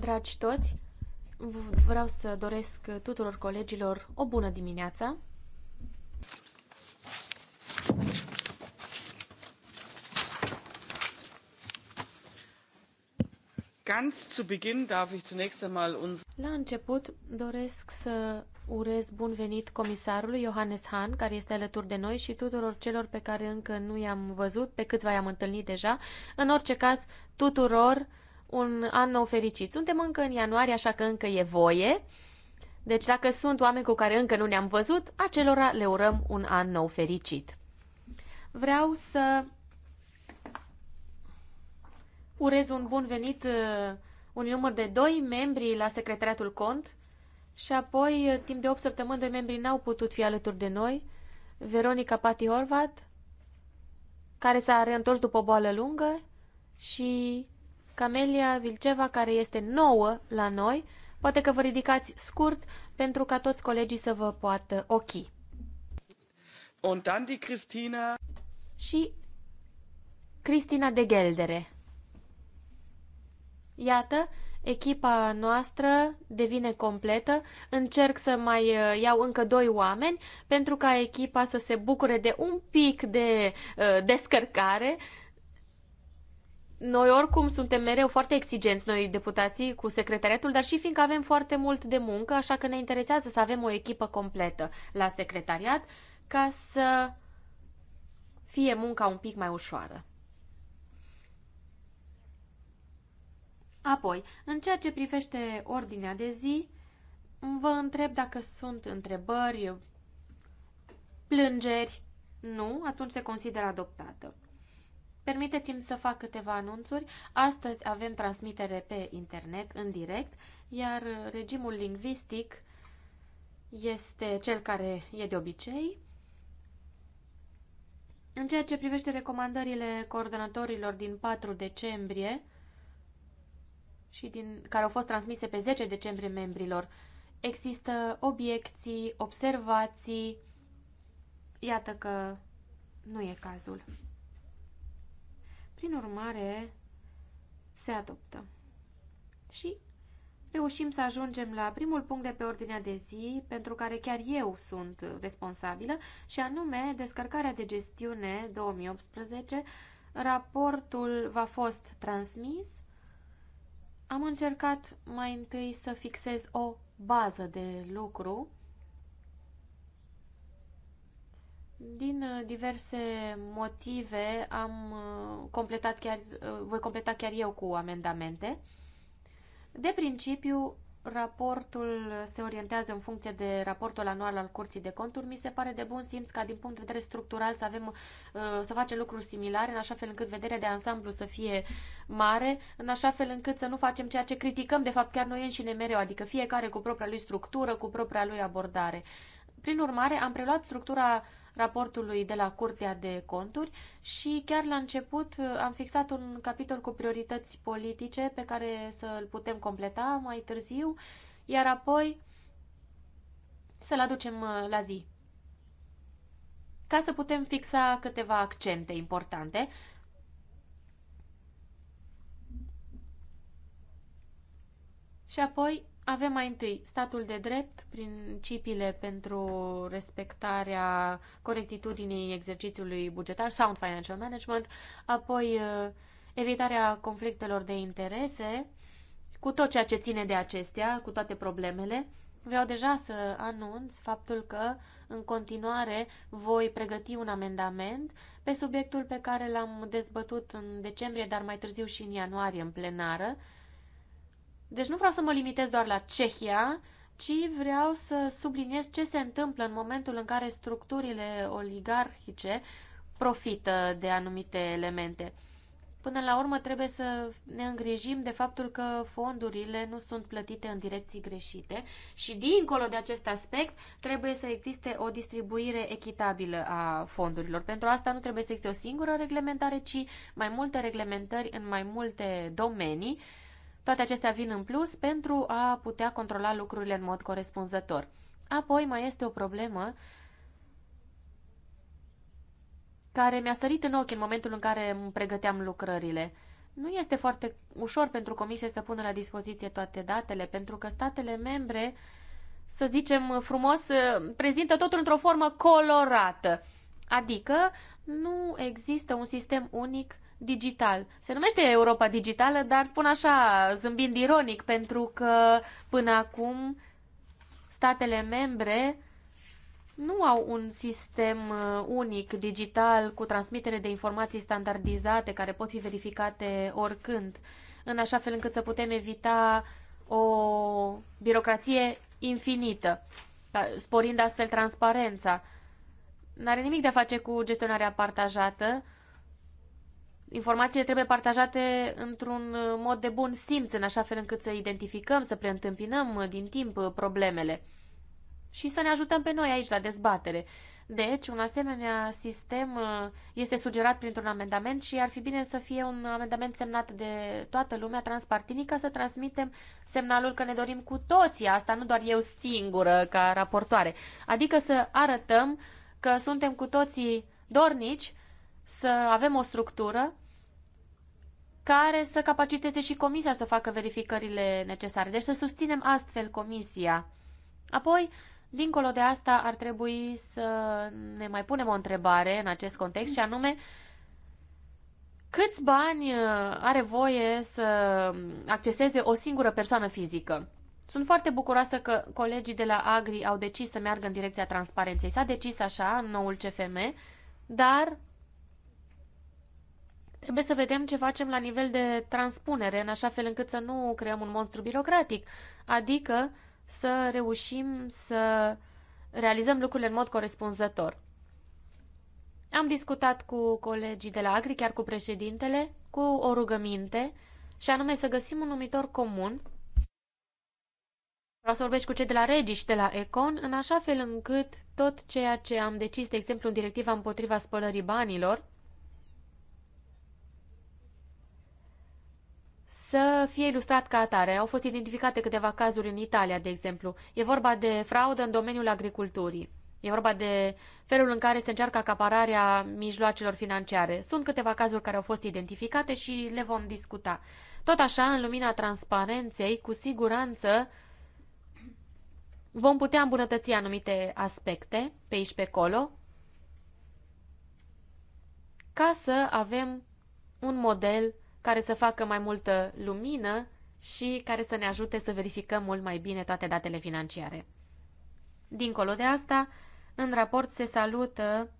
Dragi toți, vreau să doresc tuturor colegilor o bună dimineață. Ganz zu Beginn darf ich zunächst einmal uns La început doresc să Urez bun venit comisarului Johannes Hahn, care este alături de noi și tuturor celor pe care încă nu i-am văzut, pe câțiva i-am întâlnit deja. În orice caz, tuturor un an nou fericit. Suntem încă în ianuarie, așa că încă e voie. Deci dacă sunt oameni cu care încă nu ne-am văzut, acelora le urăm un an nou fericit. Vreau să urez un bun venit uh, unui număr de doi membri la Secretariatul Cont, și apoi, eh, timp de 8 săptămâni, doi membri n-au putut fi alături de noi. Veronica Pati Horvat, care s-a reîntors după o boală lungă, și Camelia Vilceva, care este nouă la noi. Poate că vă ridicați scurt pentru ca toți colegii să vă poată ochi. Und dann die Christina. Și Cristina de Geldere. Iată, echipa noastră devine completă, încerc să mai uh, iau încă doi oameni pentru ca echipa să se bucure de un pic de uh, descărcare. Noi oricum suntem mereu foarte exigenți, noi deputații, cu secretariatul, dar și fiindcă avem foarte mult de muncă, așa că ne interesează să avem o echipă completă la secretariat ca să fie munca un pic mai ușoară. Apoi, în ceea ce privește ordinea de zi, vă întreb dacă sunt întrebări, plângeri. Nu, atunci se consideră adoptată. Permiteți-mi să fac câteva anunțuri. Astăzi avem transmitere pe internet, în direct, iar regimul lingvistic este cel care e de obicei. În ceea ce privește recomandările coordonatorilor din 4 decembrie, și din, care au fost transmise pe 10 decembrie membrilor. Există obiecții, observații. Iată că nu e cazul. Prin urmare, se adoptă. Și reușim să ajungem la primul punct de pe ordinea de zi, pentru care chiar eu sunt responsabilă, și anume descărcarea de gestiune 2018. Raportul va fost transmis am încercat mai întâi să fixez o bază de lucru Din uh, diverse motive am uh, completat chiar, uh, voi completa chiar eu cu amendamente. De principiu, raportul se orientează în funcție de raportul anual al Curții de Conturi. Mi se pare de bun simț ca din punct de vedere structural să avem uh, să facem lucruri similare, în așa fel încât vederea de ansamblu să fie mare, în așa fel încât să nu facem ceea ce criticăm de fapt chiar noi înșine mereu, adică fiecare cu propria lui structură, cu propria lui abordare. Prin urmare, am preluat structura raportului de la Curtea de Conturi și chiar la început uh, am fixat un capitol cu priorități politice pe care să îl putem completa mai târziu, iar apoi să-l aducem uh, la zi. Ca să putem fixa câteva accente importante, și apoi avem mai întâi statul de drept, principiile pentru respectarea corectitudinii exercițiului bugetar, sound financial management, apoi uh, evitarea conflictelor de interese, cu tot ceea ce ține de acestea, cu toate problemele. Vreau deja să anunț faptul că, în continuare, voi pregăti un amendament pe subiectul pe care l-am dezbătut în decembrie, dar mai târziu și în ianuarie în plenară, deci nu vreau să mă limitez doar la Cehia, ci vreau să subliniez ce se întâmplă în momentul în care structurile oligarhice profită de anumite elemente. Până la urmă trebuie să ne îngrijim de faptul că fondurile nu sunt plătite în direcții greșite și dincolo de acest aspect trebuie să existe o distribuire echitabilă a fondurilor. Pentru asta nu trebuie să existe o singură reglementare, ci mai multe reglementări în mai multe domenii toate acestea vin în plus pentru a putea controla lucrurile în mod corespunzător. Apoi mai este o problemă care mi-a sărit în ochi în momentul în care îmi pregăteam lucrările. Nu este foarte ușor pentru comisie să pună la dispoziție toate datele, pentru că statele membre, să zicem frumos, prezintă totul într-o formă colorată. Adică nu există un sistem unic digital. Se numește Europa Digitală, dar spun așa, zâmbind ironic, pentru că până acum statele membre nu au un sistem uh, unic digital cu transmitere de informații standardizate care pot fi verificate oricând, în așa fel încât să putem evita o birocrație infinită, sporind astfel transparența. N-are nimic de a face cu gestionarea partajată, informațiile trebuie partajate într-un uh, mod de bun simț, în așa fel încât să identificăm, să preîntâmpinăm uh, din timp uh, problemele și să ne ajutăm pe noi aici la dezbatere. Deci, un asemenea sistem este sugerat printr-un amendament și ar fi bine să fie un amendament semnat de toată lumea transpartinică să transmitem semnalul că ne dorim cu toții asta, nu doar eu singură ca raportoare. Adică să arătăm că suntem cu toții dornici să avem o structură care să capaciteze și comisia să facă verificările necesare. Deci să susținem astfel comisia. Apoi, dincolo de asta, ar trebui să ne mai punem o întrebare în acest context și anume, câți bani uh, are voie să acceseze o singură persoană fizică? Sunt foarte bucuroasă că colegii de la Agri au decis să meargă în direcția transparenței. S-a decis așa în noul CFM, dar Trebuie să vedem ce facem la nivel de transpunere, în așa fel încât să nu creăm un monstru birocratic, adică să reușim să realizăm lucrurile în mod corespunzător. Am discutat cu colegii de la Agri, chiar cu președintele, cu o rugăminte, și anume să găsim un numitor comun. Vreau să vorbesc cu cei de la Regi și de la Econ, în așa fel încât tot ceea ce am decis, de exemplu, în directiva împotriva spălării banilor, să fie ilustrat ca atare. Au fost identificate câteva cazuri în Italia, de exemplu. E vorba de fraudă în domeniul agriculturii. E vorba de felul în care se încearcă acapararea mijloacelor financiare. Sunt câteva cazuri care au fost identificate și le vom discuta. Tot așa, în lumina transparenței, cu siguranță vom putea îmbunătăți anumite aspecte pe aici pe acolo ca să avem un model care să facă mai multă lumină și care să ne ajute să verificăm mult mai bine toate datele financiare. Dincolo de asta, în raport se salută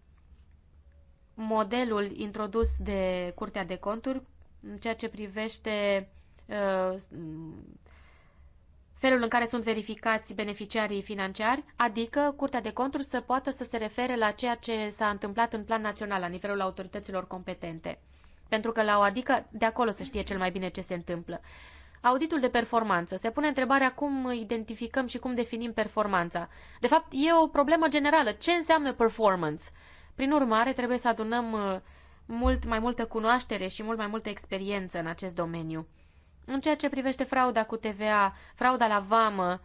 modelul introdus de Curtea de Conturi în ceea ce privește uh, felul în care sunt verificați beneficiarii financiari, adică Curtea de Conturi să poată să se refere la ceea ce s-a întâmplat în plan național, la nivelul autorităților competente pentru că la o adică de acolo se știe cel mai bine ce se întâmplă. Auditul de performanță. Se pune întrebarea cum identificăm și cum definim performanța. De fapt, e o problemă generală. Ce înseamnă performance? Prin urmare, trebuie să adunăm uh, mult mai multă cunoaștere și mult mai multă experiență în acest domeniu. În ceea ce privește frauda cu TVA, frauda la vamă,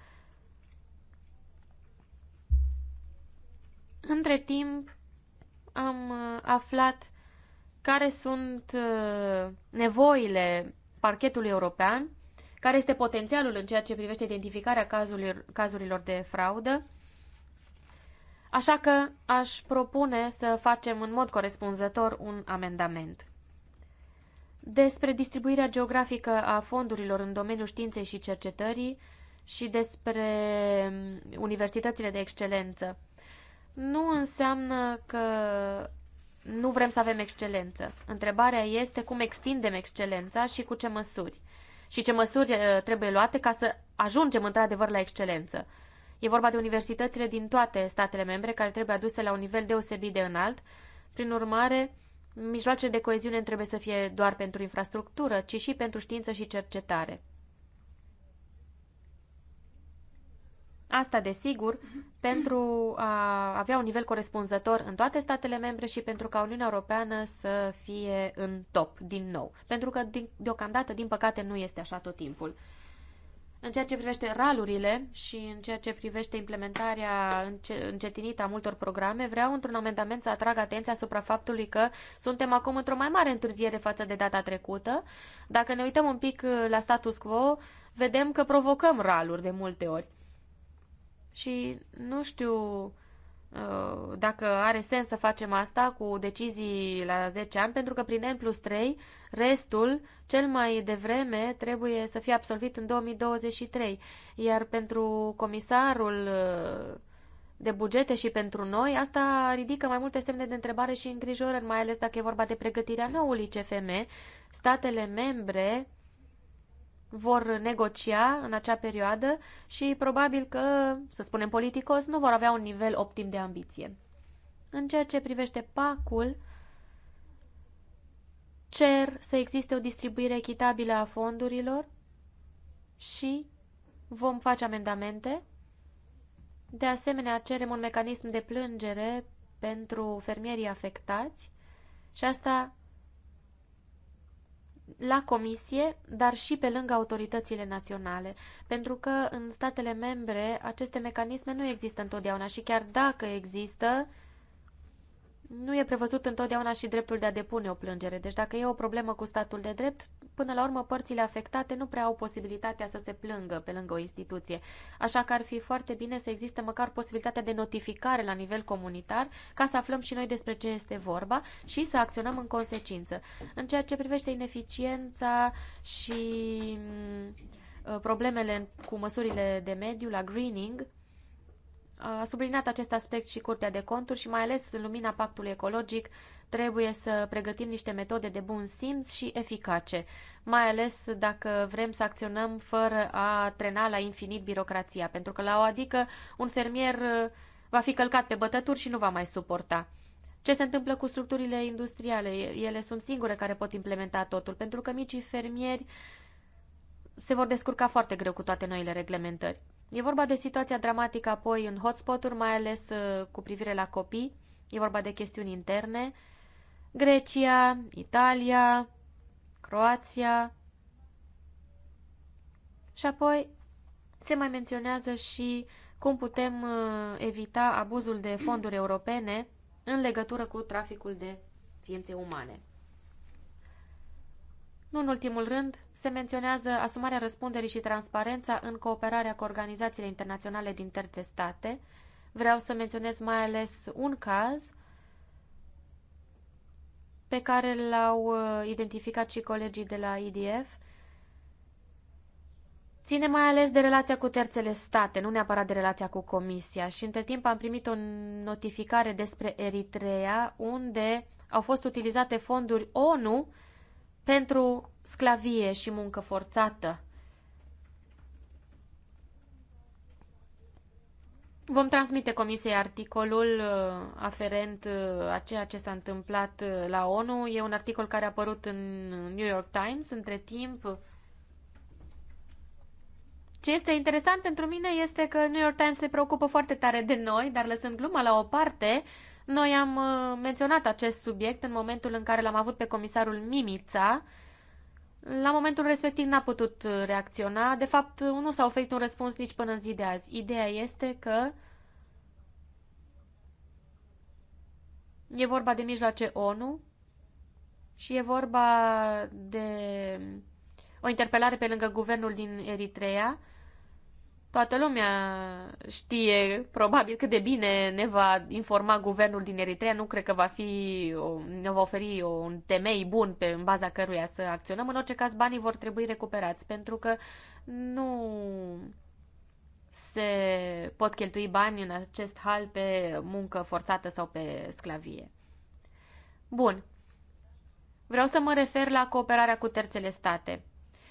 între timp am uh, aflat care sunt uh, nevoile parchetului european, care este potențialul în ceea ce privește identificarea cazurilor, cazurilor de fraudă. Așa că aș propune să facem în mod corespunzător un amendament. Despre distribuirea geografică a fondurilor în domeniul științei și cercetării și despre um, universitățile de excelență. Nu înseamnă că nu vrem să avem excelență. Întrebarea este cum extindem excelența și cu ce măsuri. Și ce măsuri uh, trebuie luate ca să ajungem într-adevăr la excelență. E vorba de universitățile din toate statele membre care trebuie aduse la un nivel deosebit de înalt. Prin urmare, mijloacele de coeziune trebuie să fie doar pentru infrastructură, ci și pentru știință și cercetare. Asta, desigur, pentru a avea un nivel corespunzător în toate statele membre și pentru ca Uniunea Europeană să fie în top din nou. Pentru că, din, deocamdată, din păcate, nu este așa tot timpul. În ceea ce privește ralurile și în ceea ce privește implementarea încetinită a multor programe, vreau într-un amendament să atrag atenția asupra faptului că suntem acum într-o mai mare întârziere față de data trecută. Dacă ne uităm un pic la status quo, vedem că provocăm raluri de multe ori și nu știu uh, dacă are sens să facem asta cu decizii la 10 ani, pentru că prin N plus 3, restul, cel mai devreme, trebuie să fie absolvit în 2023. Iar pentru comisarul uh, de bugete și pentru noi, asta ridică mai multe semne de întrebare și îngrijorări, mai ales dacă e vorba de pregătirea noului CFM. Statele membre vor negocia în acea perioadă și probabil că, să spunem politicos, nu vor avea un nivel optim de ambiție. În ceea ce privește pacul, cer să existe o distribuire echitabilă a fondurilor și vom face amendamente. De asemenea, cerem un mecanism de plângere pentru fermierii afectați și asta la comisie, dar și pe lângă autoritățile naționale, pentru că în statele membre aceste mecanisme nu există întotdeauna și chiar dacă există, nu e prevăzut întotdeauna și dreptul de a depune o plângere. Deci dacă e o problemă cu statul de drept, Până la urmă, părțile afectate nu prea au posibilitatea să se plângă pe lângă o instituție, așa că ar fi foarte bine să existe măcar posibilitatea de notificare la nivel comunitar ca să aflăm și noi despre ce este vorba și să acționăm în consecință. În ceea ce privește ineficiența și mm, ă, problemele cu măsurile de mediu la greening, a subliniat acest aspect și Curtea de Conturi și mai ales în lumina pactului ecologic Trebuie să pregătim niște metode de bun simț și eficace, mai ales dacă vrem să acționăm fără a trena la infinit birocrația, pentru că la o adică un fermier uh, va fi călcat pe bătături și nu va mai suporta. Ce se întâmplă cu structurile industriale? Ele sunt singure care pot implementa totul, pentru că micii fermieri se vor descurca foarte greu cu toate noile reglementări. E vorba de situația dramatică apoi în hotspot-uri, mai ales uh, cu privire la copii, e vorba de chestiuni interne, Grecia, Italia, Croația și apoi se mai menționează și cum putem uh, evita abuzul de fonduri europene în legătură cu traficul de ființe umane. Nu în ultimul rând, se menționează asumarea răspunderii și transparența în cooperarea cu organizațiile internaționale din terțe state. Vreau să menționez mai ales un caz – pe care l-au uh, identificat și colegii de la IDF, ține mai ales de relația cu terțele state, nu neapărat de relația cu Comisia. Și între timp am primit o notificare despre Eritrea, unde au fost utilizate fonduri ONU pentru sclavie și muncă forțată. Vom transmite Comisiei articolul uh, aferent uh, a ceea ce s-a întâmplat uh, la ONU. E un articol care a apărut în New York Times între timp. Ce este interesant pentru mine este că New York Times se preocupă foarte tare de noi, dar lăsând gluma la o parte, noi am menționat acest subiect în momentul în care l-am avut pe comisarul Mimița, la momentul respectiv n-a putut uh, reacționa. De fapt, uh, nu s-a oferit un răspuns nici până în zi de azi. Ideea este că e vorba de mijloace ONU și e vorba de o interpelare pe lângă guvernul din Eritrea Toată lumea știe probabil cât de bine ne va informa guvernul din Eritrea. Nu cred că va fi, ne va oferi un temei bun pe, în baza căruia să acționăm. În orice caz, banii vor trebui recuperați pentru că nu se pot cheltui bani în acest hal pe muncă forțată sau pe sclavie. Bun. Vreau să mă refer la cooperarea cu terțele state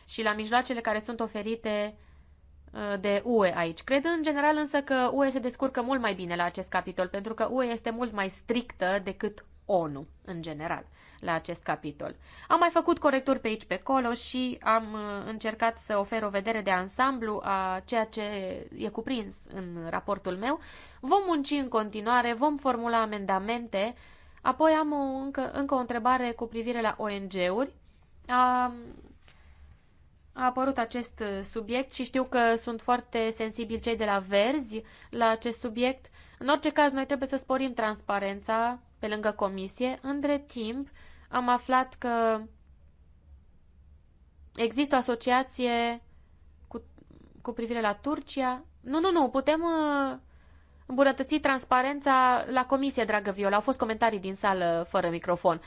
și la mijloacele care sunt oferite Uh, de UE aici. Cred în general însă că UE se descurcă mult mai bine la acest capitol, pentru că UE este mult mai strictă decât ONU în general la acest capitol. Am mai făcut corecturi pe aici pe acolo și am uh, încercat să ofer o vedere de ansamblu a ceea ce e cuprins în raportul meu. Vom munci în continuare, vom formula amendamente, apoi am o, încă, încă o întrebare cu privire la ONG-uri a apărut acest subiect și știu că sunt foarte sensibili cei de la Verzi la acest subiect. În orice caz, noi trebuie să sporim transparența pe lângă comisie. Între timp, am aflat că există o asociație cu, cu privire la Turcia. Nu, nu, nu, putem uh, îmbunătăți transparența la comisie, dragă Viola. Au fost comentarii din sală fără microfon.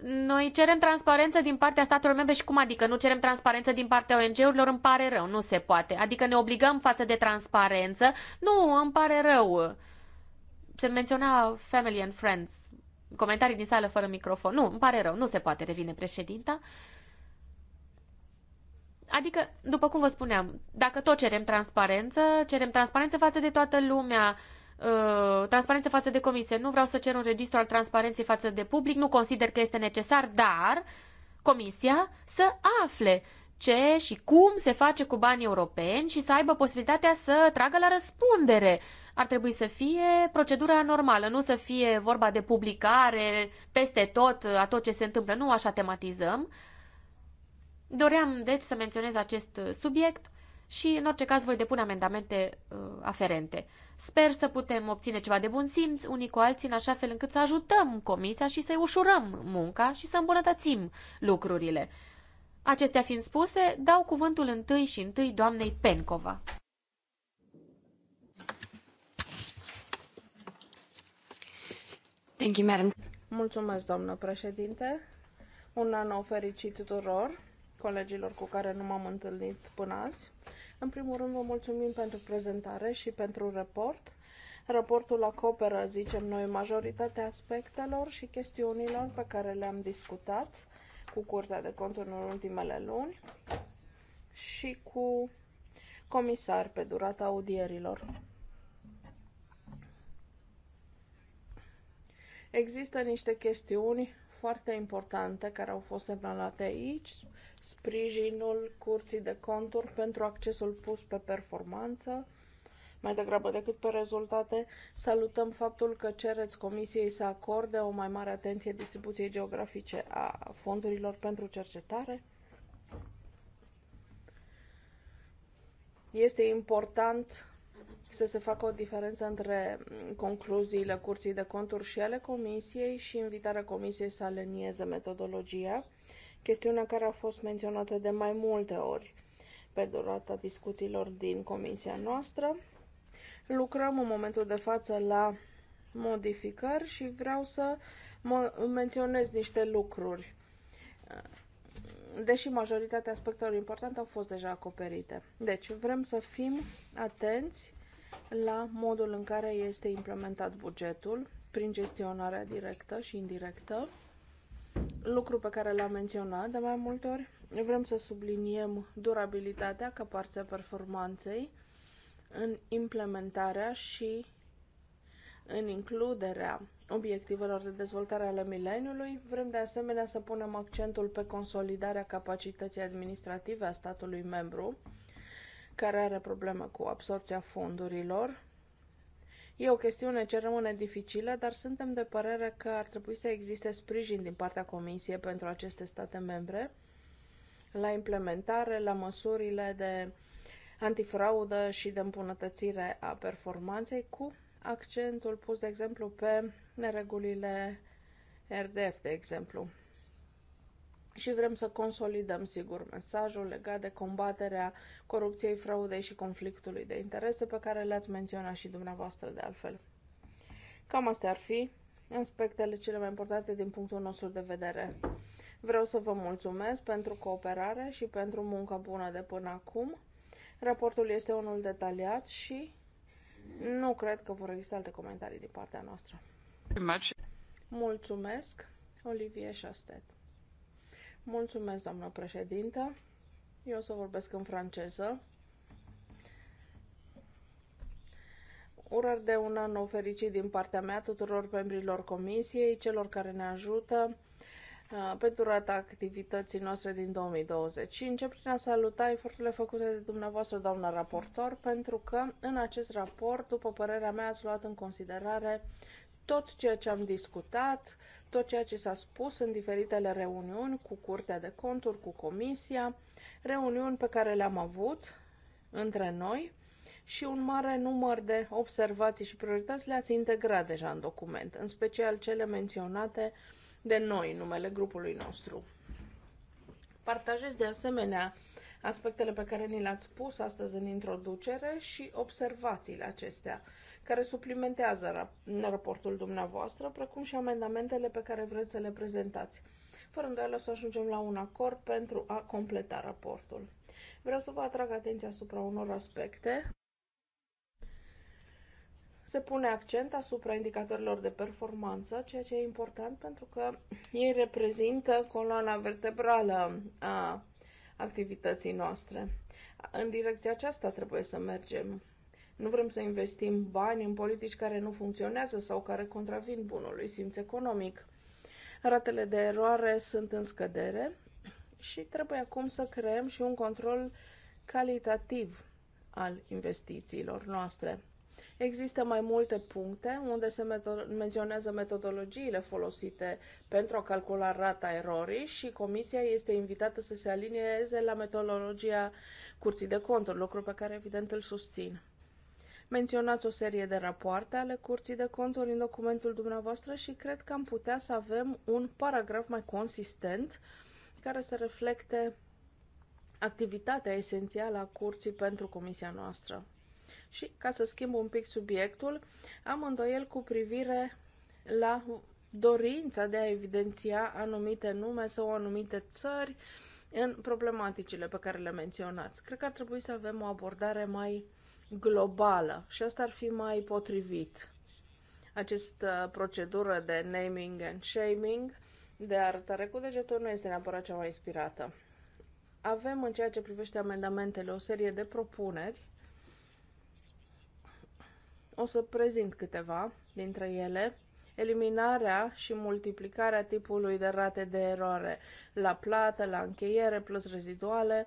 Noi cerem transparență din partea statelor membre și cum adică? Nu cerem transparență din partea ONG-urilor? Îmi pare rău, nu se poate. Adică ne obligăm față de transparență? Nu, îmi pare rău. Se menționa Family and Friends. Comentarii din sală fără microfon. Nu, îmi pare rău, nu se poate, revine președinta. Adică, după cum vă spuneam, dacă tot cerem transparență, cerem transparență față de toată lumea, uh, Uh, transparență față de comisie. Nu vreau să cer un registru al transparenței față de public, nu consider că este necesar, dar comisia să afle ce și cum se face cu banii europeni și să aibă posibilitatea să tragă la răspundere. Ar trebui să fie procedura normală, nu să fie vorba de publicare peste tot a tot ce se întâmplă. Nu așa tematizăm. Doream, deci, să menționez acest subiect și, în orice caz, voi depune amendamente uh, aferente. Sper să putem obține ceva de bun simț unii cu alții, în așa fel încât să ajutăm comisia și să-i ușurăm munca și să îmbunătățim lucrurile. Acestea fiind spuse, dau cuvântul întâi și întâi doamnei Pencova. Thank you, madam. Mulțumesc, doamnă președinte. Un an nou fericit tuturor colegilor cu care nu m-am întâlnit până azi. În primul rând, vă mulțumim pentru prezentare și pentru raport. Raportul acoperă, zicem noi, majoritatea aspectelor și chestiunilor pe care le-am discutat cu Curtea de Conturi în ultimele luni și cu comisar pe durata audierilor. Există niște chestiuni foarte importante care au fost semnalate aici, sprijinul curții de conturi pentru accesul pus pe performanță, mai degrabă decât pe rezultate, salutăm faptul că cereți Comisiei să acorde o mai mare atenție distribuției geografice a fondurilor pentru cercetare. Este important să se facă o diferență între concluziile Curții de Conturi și ale Comisiei și invitarea Comisiei să alenieze metodologia, chestiunea care a fost menționată de mai multe ori pe durata discuțiilor din comisia noastră. Lucrăm în momentul de față la modificări și vreau să menționez niște lucruri. Deși majoritatea aspectelor importante au fost deja acoperite. Deci, vrem să fim atenți la modul în care este implementat bugetul prin gestionarea directă și indirectă, lucru pe care l-am menționat de mai multe ori. Vrem să subliniem durabilitatea ca parte a performanței în implementarea și în includerea obiectivelor de dezvoltare ale mileniului. Vrem de asemenea să punem accentul pe consolidarea capacității administrative a statului membru care are probleme cu absorpția fondurilor. E o chestiune ce rămâne dificilă, dar suntem de părere că ar trebui să existe sprijin din partea Comisiei pentru aceste state membre la implementare, la măsurile de antifraudă și de îmbunătățire a performanței cu accentul pus, de exemplu, pe neregulile RDF, de exemplu și vrem să consolidăm, sigur, mesajul legat de combaterea corupției, fraudei și conflictului de interese pe care le-ați menționat și dumneavoastră de altfel. Cam astea ar fi aspectele cele mai importante din punctul nostru de vedere. Vreau să vă mulțumesc pentru cooperare și pentru munca bună de până acum. Raportul este unul detaliat și nu cred că vor exista alte comentarii din partea noastră. Mulțumesc, Olivia Șastet. Mulțumesc, doamnă președintă. Eu o să vorbesc în franceză. Urări de un an nou fericit din partea mea tuturor membrilor comisiei, celor care ne ajută uh, pe durata activității noastre din 2020 și încep prin a saluta eforturile făcute de dumneavoastră, doamna raportor, pentru că în acest raport, după părerea mea, ați luat în considerare tot ceea ce am discutat, tot ceea ce s-a spus în diferitele reuniuni cu Curtea de Conturi, cu Comisia, reuniuni pe care le-am avut între noi și un mare număr de observații și priorități le-ați integrat deja în document, în special cele menționate de noi, numele grupului nostru. Partajez de asemenea aspectele pe care ni le-ați spus astăzi în introducere și observațiile acestea care suplimentează raportul dumneavoastră, precum și amendamentele pe care vreți să le prezentați. Fără îndoială să ajungem la un acord pentru a completa raportul. Vreau să vă atrag atenția asupra unor aspecte se pune accent asupra indicatorilor de performanță, ceea ce e important pentru că ei reprezintă coloana vertebrală a activității noastre. În direcția aceasta trebuie să mergem. Nu vrem să investim bani în politici care nu funcționează sau care contravin bunului simț economic. Ratele de eroare sunt în scădere și trebuie acum să creăm și un control calitativ al investițiilor noastre. Există mai multe puncte unde se meto- menționează metodologiile folosite pentru a calcula rata erorii și comisia este invitată să se alinieze la metodologia curții de conturi, lucru pe care evident îl susțin. Menționați o serie de rapoarte ale Curții de Conturi în documentul dumneavoastră și cred că am putea să avem un paragraf mai consistent care să reflecte activitatea esențială a Curții pentru comisia noastră. Și, ca să schimb un pic subiectul, am îndoiel cu privire la dorința de a evidenția anumite nume sau anumite țări în problematicile pe care le menționați. Cred că ar trebui să avem o abordare mai uh, globală și asta ar fi mai potrivit. Această procedură de naming and shaming, de arătare cu degetul, nu este neapărat cea mai inspirată. Avem în ceea ce privește amendamentele o serie de propuneri. O să prezint câteva dintre ele eliminarea și multiplicarea tipului de rate de eroare la plată, la încheiere, plus reziduale,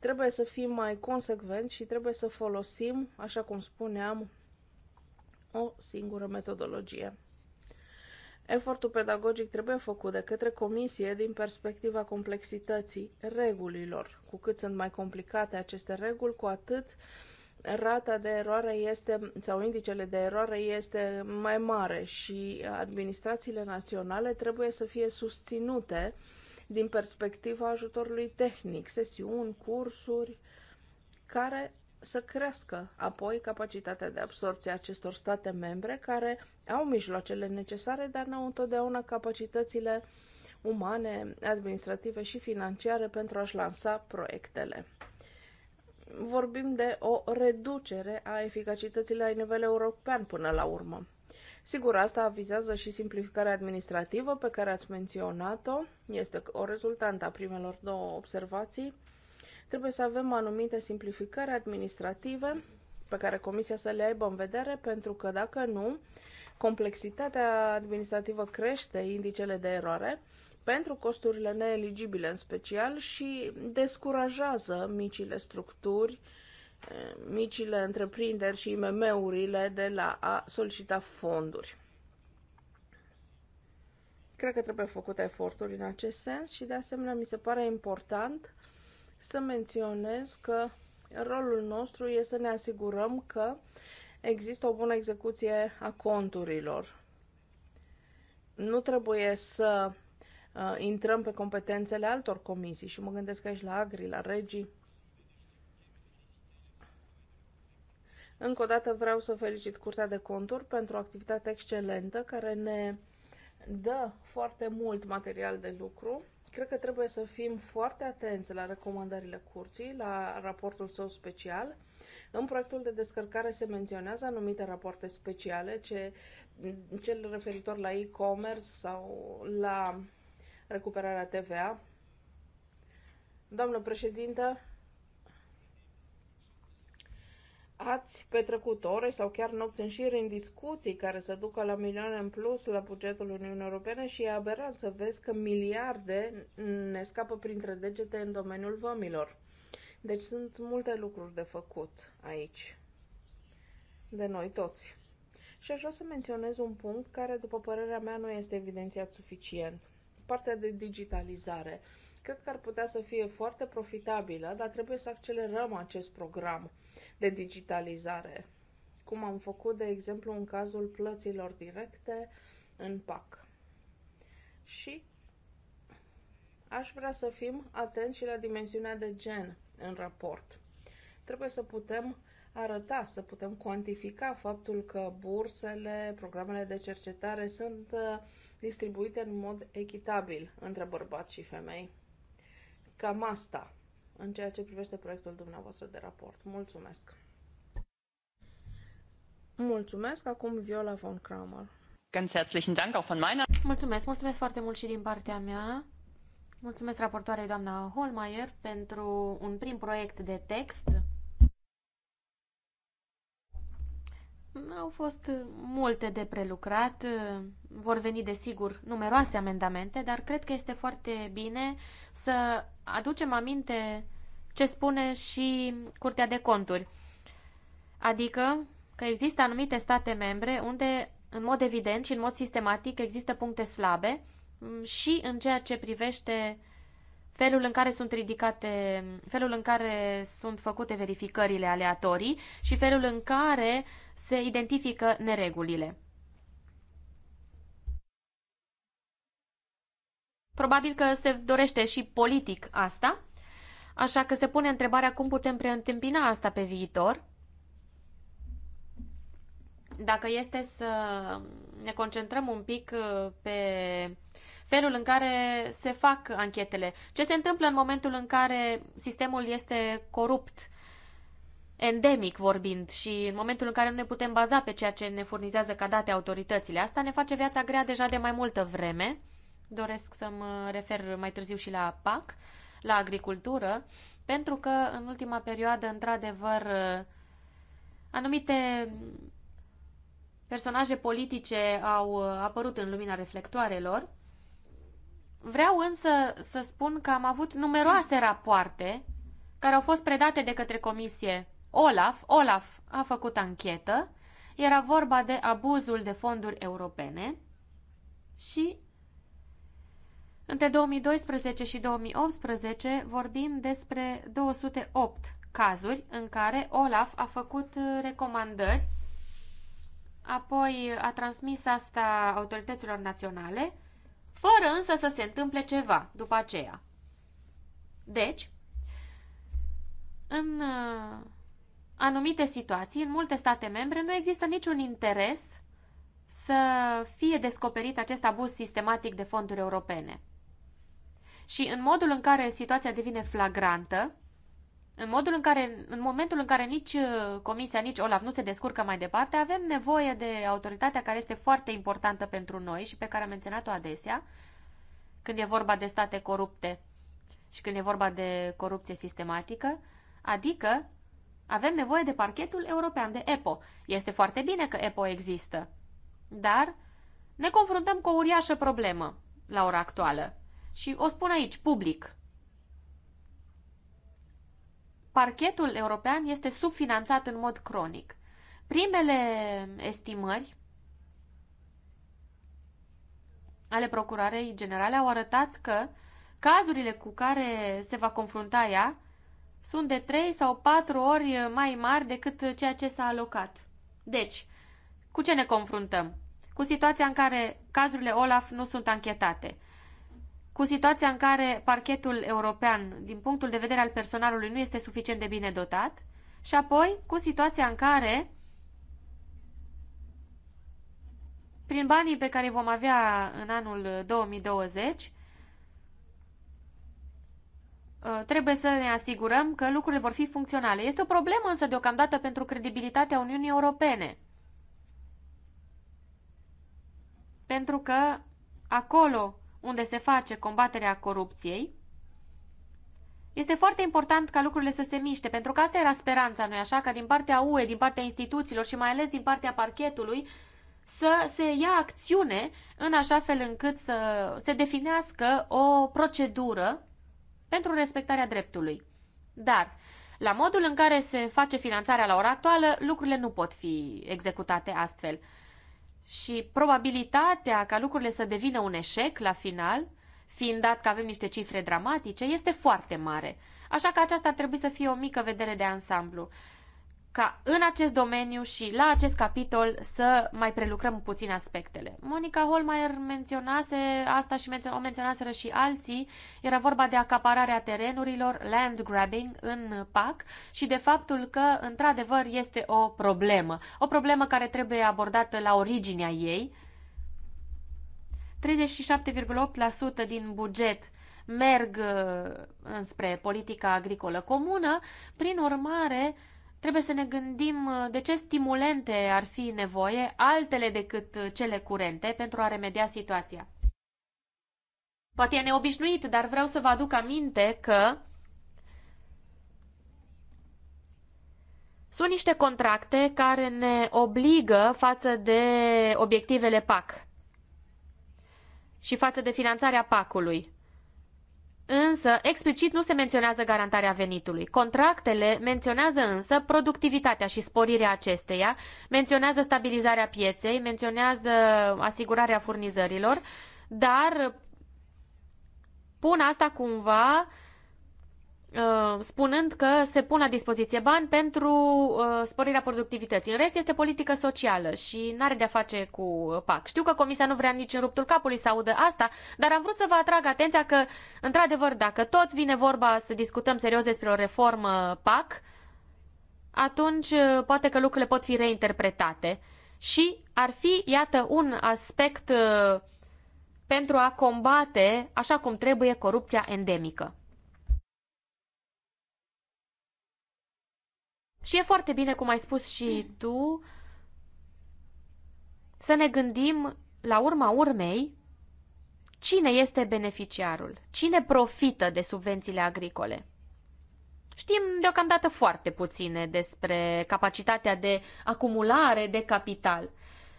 Trebuie să fim mai consecvenți și trebuie să folosim, așa cum spuneam, o singură metodologie. Efortul pedagogic trebuie făcut de către comisie din perspectiva complexității regulilor. Cu cât sunt mai complicate aceste reguli, cu atât rata de eroare este, sau indicele de eroare este mai mare și administrațiile naționale trebuie să fie susținute uh, din perspectiva ajutorului tehnic, sesiuni, cursuri, care să crească apoi capacitatea de absorție a acestor state membre care au mijloacele necesare, dar nu au întotdeauna capacitățile umane, administrative și financiare pentru a-și lansa proiectele. Vorbim de o reducere a eficacității la nivel european până la urmă. Sigur, asta vizează și simplificarea administrativă pe care ați menționat-o. Este o rezultantă a primelor două observații. Trebuie să avem anumite simplificări administrative pe care Comisia să le aibă în vedere, pentru că dacă nu, complexitatea administrativă crește indicele de eroare pentru costurile neeligibile în special și descurajează micile structuri uh, micile întreprinderi și IMM-urile de la a solicita fonduri. Cred că trebuie făcute eforturi în acest sens și de asemenea mi se pare important să menționez că rolul nostru este să ne asigurăm că există o bună execuție a conturilor. Nu trebuie să uh, intrăm pe competențele altor comisii și mă gândesc aici la Agri, la Regii, Încă o dată vreau să felicit Curtea de Conturi pentru o activitate excelentă care ne dă foarte mult material de lucru. Cred că trebuie să fim foarte atenți la recomandările curții, la raportul său special. În proiectul de descărcare se menționează anumite rapoarte speciale, ce, cel referitor la e-commerce sau la recuperarea TVA. Doamnă președintă, Ați petrecut ore sau chiar nopți în șir în discuții care să ducă la milioane în plus la bugetul Uniunii Europene și e aberant să vezi că miliarde ne scapă printre degete în domeniul vămilor. Deci sunt multe lucruri de făcut aici, de noi toți. Și aș vrea să menționez un punct care, după părerea mea, nu este evidențiat suficient. Partea de digitalizare. Cred că ar putea să fie foarte profitabilă, dar trebuie să accelerăm acest program de digitalizare, cum am făcut, de exemplu, în cazul plăților directe în PAC. Și aș vrea să fim atenți și la dimensiunea de gen în raport. Trebuie să putem arăta, să putem cuantifica faptul că bursele, programele de cercetare sunt uh, distribuite în mod echitabil între bărbați și femei. Cam asta în ceea ce privește proiectul dumneavoastră de raport. Mulțumesc! Mulțumesc acum Viola von Kramer. Ganz herzlichen Dank auch von meiner. Mulțumesc, mulțumesc foarte mult și din partea mea. Mulțumesc raportoarei doamna Holmeier pentru un prim proiect de text Au fost uh, multe de prelucrat, uh, vor veni desigur numeroase amendamente, dar cred că este foarte bine să aducem aminte ce spune și Curtea de Conturi. Adică că există anumite state membre unde, în mod evident și în mod sistematic, există puncte slabe mm, și în ceea ce privește uh, felul în care sunt ridicate, felul în care sunt făcute verificările aleatorii și felul în care se identifică neregulile. Probabil că se dorește și politic asta, așa că se pune întrebarea cum putem preîntâmpina asta pe viitor. Dacă este să ne concentrăm un pic uh, pe felul în care se fac anchetele, ce se întâmplă în momentul în care sistemul este corupt, endemic vorbind, și în momentul în care nu ne putem baza pe ceea ce ne furnizează ca date autoritățile. Asta ne face viața grea deja de mai multă vreme. Doresc să mă refer mai târziu și la PAC, la agricultură, pentru că în ultima perioadă, într-adevăr, anumite personaje politice au apărut în lumina reflectoarelor Vreau însă să spun că am avut numeroase rapoarte care au fost predate de către comisie Olaf. Olaf a făcut anchetă. Era vorba de abuzul de fonduri europene și între 2012 și 2018 vorbim despre 208 cazuri în care Olaf a făcut uh, recomandări, apoi a transmis asta autorităților naționale fără însă să se întâmple ceva după aceea. Deci, în uh, anumite situații, în multe state membre, nu există niciun interes să fie descoperit acest abuz sistematic de fonduri europene. Și în modul în care situația devine flagrantă, în, modul în, care, în momentul în care nici uh, Comisia, nici Olaf nu se descurcă mai departe, avem nevoie de autoritatea care este foarte importantă pentru noi și pe care am menționat-o adesea, când e vorba de state corupte și când e vorba de corupție sistematică, adică avem nevoie de parchetul european, de EPO. Este foarte bine că EPO există, dar ne confruntăm cu o uriașă problemă la ora actuală. Și o spun aici, public parchetul european este subfinanțat în mod cronic. Primele estimări ale Procurarei Generale au arătat că cazurile cu care se va confrunta ea sunt de 3 sau 4 ori mai mari decât ceea ce s-a alocat. Deci, cu ce ne confruntăm? Cu situația în care cazurile Olaf nu sunt anchetate cu situația în care parchetul european, din punctul de vedere al personalului, nu este suficient de bine dotat și apoi cu situația în care, prin banii pe care vom avea în anul 2020, ă, trebuie să ne asigurăm că lucrurile vor fi funcționale. Este o problemă însă deocamdată pentru credibilitatea Uniunii Europene. Pentru că acolo unde se face combaterea corupției, este foarte important ca lucrurile să se miște, pentru că asta era speranța, noi așa, ca din partea UE, din partea instituțiilor și mai ales din partea parchetului, să se ia acțiune în așa fel încât să se definească o procedură pentru respectarea dreptului. Dar, la modul în care se face finanțarea la ora actuală, lucrurile nu pot fi executate astfel și probabilitatea ca lucrurile să devină un eșec la final, fiind dat că avem niște cifre dramatice, este foarte mare. Așa că aceasta ar trebui să fie o mică vedere de ansamblu ca în acest domeniu și la acest capitol să mai prelucrăm puțin aspectele. Monica Holmeier menționase asta și o menționaseră și alții. Era vorba de acapararea terenurilor, land grabbing în PAC și de faptul că, într-adevăr, este o problemă. O problemă care trebuie abordată la originea ei. 37,8% din buget merg uh, înspre politica agricolă comună, prin urmare, Trebuie să ne gândim uh, de ce stimulente ar fi nevoie, altele decât uh, cele curente, pentru a remedia situația. Poate e neobișnuit, dar vreau să vă aduc aminte că sunt niște contracte care ne obligă față de obiectivele PAC și față de finanțarea PAC-ului. Însă, explicit nu se menționează garantarea venitului. Contractele menționează însă productivitatea și sporirea acesteia, menționează stabilizarea pieței, menționează asigurarea furnizărilor, dar pun asta cumva Uh, spunând că se pun la dispoziție bani pentru uh, sporirea productivității. În rest este politică socială și nu are de-a face cu PAC. Știu că Comisia nu vrea nici în ruptul capului să audă asta, dar am vrut să vă atrag atenția că, într-adevăr, dacă tot vine vorba să discutăm serios despre o reformă PAC, atunci uh, poate că lucrurile pot fi reinterpretate și ar fi, iată, un aspect pentru a combate, așa cum trebuie, corupția endemică. Și e foarte bine, cum ai spus și tu, să ne gândim la urma urmei cine este beneficiarul, cine profită de subvențiile agricole. Știm deocamdată foarte puține despre capacitatea de acumulare de capital.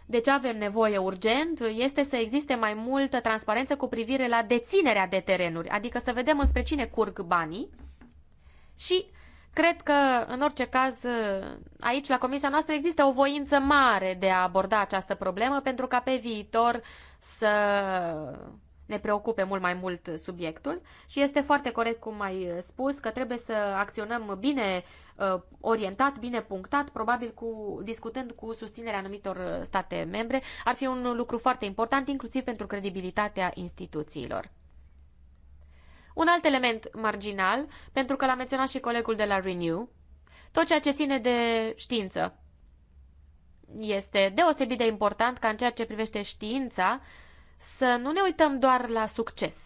De ce avem nevoie urgent este să existe mai multă transparență cu privire la deținerea de terenuri, adică să vedem înspre cine curg banii și Cred că, în orice caz, aici, la comisia noastră, există o voință mare de a aborda această problemă pentru ca pe viitor să ne preocupe mult mai mult subiectul și este foarte corect cum ai spus că trebuie să acționăm bine uh, orientat, bine punctat, probabil cu, discutând cu susținerea anumitor state membre. Ar fi un lucru foarte important, inclusiv pentru credibilitatea instituțiilor. Un alt element marginal, pentru că l-a menționat și colegul de la Renew, tot ceea ce ține de știință. Este deosebit de important ca în ceea ce privește știința să nu ne uităm doar la succes.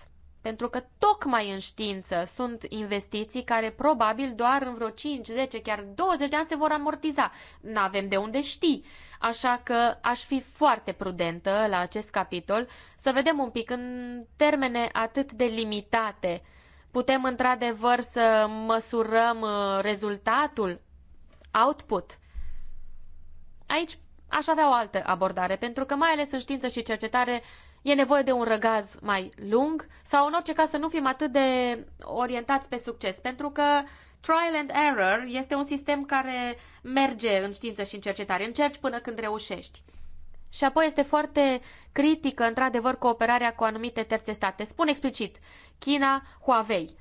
Pentru că tocmai în știință sunt investiții care probabil doar în vreo 5, 10, chiar 20 de ani se vor amortiza. Nu avem de unde ști. Așa că aș fi foarte prudentă la acest capitol să vedem un pic în termene atât de limitate. Putem într-adevăr să măsurăm uh, rezultatul, output. Aici aș avea o altă abordare, pentru că mai ales în știință și cercetare e nevoie de un răgaz mai lung sau în orice caz să nu fim atât de orientați pe succes, pentru că trial and error este un sistem care merge în știință și în cercetare, încerci până când reușești. Și apoi este foarte critică, într-adevăr, cooperarea cu anumite terțe state. Spun explicit, China, Huawei.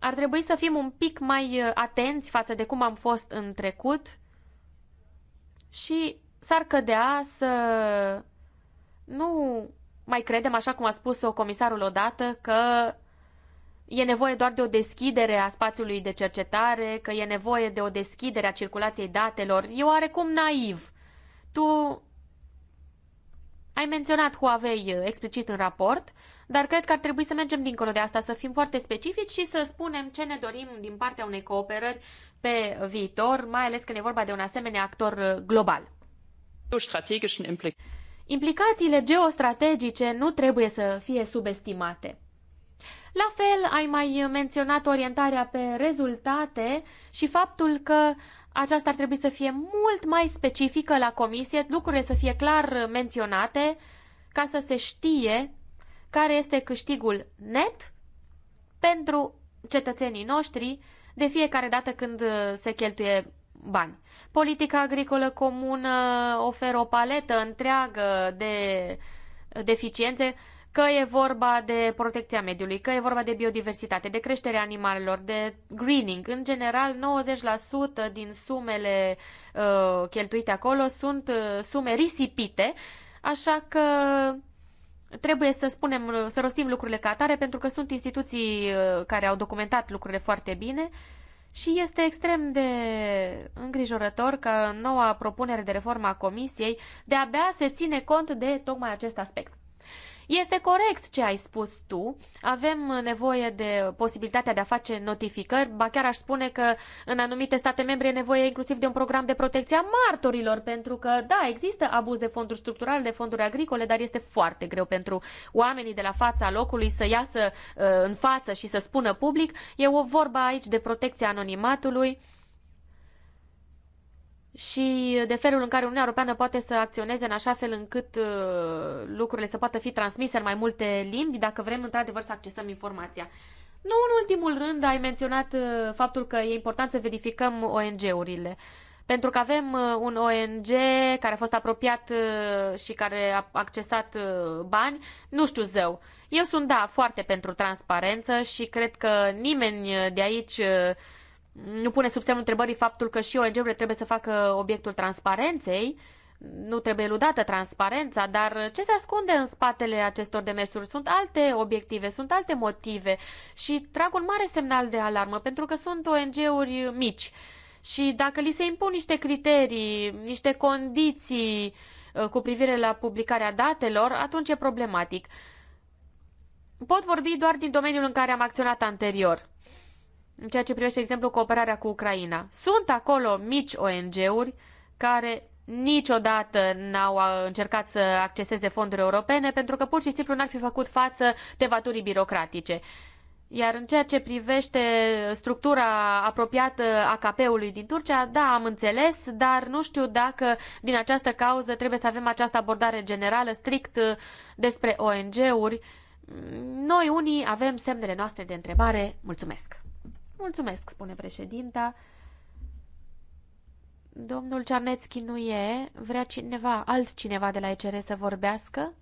Ar trebui să fim un pic mai atenți față de cum am fost în trecut și s-ar cădea să nu mai credem, așa cum a spus-o comisarul odată, că e nevoie doar de o deschidere a spațiului de cercetare, că e nevoie de o deschidere a circulației datelor. E oarecum naiv. Tu ai menționat Huawei explicit în raport, dar cred că ar trebui să mergem dincolo de asta, să fim foarte specifici și să spunem ce ne dorim din partea unei cooperări pe viitor, mai ales când e vorba de un asemenea actor global. Implicațiile geostrategice nu trebuie să fie subestimate. La fel, ai mai menționat orientarea pe rezultate și faptul că aceasta ar trebui să fie mult mai specifică la comisie, lucrurile să fie clar menționate ca să se știe care este câștigul net pentru cetățenii noștri de fiecare dată când se cheltuie bani. Politica agricolă comună oferă o paletă întreagă de deficiențe, că e vorba de protecția mediului, că e vorba de biodiversitate, de creșterea animalelor, de greening. În general, 90% din sumele uh, cheltuite acolo sunt uh, sume risipite, așa că trebuie să spunem, să rostim lucrurile ca atare, pentru că sunt instituții uh, care au documentat lucrurile foarte bine. Uh, și este extrem de îngrijorător că noua propunere de reformă a Comisiei de-abia se ține cont de tocmai acest aspect. Este corect ce ai spus tu. Avem nevoie de posibilitatea de a face notificări. Ba chiar aș spune că în anumite state membre e nevoie inclusiv de un program de protecție a martorilor, pentru că, da, există abuz de fonduri structurale, de fonduri agricole, dar este foarte greu pentru oamenii de la fața locului să iasă uh, în față și să spună public. E o vorba aici de protecția anonimatului și de felul în care Uniunea Europeană poate să acționeze în așa fel încât uh, lucrurile să poată fi transmise în mai multe limbi dacă vrem într-adevăr să accesăm informația. Nu în ultimul rând ai menționat uh, faptul că e important să verificăm ONG-urile. Pentru că avem uh, un ONG care a fost apropiat și care a accesat bani, nu știu zău. Eu sunt, da, foarte pentru transparență și cred că nimeni de aici nu pune sub semnul întrebării faptul că și ONG-urile trebuie să facă obiectul transparenței, nu trebuie eludată transparența, dar ce se ascunde în spatele acestor demersuri? Sunt alte obiective, sunt alte motive și trag un mare semnal de alarmă pentru că sunt ONG-uri mici și dacă li se impun niște criterii, niște condiții uh, cu privire la publicarea datelor, atunci e problematic. Pot vorbi doar din domeniul în care am acționat anterior în ceea ce privește, exemplu, cooperarea cu Ucraina. Sunt acolo mici ONG-uri care niciodată n-au uh, încercat să acceseze fonduri europene pentru că pur și simplu n-ar fi făcut față tevaturii birocratice. Iar în ceea ce privește structura apropiată a KP-ului din Turcia, da, am înțeles, dar nu știu dacă din această cauză trebuie să avem această abordare generală strict uh, despre ONG-uri. Noi unii avem semnele noastre de întrebare. Mulțumesc! Mulțumesc, spune președinta. Domnul Cernețchi nu e. Vrea cineva, altcineva de la ECR să vorbească?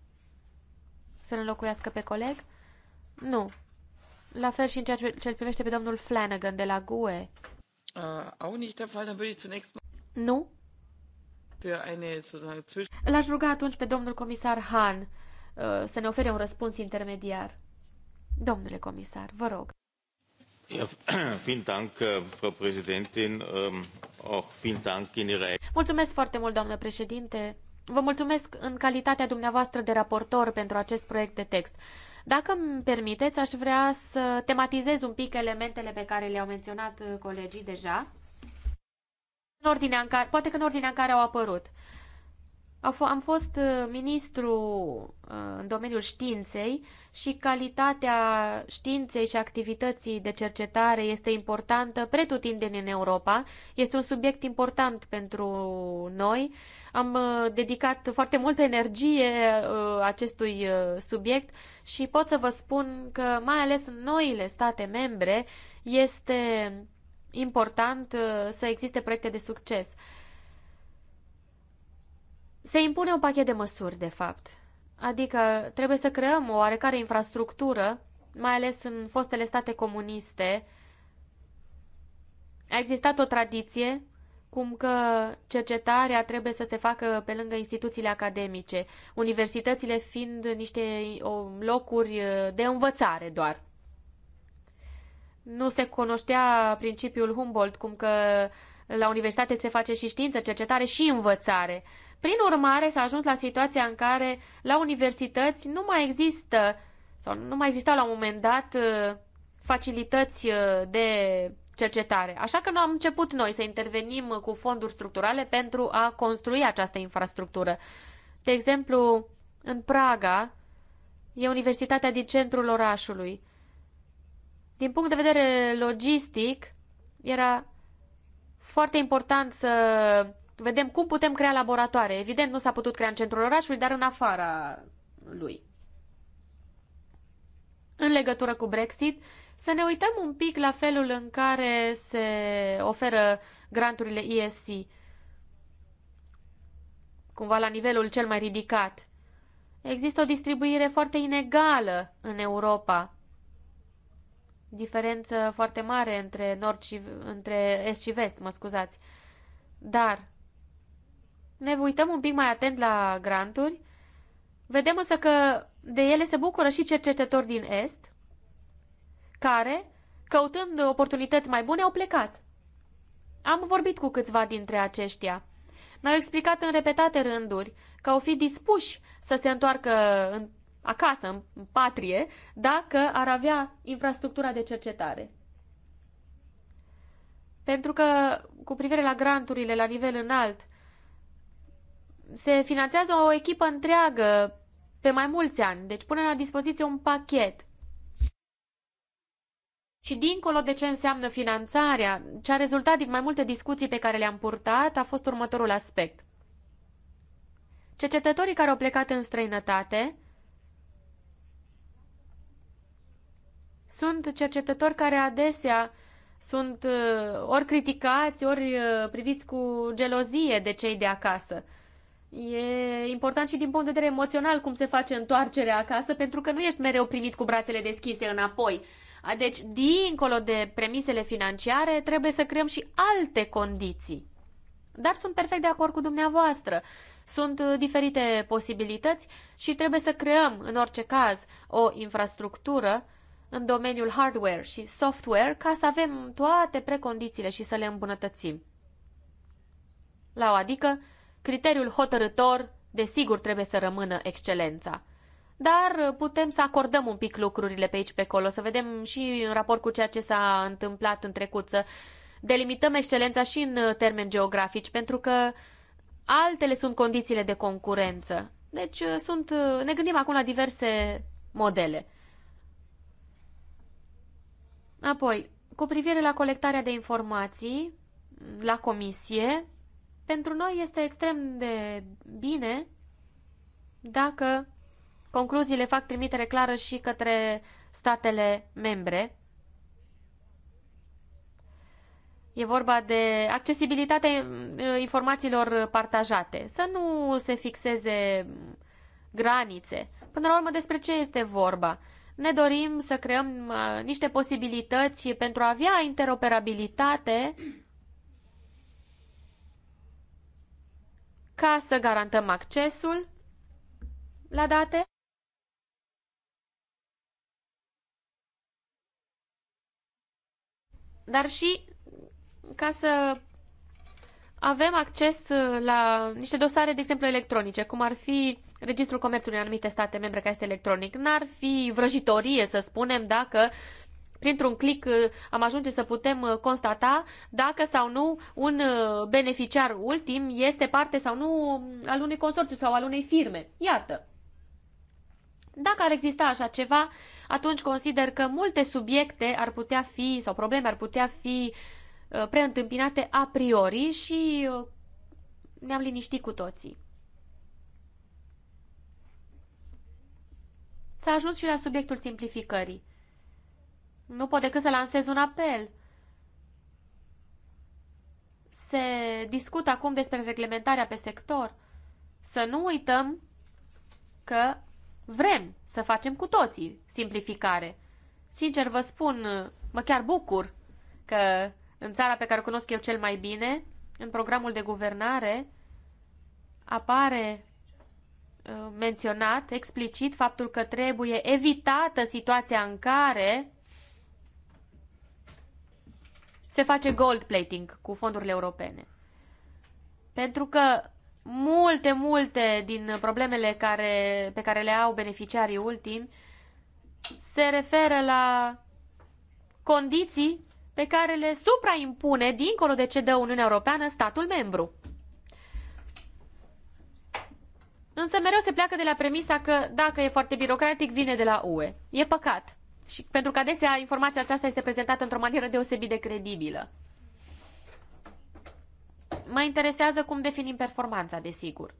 Să-l înlocuiască pe coleg? Nu. La fel și în ceea ce îl privește pe domnul Flanagan de la GUE. Ah, nu? L-aș ruga atunci pe domnul comisar Han uh, să ne ofere un răspuns intermediar. Domnule comisar, vă rog. Mulțumesc foarte mult, doamnă președinte. Vă mulțumesc în calitatea dumneavoastră de raportor pentru acest proiect de text. Dacă îmi permiteți, aș vrea să tematizez un pic elementele pe care le-au menționat uh, colegii deja, în ordinea în care, poate că în ordinea în care au apărut. Uh, am fost uh, ministru uh, în domeniul științei și calitatea științei și activității de cercetare este importantă pretutindeni în Europa. Este un subiect important pentru noi. Am uh, dedicat foarte multă energie acestui subiect și pot să vă spun că, mai ales în noile state membre, este important să existe proiecte de succes. Se impune un pachet de măsuri, de fapt. Adică trebuie să creăm o oarecare infrastructură, mai ales în fostele state comuniste. A existat o tradiție cum că cercetarea trebuie să se facă pe lângă instituțiile academice, universitățile fiind niște locuri uh, de învățare doar. Nu se cunoștea principiul Humboldt, cum că la universitate se face și știință, cercetare și învățare. Prin urmare, s-a ajuns la situația în care la universități nu mai există sau nu mai existau la un moment dat uh, facilități uh, de cercetare. Așa că noi am început noi să intervenim uh, cu fonduri structurale pentru a construi această infrastructură. De exemplu, în Praga e Universitatea din centrul orașului. Din punct de vedere logistic, era foarte important să Vedem cum putem crea laboratoare. Evident, nu s-a putut crea în centrul orașului, dar în afara lui. În legătură cu Brexit, să ne uităm un pic la felul în care se oferă granturile ESC, cumva la nivelul cel mai ridicat. Există o distribuire foarte inegală în Europa, diferență foarte mare între, nord și, între est și vest, mă scuzați. Dar ne uităm un pic mai atent la granturi, vedem însă că de ele se bucură și cercetători din Est, care, căutând oportunități mai bune, au plecat. Am vorbit cu câțiva dintre aceștia. Mi-au explicat în repetate rânduri că au fi dispuși să se întoarcă în, acasă, în patrie, dacă ar avea infrastructura de cercetare. Pentru că, cu privire la granturile la nivel înalt, se finanțează o echipă întreagă pe mai mulți ani, deci pune la dispoziție un pachet. Și dincolo de ce înseamnă finanțarea, ce a rezultat din mai multe discuții pe care le-am purtat a fost următorul aspect. Cercetătorii care au plecat în străinătate sunt cercetători care adesea sunt uh, ori criticați, ori uh, priviți cu gelozie de cei de acasă. E important și din punct de vedere emoțional cum se face întoarcerea acasă, pentru că nu ești mereu primit cu brațele deschise înapoi. Deci, dincolo de premisele financiare, trebuie să creăm și alte condiții. Dar sunt perfect de acord cu dumneavoastră. Sunt uh, diferite posibilități și trebuie să creăm, în orice caz, o infrastructură în domeniul hardware și software ca să avem toate precondițiile și să le îmbunătățim. La o adică, criteriul hotărător, desigur, trebuie să rămână excelența. Dar putem să acordăm un pic lucrurile pe aici, pe acolo, să vedem și în raport cu ceea ce s-a întâmplat în trecut, să delimităm excelența și în termeni geografici, pentru că altele sunt condițiile de concurență. Deci uh, sunt, uh, ne gândim acum la diverse modele. Apoi, cu privire la colectarea de informații la comisie, pentru noi este extrem de bine dacă concluziile fac trimitere clară și către statele membre. E vorba de accesibilitatea uh, informațiilor partajate, să nu se fixeze granițe. Până la urmă, despre ce este vorba? Ne dorim să creăm uh, niște posibilități pentru a avea interoperabilitate ca să garantăm accesul la date. Dar și ca să avem acces uh, la niște dosare, de exemplu, electronice, cum ar fi registrul comerțului în anumite state membre care este electronic. N-ar fi vrăjitorie, să spunem, dacă printr-un click uh, am ajunge să putem uh, constata dacă sau nu un uh, beneficiar ultim este parte sau nu um, al unui consorțiu sau al unei firme. Iată. Dacă ar exista așa ceva, atunci consider că multe subiecte ar putea fi, sau probleme ar putea fi preîntâmpinate a priori și ne-am liniștit cu toții. S-a ajuns și la subiectul simplificării. Nu pot decât să lansez un apel. Se discută acum despre reglementarea pe sector. Să nu uităm că vrem să facem cu toții simplificare. Sincer vă spun, mă chiar bucur că în țara pe care o cunosc eu cel mai bine, în programul de guvernare, apare uh, menționat explicit faptul că trebuie evitată situația în care se face gold plating cu fondurile europene. Pentru că multe, multe din problemele care, pe care le au beneficiarii ultimi se referă la condiții pe care le supraimpune, dincolo de ce dă Uniunea Europeană, statul membru. Însă mereu se pleacă de la premisa că dacă e foarte birocratic, vine de la UE. E păcat. Și pentru că adesea informația aceasta este prezentată într-o manieră deosebit de credibilă. Mă interesează cum definim performanța, desigur.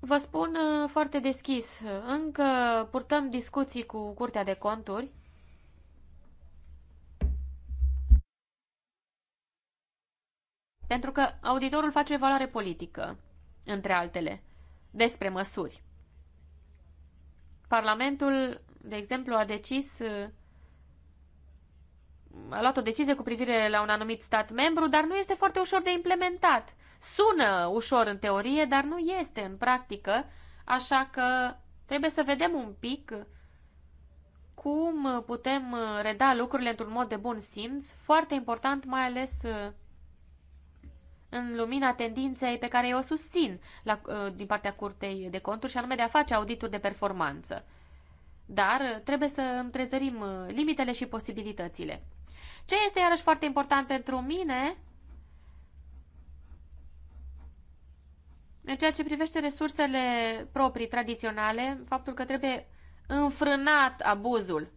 Vă spun uh, foarte deschis, uh, încă purtăm discuții cu Curtea de Conturi. Pentru că auditorul face o evaluare politică, între altele, despre măsuri. Parlamentul, de exemplu, a decis uh, a luat o decizie cu privire la un anumit stat membru, dar nu este foarte ușor de implementat. Sună ușor în teorie, dar nu este în practică, așa că trebuie să vedem un pic cum putem uh, reda lucrurile într-un mod de bun simț, foarte important mai ales uh, în lumina tendinței pe care o susțin la, uh, din partea Curtei de Conturi și anume de a face audituri de performanță. Dar uh, trebuie să întrezărim uh, limitele și posibilitățile. Ce este iarăși foarte important pentru mine în ceea ce privește resursele proprii, tradiționale, faptul că trebuie înfrânat abuzul.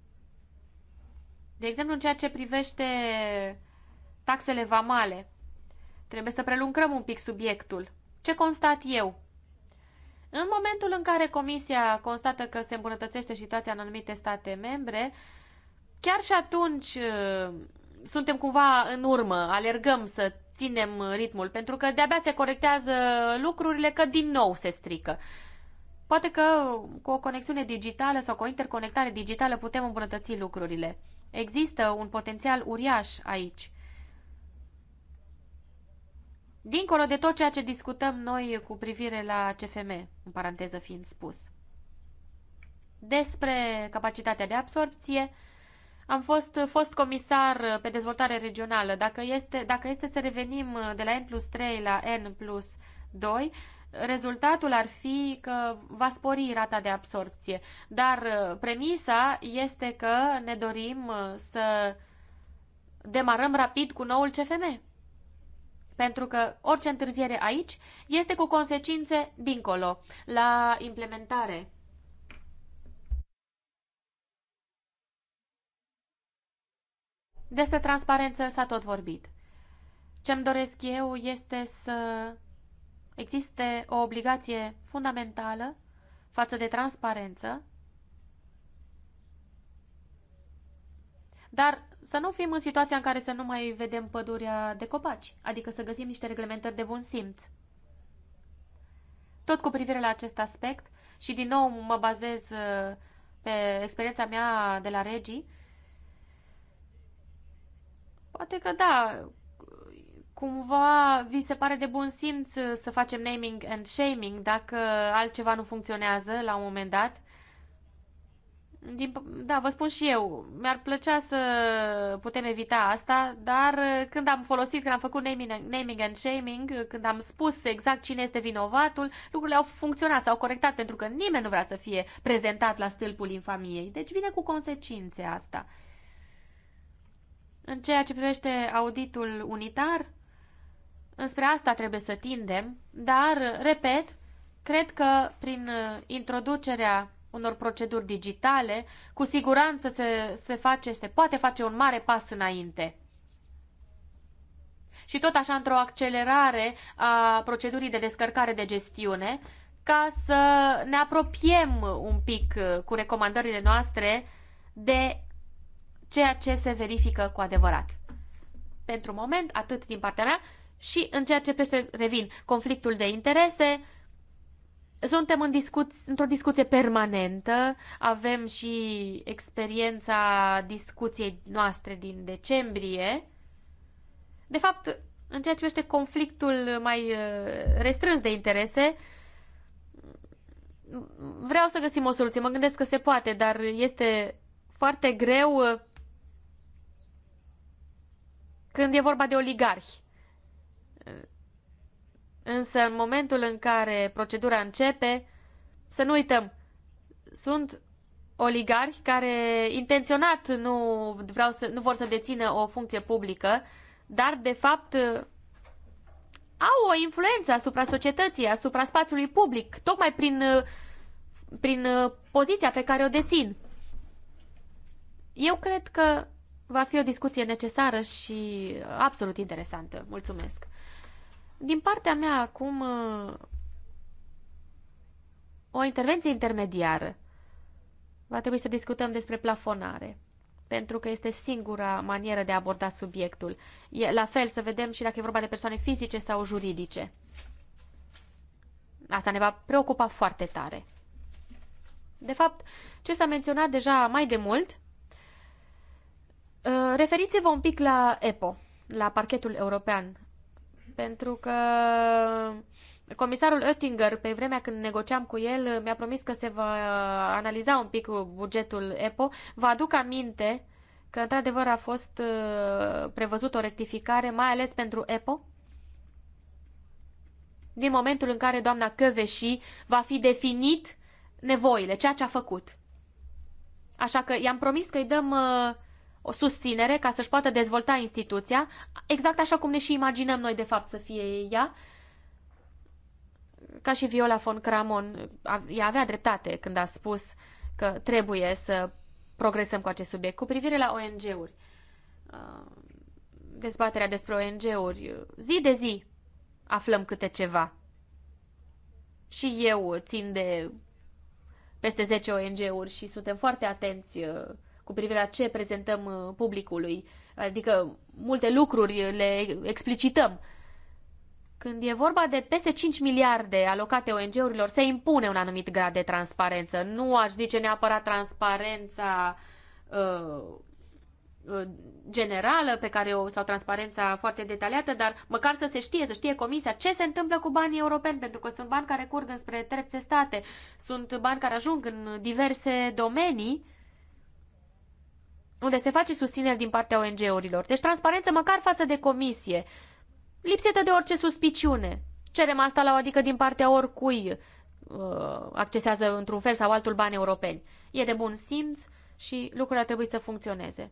De exemplu, în ceea ce privește taxele vamale. Trebuie să preluncrăm un pic subiectul. Ce constat eu? În momentul în care Comisia constată că se îmbunătățește situația în anumite state membre, chiar și atunci uh, suntem cumva în urmă, alergăm să ținem ritmul, pentru că de-abia se corectează lucrurile, că din nou se strică. Poate că cu o conexiune digitală sau cu o interconectare digitală putem îmbunătăți lucrurile. Există un potențial uriaș aici dincolo de tot ceea ce discutăm noi cu privire la CFM, în paranteză fiind spus. Despre capacitatea de absorpție, am fost fost comisar pe dezvoltare regională. Dacă este, dacă este să revenim de la N plus 3 la N plus 2, rezultatul ar fi că va spori rata de absorpție. Dar uh, premisa este că ne dorim uh, să demarăm rapid cu noul CFM pentru că orice întârziere aici este cu consecințe dincolo, la implementare. Despre transparență s-a tot vorbit. Ce-mi doresc eu este să existe o obligație fundamentală față de transparență, dar să nu fim în situația în care să nu mai vedem pădurea de copaci, adică să găsim niște reglementări de bun simț. Tot cu privire la acest aspect, și din nou mă bazez uh, pe experiența mea de la regii, poate că da, cumva vi se pare de bun simț să facem naming and shaming dacă altceva nu funcționează la un moment dat, din, da, vă spun și eu, mi-ar plăcea să putem evita asta, dar uh, când am folosit, când am făcut naming, naming and shaming, uh, când am spus exact cine este vinovatul, lucrurile au funcționat, s-au corectat, pentru că nimeni nu vrea să fie prezentat la stâlpul infamiei. Deci vine cu consecințe asta. În ceea ce privește auditul unitar, înspre asta trebuie să tindem, dar, repet, cred că prin uh, introducerea unor proceduri digitale, cu siguranță se, se, face, se poate face un mare pas înainte. Și tot așa într-o accelerare a procedurii de descărcare de gestiune, ca să ne apropiem un pic uh, cu recomandările noastre de ceea ce se verifică cu adevărat. Pentru moment, atât din partea mea și în ceea ce peste revin, conflictul de interese, suntem în discuț- într-o discuție permanentă, avem și experiența discuției noastre din decembrie. De fapt, în ceea ce este conflictul mai uh, restrâns de interese, vreau să găsim o soluție. Mă gândesc că se poate, dar este foarte greu uh, când e vorba de oligarhi. Însă, în momentul în care procedura începe, să nu uităm, sunt oligari care intenționat nu, vreau să, nu vor să dețină o funcție publică, dar, de fapt, au o influență asupra societății, asupra spațiului public, tocmai prin, prin poziția pe care o dețin. Eu cred că va fi o discuție necesară și absolut interesantă. Mulțumesc! Din partea mea acum uh, o intervenție intermediară. Va trebui să discutăm despre plafonare, pentru că este singura manieră de a aborda subiectul. E la fel să vedem și dacă e vorba de persoane fizice sau juridice. Asta ne va preocupa foarte tare. De fapt, ce s-a menționat deja mai de mult, uh, referiți-vă un pic la EPO, la parchetul european pentru că comisarul Oettinger, pe vremea când negociam cu el, mi-a promis că se va uh, analiza un pic bugetul EPO. Vă aduc aminte că, într-adevăr, a fost uh, prevăzut o rectificare, mai ales pentru EPO, din momentul în care doamna Căveși va fi definit nevoile, ceea ce a făcut. Așa că i-am promis că îi dăm uh, o susținere ca să-și poată dezvolta instituția, exact așa cum ne și imaginăm noi de fapt să fie ea, ca și Viola von Cramon, ea avea dreptate când a spus că trebuie să progresăm cu acest subiect. Cu privire la ONG-uri, uh, dezbaterea despre ONG-uri, zi de zi aflăm câte ceva. Și eu țin de peste 10 ONG-uri și suntem foarte atenți uh, cu privire la ce prezentăm uh, publicului, adică multe lucruri le explicităm. Când e vorba de peste 5 miliarde alocate ONG-urilor, se impune un anumit grad de transparență. Nu aș zice neapărat transparența uh, uh, generală pe care o, sau transparența foarte detaliată, dar măcar să se știe, să știe comisia ce se întâmplă cu banii europeni, pentru că sunt bani care curg înspre terțe state, sunt bani care ajung în diverse domenii unde se face susținere din partea ONG-urilor. Deci transparență măcar față de comisie, lipsită de orice suspiciune. Cerem asta la o adică din partea oricui uh, accesează într-un fel sau altul bani europeni. E de bun simț și lucrurile ar trebui să funcționeze.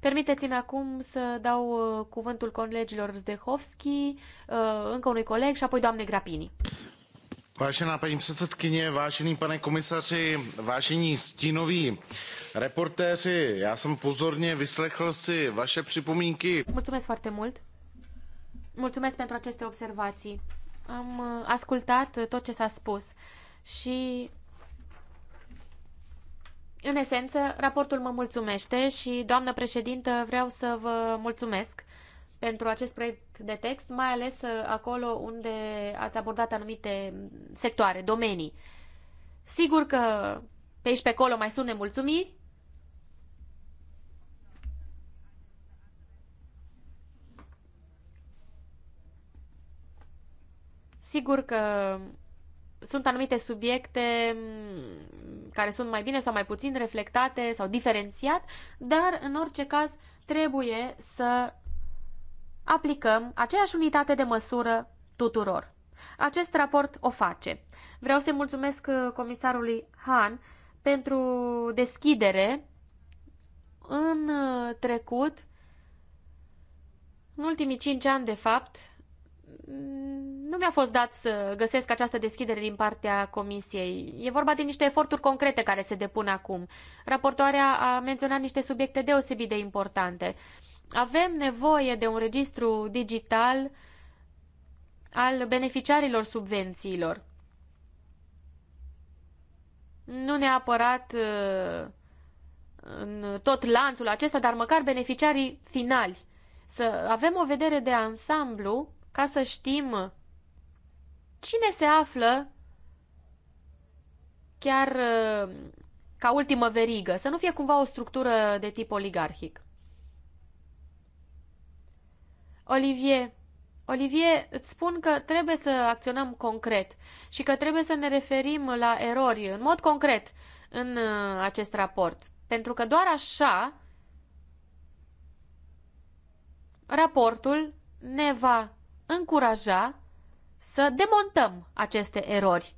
Permiteți-mi acum să dau uh, cuvântul colegilor Zdehovski, uh, încă unui coleg și apoi doamne Grapini. Vážená paní předsedkyně, vážený pane komisaři, vážení stínoví reportéři, já jsem pozorně vyslechl si vaše připomínky. Mulțumesc foarte mult. Mulțumesc pentru aceste observații. Am uh, ascultat uh, tot ce s-a spus și în esență, raportul mă mulțumește și, doamnă președintă, vreau să vă mulțumesc pentru acest proiect de text, mai ales uh, acolo unde ați abordat anumite sectoare, domenii. Sigur că pe aici pe acolo mai sunt nemulțumiri. Sigur că sunt anumite subiecte care sunt mai bine sau mai puțin reflectate sau diferențiat, dar în orice caz trebuie să aplicăm aceeași unitate de măsură tuturor. Acest raport o face. Vreau să-i mulțumesc uh, comisarului Han pentru deschidere în uh, trecut, în ultimii cinci ani, de fapt, nu mi-a fost dat să găsesc această deschidere din partea comisiei. E vorba de niște eforturi concrete care se depun acum. Raportoarea a menționat niște subiecte deosebit de importante. Uh, avem nevoie de un registru digital al beneficiarilor subvențiilor. Nu neapărat uh, în tot lanțul acesta, dar măcar beneficiarii finali. Să avem o vedere de ansamblu ca să știm cine se află chiar uh, ca ultimă verigă, să nu fie cumva o structură de tip oligarhic. Olivier, Olivier, îți spun că trebuie să acționăm concret și că trebuie să ne referim la erori în mod concret în uh, acest raport. Pentru că doar așa raportul ne va încuraja să demontăm aceste erori.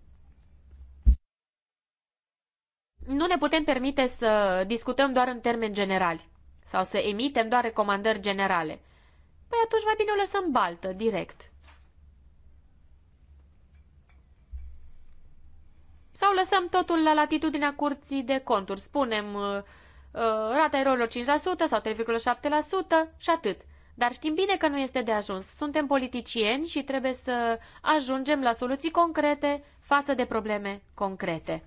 Nu ne putem permite să discutăm doar în termeni generali sau să emitem doar recomandări generale. Păi atunci mai bine o lăsăm baltă, direct. Sau lăsăm totul la latitudinea curții de conturi. Spunem uh, uh rata erorilor 5% sau 3,7% și atât. Dar știm bine că nu este de ajuns. Suntem politicieni și trebuie să ajungem la soluții concrete față de probleme concrete.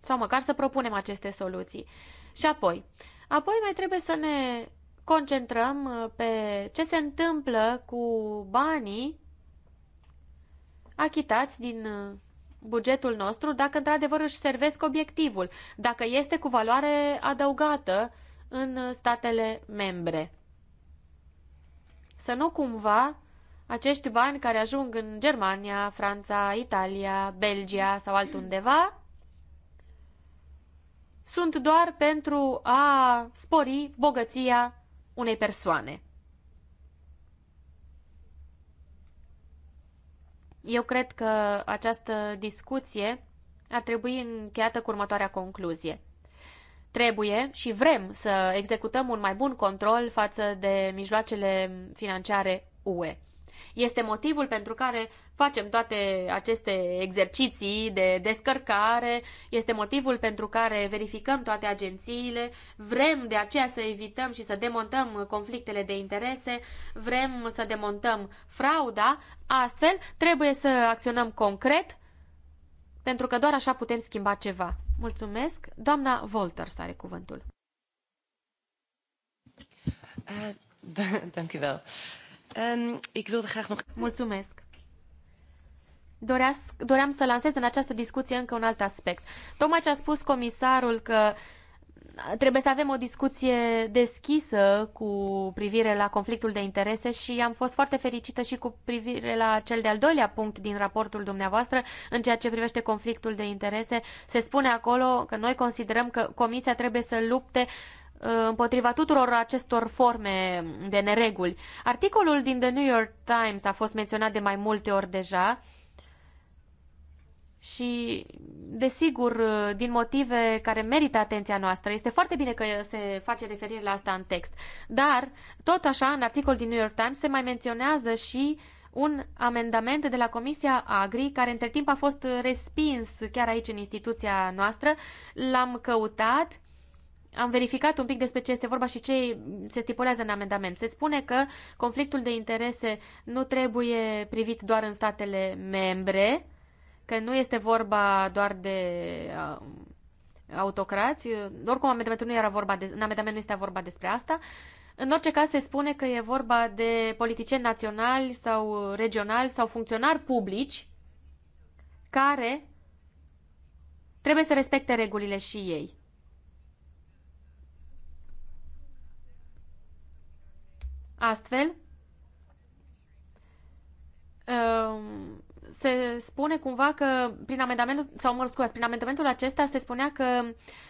Sau măcar să propunem aceste soluții. Și apoi, apoi mai trebuie să ne concentrăm uh, pe ce se întâmplă cu banii achitați din uh, bugetul nostru dacă într-adevăr își servesc obiectivul, dacă este cu valoare adăugată în statele membre. Să nu cumva acești bani care ajung în Germania, Franța, Italia, Belgia sau altundeva sunt doar pentru a spori bogăția unei persoane. Eu cred că această discuție ar trebui încheiată cu următoarea concluzie. Trebuie și vrem să executăm un mai bun control față de mijloacele financiare UE. Este motivul pentru care facem toate aceste exerciții de descărcare, este motivul pentru care verificăm toate agențiile, vrem de aceea să evităm și să demontăm conflictele de interese, vrem să demontăm frauda, astfel trebuie să acționăm concret, pentru că doar așa putem schimba ceva. Mulțumesc. Doamna să are cuvântul. Uh, Dank u wel. Ehm, Mulțumesc. Doreasc, doream să lansez în această discuție încă un alt aspect. Tocmai ce a spus comisarul că trebuie să avem o discuție deschisă cu privire la conflictul de interese și am fost foarte fericită și cu privire la cel de-al doilea punct din raportul dumneavoastră în ceea ce privește conflictul de interese. Se spune acolo că noi considerăm că Comisia trebuie să lupte împotriva tuturor acestor forme de nereguli. Articolul din The New York Times a fost menționat de mai multe ori deja și, desigur, din motive care merită atenția noastră. Este foarte bine că se face referire la asta în text. Dar, tot așa, în articolul din New York Times se mai menționează și un amendament de la Comisia Agri, care între timp a fost respins chiar aici în instituția noastră. L-am căutat am verificat un pic despre ce este vorba și ce se stipulează în amendament. Se spune că conflictul de interese nu trebuie privit doar în statele membre, că nu este vorba doar de uh, autocrați. Oricum, amendamentul nu era vorba de, în amendament nu este vorba despre asta. În orice caz, se spune că e vorba de politicieni naționali sau regionali sau funcționari publici care trebuie să respecte regulile și ei. Astfel, um, se spune cumva că prin amendamentul, sau mă scuze, prin amendamentul acesta se spunea că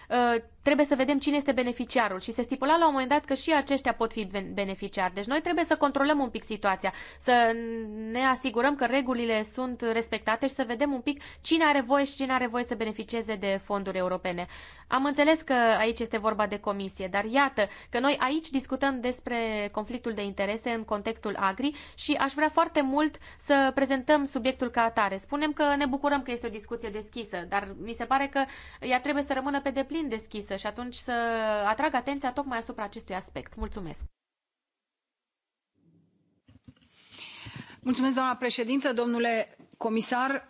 Uh, trebuie să vedem cine este beneficiarul și se stipula la un moment dat că și aceștia pot fi beneficiari. Deci noi trebuie să controlăm un pic situația, să ne asigurăm că regulile sunt respectate și să vedem un pic cine are voie și cine are voie să beneficieze de fonduri europene. Am înțeles că aici este vorba de comisie, dar iată că noi aici discutăm despre conflictul de interese în contextul agri și aș vrea foarte mult să prezentăm subiectul ca atare. Spunem că ne bucurăm că este o discuție deschisă, dar mi se pare că ea trebuie să rămână pe deplin plin deschisă și atunci să atrag atenția tocmai asupra acestui aspect. Mulțumesc! Mulțumesc, doamna președintă, domnule comisar.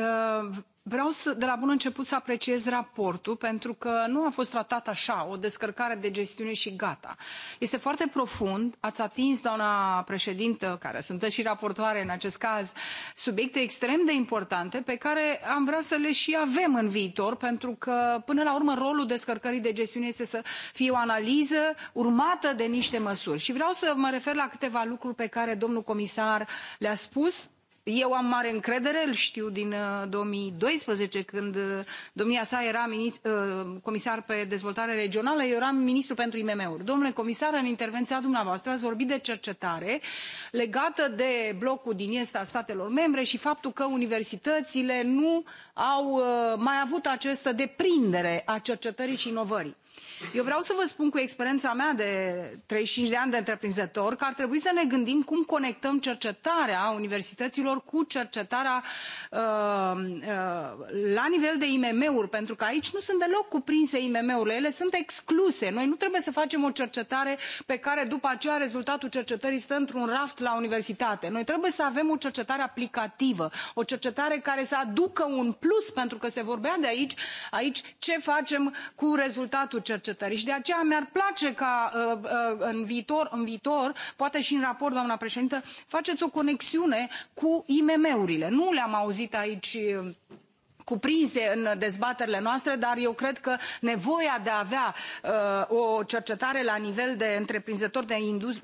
Ă, Vreau să, de la bun început să apreciez raportul, pentru că nu a fost tratat așa, o descărcare de gestiune și gata. Este foarte profund, ați atins, doamna președintă, care sunteți și raportoare în acest caz, subiecte extrem de importante pe care am vrea să le și avem în viitor, pentru că, până la urmă, rolul descărcării de gestiune este să fie o analiză urmată de niște măsuri. Și vreau să mă refer la câteva lucruri pe care domnul comisar le-a spus eu am mare încredere, îl știu din 2012, uh, când uh, domnia sa era uh, comisar pe dezvoltare regională, eu eram ministru pentru IMM-uri. Domnule comisar, în intervenția dumneavoastră ați vorbit de cercetare legată de blocul din est al statelor membre și faptul că universitățile nu au mai avut această deprindere a cercetării și inovării eu vreau să vă spun cu experiența mea de 35 de ani de întreprinzător că ar trebui să ne gândim cum conectăm cercetarea universităților cu cercetarea uh, uh, la nivel de IMM-uri, pentru că aici nu sunt deloc cuprinse IMM-urile, ele sunt excluse. Noi nu trebuie să facem o cercetare pe care după aceea rezultatul cercetării stă într-un raft la universitate. Noi trebuie să avem o cercetare aplicativă, o cercetare care să aducă un plus, pentru că se vorbea de aici, aici ce facem cu rezultatul cercetării cercetării și de aceea mi ar place ca uh, uh, în viitor, în viitor poate și în raport doamnă președintă faceți o conexiune cu imm urile nu le am auzit aici uh, cuprinse în dezbaterile noastre dar eu cred că nevoia de a avea uh, o cercetare la nivel de întreprinzător de,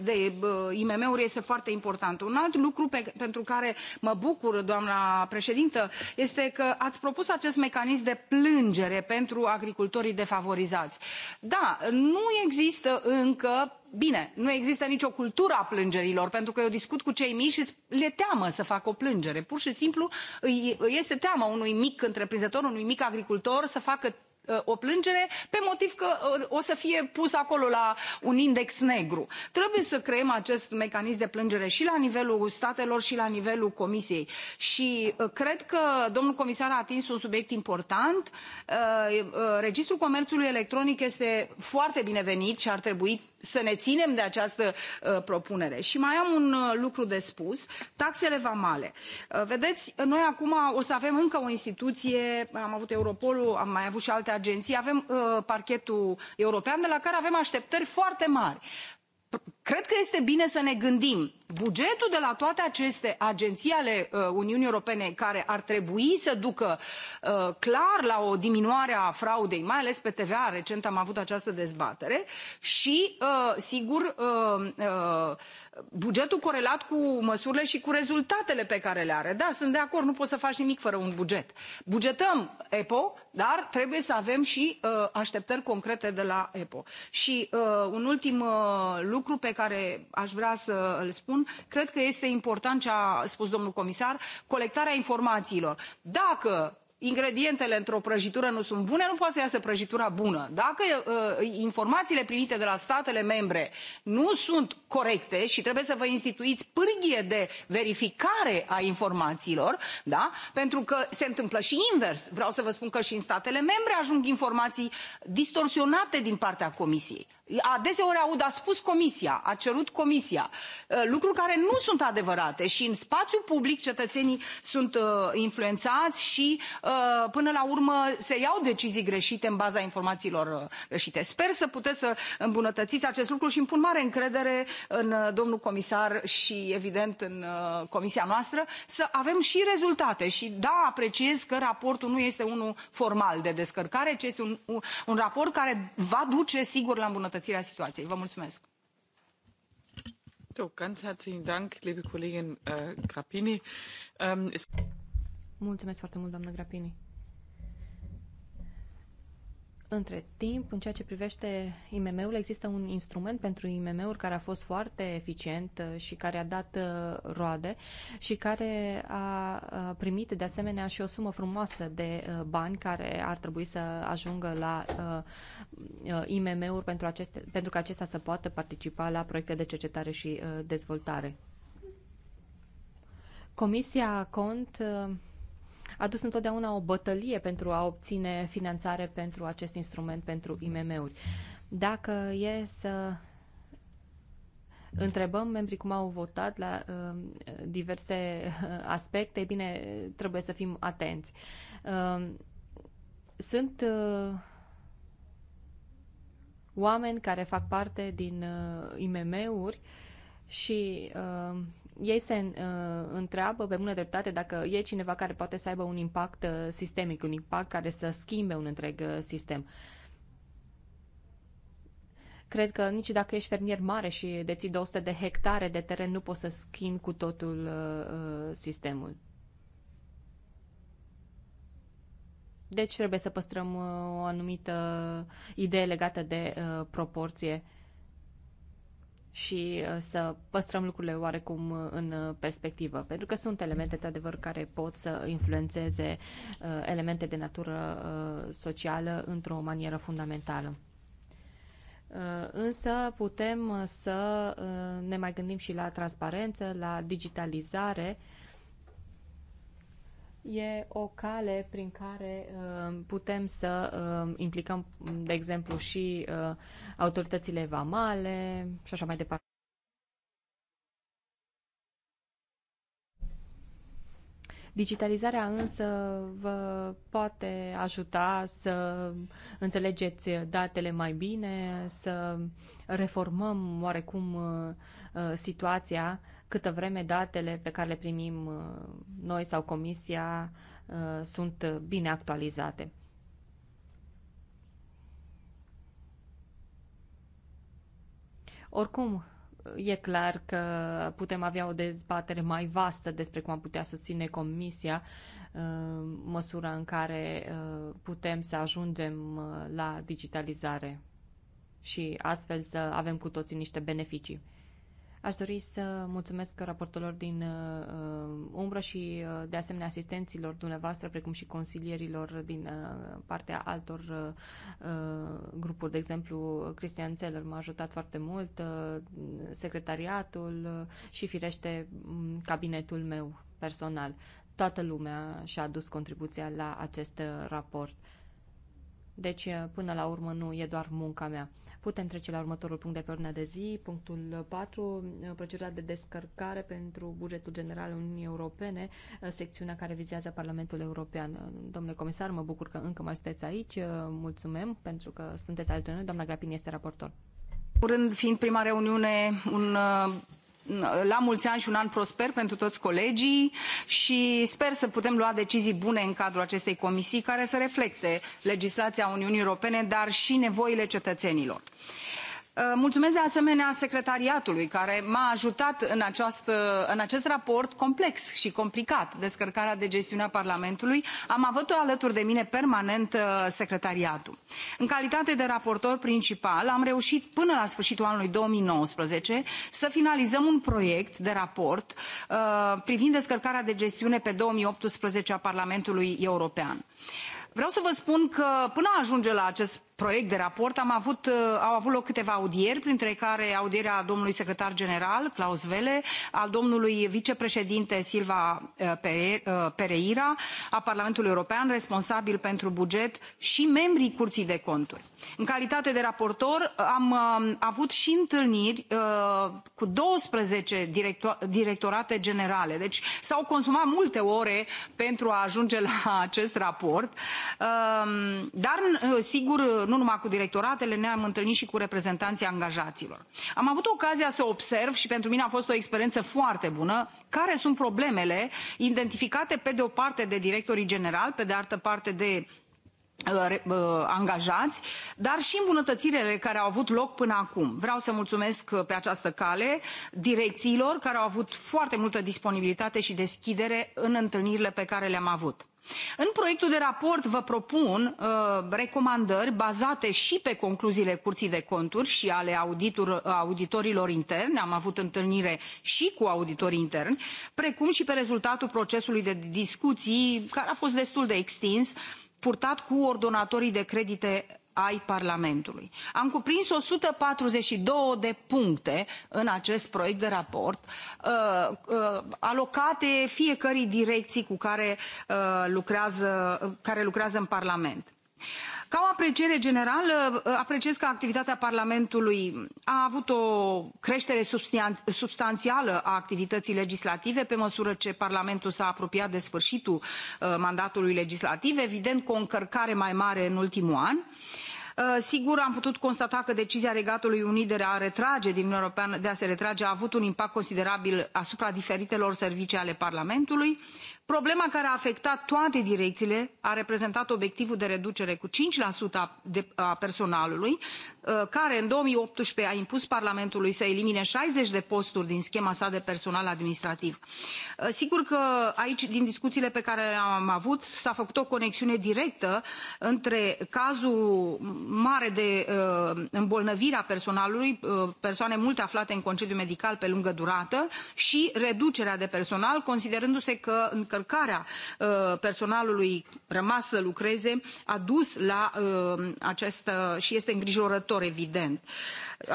de uh, imm uri este foarte importantă. un alt lucru pe, pentru care mă bucur doamnă președintă este că ați propus acest mecanism de plângere pentru agricultorii defavorizați. da nu există încă bine nu există nicio cultură a plângerilor pentru că eu discut cu cei mici și le teamă să facă o plângere pur și simplu îi este teamă unui mic întreprinzător unui mic agricultor să facă Uh, o plângere pe motiv că uh, o să fie pus acolo la un index negru. Trebuie să creăm acest mecanism de plângere și la nivelul statelor și la nivelul Comisiei. Și uh, cred că domnul comisar a atins un subiect important. Registrul comerțului electronic este foarte binevenit și ar trebui să ne ținem de această propunere. Și mai am un lucru de spus, taxele vamale. vedeți, noi acum o să avem încă o instituție, am avut Europolul, am mai avut și alte agenții avem uh, parchetul european de la care avem așteptări foarte mari cred că este bine să ne gândim bugetul de la toate aceste agenții ale uh, uniunii europene care ar trebui să ducă uh, clar la o diminuare a fraudei mai ales pe tva recent am avut această dezbatere și uh, sigur uh, uh, bugetul corelat cu măsurile și cu rezultatele pe care le are. da sunt de acord nu poți să faci nimic fără un buget. bugetăm epo dar trebuie să avem și uh, așteptări concrete de la epo. și un ultim lucru pe care aș vrea să îl spun, cred că este important ce a spus domnul comisar, colectarea informațiilor. Dacă ingredientele într o prăjitură nu sunt bune nu poate să iasă prăjitura bună. dacă uh, informațiile primite de la statele membre nu sunt corecte și trebuie să vă instituiți pârghie de verificare a informațiilor da? pentru că se întâmplă și invers vreau să vă spun că și în statele membre ajung informații distorsionate din partea comisiei adeseori aud a spus comisia a cerut comisia uh, lucruri care nu sunt adevărate și în spațiul public cetățenii sunt uh, influențați și uh, până la urmă se iau decizii greșite în baza informațiilor greșite. Sper să puteți să îmbunătățiți acest lucru și îmi pun mare încredere în domnul comisar și evident în comisia noastră să avem și rezultate și da apreciez că raportul nu este unul formal de descărcare ci este un, un, raport care va duce sigur la îmbunătățirea îmbunătățirea situației. Vă mulțumesc! Äh, ähm, mulțumesc foarte mult, doamnă Grapini. Între timp, în ceea ce privește IMM-ul, există un instrument pentru IMM-uri care a fost foarte eficient uh, și care a dat uh, roade și care a uh, primit de asemenea și o sumă frumoasă de bani care ar trebui să ajungă la IMM-uri pentru, aceste, pentru că acesta să poată participa la proiecte de cercetare și dezvoltare. Comisia Cont a dus întotdeauna o bătălie pentru a obține finanțare pentru acest instrument pentru IMM-uri. Dacă e să întrebăm membrii cum au votat la uh, diverse uh, aspecte, e bine, trebuie să fim atenți. Uh, sunt uh, oameni care fac parte din uh, IMM-uri și uh, ei se uh, întreabă pe bună dreptate dacă e cineva care poate să aibă un impact uh, sistemic, un impact care să schimbe un întreg uh, sistem. Cred că nici dacă ești fermier mare și deții 200 de hectare de teren, nu poți să schimbi cu totul uh, uh, sistemul. Deci trebuie să păstrăm uh, o anumită idee legată de uh, proporție uh, și uh, să păstrăm lucrurile oarecum uh, în uh, perspectivă, pentru că sunt elemente, de adevăr, care pot să influențeze elemente de natură socială într-o manieră fundamentală. Însă putem să ne mai gândim și la transparență, la digitalizare, e o cale prin care uh, putem să uh, implicăm, de exemplu, și uh, autoritățile vamale și așa mai departe. Digitalizarea însă vă poate ajuta să înțelegeți datele mai bine, să reformăm oarecum situația câtă vreme datele pe care le primim uh, noi sau comisia uh, sunt uh, bine actualizate. Oricum, e clar că putem avea o dezbatere mai vastă despre cum am putea susține Comisia, măsura în care putem să ajungem la digitalizare și astfel să avem cu toții niște beneficii. Aș dori să mulțumesc raportorilor din uh, uh, umbră și uh, de asemenea asistenților dumneavoastră, precum și consilierilor din uh, partea altor uh, uh grupuri. De exemplu, Cristian Zeller m-a ajutat foarte mult, uh, secretariatul uh, și firește um, cabinetul meu personal. Toată lumea și-a adus contribuția la acest uh, raport. Deci, până la urmă, nu e doar munca mea. Putem trece la următorul punct de pe ordinea de zi, punctul 4, uh, procedura de descărcare pentru bugetul general al Uniunii Europene, uh, secțiunea care vizează Parlamentul European. Uh, domnule comisar, mă bucur că încă mai sunteți aici. Mulțumim pentru că sunteți alături noi. Doamna Grapini este raportor. În rând, fiind prima reuniune, un la mulți ani și un an prosper pentru toți colegii și sper să putem lua decizii bune în cadrul acestei comisii care să reflecte legislația Uniunii Europene, dar și nevoile cetățenilor. Uh, mulțumesc de asemenea secretariatului care m-a ajutat în, această, în acest raport complex și complicat, descărcarea de gestiunea Parlamentului. Am avut alături de mine permanent uh, secretariatul. În calitate de raportor principal am reușit până la sfârșitul anului 2019 să finalizăm un proiect de raport uh, privind descărcarea de gestiune pe 2018 a Parlamentului European. Vreau să vă spun că până ajunge la acest proiect de raport am avut, uh, au avut loc câteva audieri, printre care audierea domnului secretar general, Klaus Welle, al domnului vicepreședinte Silva uh, uh, Pereira, a Parlamentului European, responsabil pentru buget și membrii Curții de Conturi. În calitate de raportor am avut și întâlniri cu 12 directorate generale, deci s-au consumat multe ore pentru a ajunge la acest raport, um, dar sigur nu numai cu directoratele ne am întâlnit și cu reprezentanții angajaților. am avut ocazia să observ și pentru mine a fost o experiență foarte bună care sunt problemele identificate pe de o parte de directorii generali pe de altă parte de uh, uh, angajați, dar și îmbunătățirile care au avut loc până acum. Vreau să mulțumesc uh, pe această cale direcțiilor care au avut foarte multă disponibilitate și deschidere în întâlnirile pe care le-am avut. În proiectul de raport vă propun uh, recomandări bazate și pe concluziile Curții de Conturi și ale auditor, auditorilor interni, am avut întâlnire și cu auditorii interni, precum și pe rezultatul procesului de discuții, care a fost destul de extins, purtat cu ordonatorii de credite ai Parlamentului. Am cuprins 142 de puncte în acest proiect de raport, uh, uh, alocate fiecărei direcții cu care, uh, lucrează, care lucrează în Parlament. Uh, ca o apreciere generală, ă, apreciez că activitatea Parlamentului a avut o creștere substanțială a activității legislative pe măsură ce Parlamentul s-a apropiat de sfârșitul ă, mandatului legislativ, evident cu o încărcare mai mare în ultimul an. Ă, sigur, am putut constata că decizia Regatului Unit de a, retrage din Uniunea Europeană, de a se retrage a avut un impact considerabil asupra diferitelor servicii ale Parlamentului. Problema care a afectat toate direcțiile a reprezentat obiectivul de reducere cu 5% a personalului, uh, care în 2018 a impus Parlamentului să elimine 60 de posturi din schema sa de personal administrativ. Uh, sigur că aici, din discuțiile pe care le-am avut, s-a făcut o conexiune directă între cazul mare de uh, îmbolnăvire a personalului, persoane multe aflate în concediu medical pe lungă durată, și reducerea de personal, considerându-se că în încălcarea uh, personalului rămas să lucreze a dus la uh, această uh, și este îngrijorător evident.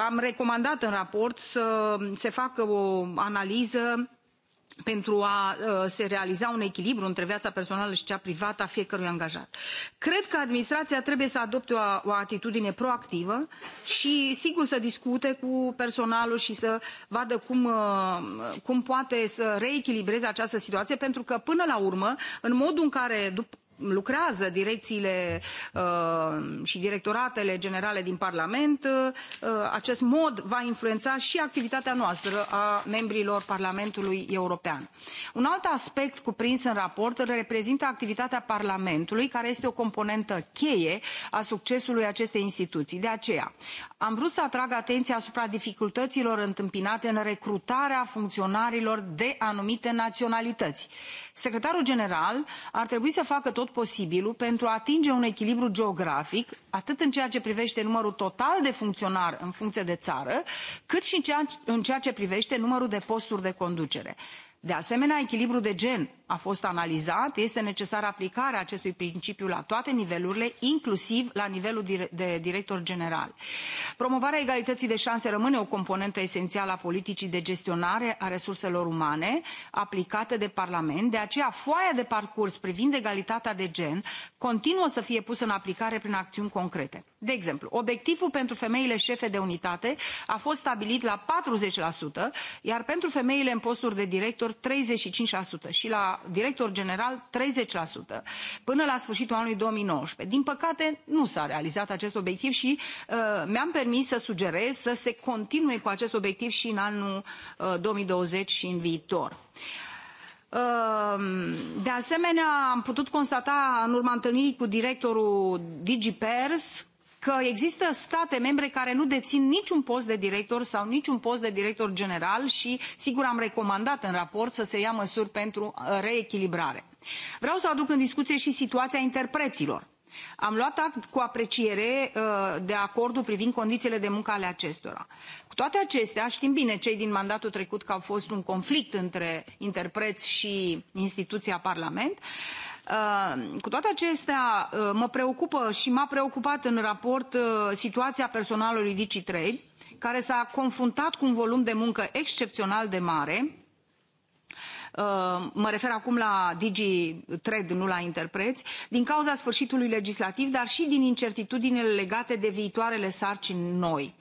Am recomandat în raport să se facă o analiză pentru a ă, se realiza un echilibru între viața personală și cea privată a fiecărui angajat. Cred că administrația trebuie să adopte o, o atitudine proactivă și, sigur, să discute cu personalul și să vadă cum, ă, cum poate să reechilibreze această situație, pentru că, până la urmă, în modul în care, lucrează direcțiile uh, și directoratele generale din Parlament, uh, acest mod va influența și activitatea noastră a membrilor Parlamentului European. Un alt aspect cuprins în raport reprezintă activitatea Parlamentului, care este o componentă cheie a succesului acestei instituții. De aceea, am vrut să atrag atenția asupra dificultăților întâmpinate în recrutarea funcționarilor de anumite naționalități secretarul general ar trebui să facă tot posibilul pentru a atinge un echilibru geografic, atât în ceea ce privește numărul total de funcționari în funcție de țară, cât și în ceea, în ceea ce privește numărul de posturi de conducere. De asemenea, echilibru de gen a fost analizat, este necesară aplicarea acestui principiu la toate nivelurile, inclusiv la nivelul de director general. Promovarea egalității de șanse rămâne o componentă esențială a politicii de gestionare a resurselor umane aplicată de Parlament, de aceea foaia de parcurs privind egalitatea de gen continuă să fie pusă în aplicare prin acțiuni concrete. De exemplu, obiectivul pentru femeile șefe de unitate a fost stabilit la 40%, iar pentru femeile în posturi de director 35% și la la director general 30% până la sfârșitul anului 2019. Din păcate, nu s-a realizat acest obiectiv și uh, mi-am permis să sugerez să se continue cu acest obiectiv și în anul uh, 2020 și în viitor. Uh, de asemenea, am putut constata în urma întâlnirii cu directorul DigiPers că există state membre care nu dețin niciun post de director sau niciun post de director general și, sigur, am recomandat în raport să se ia măsuri pentru uh, reechilibrare. Vreau să aduc în discuție și situația interpreților. Am luat act cu apreciere uh, de acordul privind condițiile de muncă ale acestora. Cu toate acestea, știm bine cei din mandatul trecut că a fost un conflict între interpreți și instituția Parlament. Uh, cu toate acestea, uh, mă preocupă și m-a preocupat în raport uh, situația personalului DigiTrade, care s-a confruntat cu un volum de muncă excepțional de mare, mă refer acum la Digi Trade, nu la interpreți, din cauza sfârșitului legislativ, dar și din incertitudinile legate de viitoarele sarcini noi.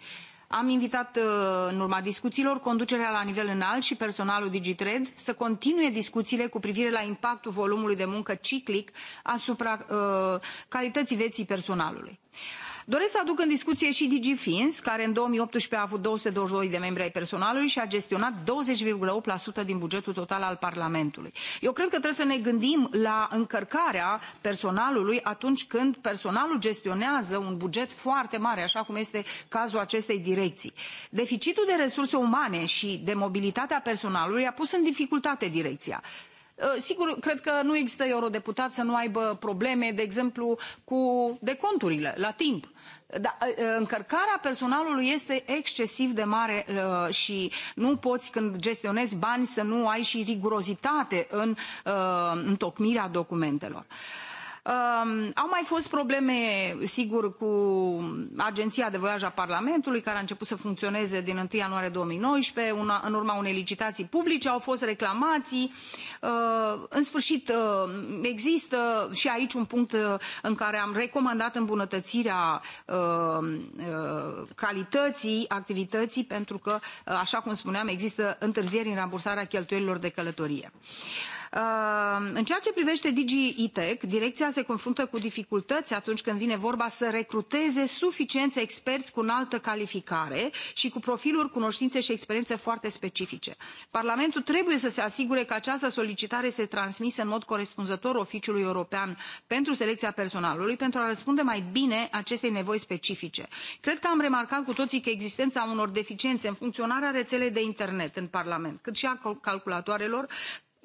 Am invitat uh, în urma discuțiilor conducerea la nivel înalt și personalul DigiTrade să continue discuțiile cu privire la impactul volumului de muncă ciclic asupra uh, calității vieții personalului. Doresc să aduc în discuție și DigiFins, care în 2018 a avut 222 de membri ai personalului și a gestionat 20,8% din bugetul total al Parlamentului. Eu cred că trebuie să ne gândim la încărcarea personalului atunci când personalul gestionează un buget foarte mare, așa cum este cazul acestei direcții. Deficitul de resurse umane și de mobilitatea personalului a pus în dificultate direcția. Uh, sigur, cred că nu există eurodeputat să nu aibă probleme, de exemplu, cu deconturile la timp. Da, încărcarea personalului este excesiv de mare și nu poți când gestionezi bani să nu ai și rigurozitate în întocmirea documentelor au mai fost probleme, sigur, cu Agenția de Voiaj a Parlamentului, care a început să funcționeze din 1 ianuarie 2019, una, în urma unei licitații publice, au fost reclamații. Uh, în sfârșit, uh, există și aici un punct uh, în care am recomandat îmbunătățirea uh, uh, calității activității, pentru că, așa cum spuneam, există întârzieri în rambursarea cheltuielilor de călătorie. Uh, Ehm, în ceea ce privește Digi ITEC, direcția se confruntă cu dificultăți atunci când vine vorba să recruteze suficienți experți cu înaltă calificare și cu profiluri, cunoștințe și experiențe foarte specifice. Parlamentul trebuie să se asigure că această solicitare este transmisă în mod corespunzător Oficiului European pentru selecția personalului pentru a răspunde mai bine acestei nevoi specifice. Cred că am remarcat cu toții că existența unor deficiențe în funcționarea rețelei de internet în Parlament, cât și a calculatoarelor,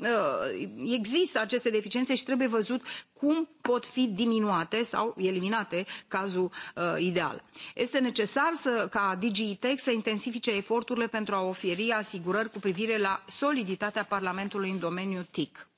Uh, există aceste deficiențe și trebuie văzut cum pot fi diminuate sau eliminate cazul uh, ideal. Este necesar să, ca DG ITEC să intensifice eforturile pentru a oferi asigurări cu privire la soliditatea Parlamentului în domeniul TIC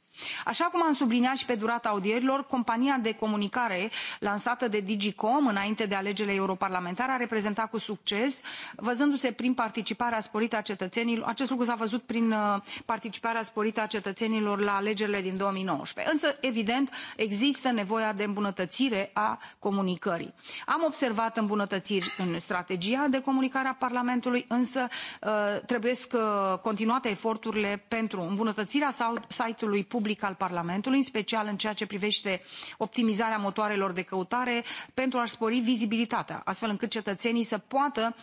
așa cum am subliniat și pe durata audierilor compania de comunicare lansată de dg înainte de alegerile europarlamentare a reprezentat cu succes văzându se prin participarea sporită a cetățenilor acest lucru s a văzut prin uh, participarea sporită a cetățenilor la alegerile din două mii nouăsprezece însă evident există nevoia de îmbunătățire a comunicării. am observat îmbunătățiri în strategia de comunicare a parlamentului însă uh, trebuie continuate eforturile pentru îmbunătățirea site ului public public al Parlamentului, în special în ceea ce privește optimizarea motoarelor de căutare, pentru a-și spori vizibilitatea, astfel încât cetățenii să poată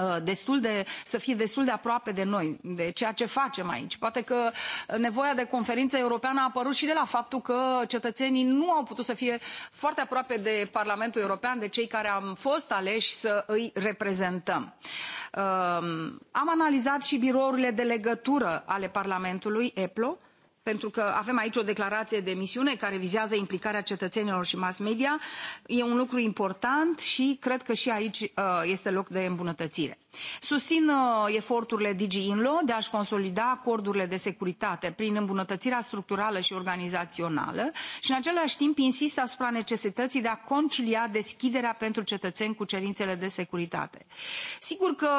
uh, destul de, să fie destul de aproape de noi, de ceea ce facem aici. Poate că uh, nevoia de conferință europeană a apărut și de la faptul că cetățenii nu au putut să fie foarte aproape de Parlamentul European, de cei care am fost aleși să îi reprezentăm. Uh, am analizat și birourile de legătură ale Parlamentului, EPLO, pentru că avem aici o declarație de misiune care vizează implicarea cetățenilor și mass media. E un lucru important și cred că și aici uh, este loc de îmbunătățire. Susțin uh, eforturile DG INLO de a-și consolida acordurile de securitate prin îmbunătățirea structurală și organizațională și în același timp insist asupra necesității de a concilia deschiderea pentru cetățeni cu cerințele de securitate. Sigur că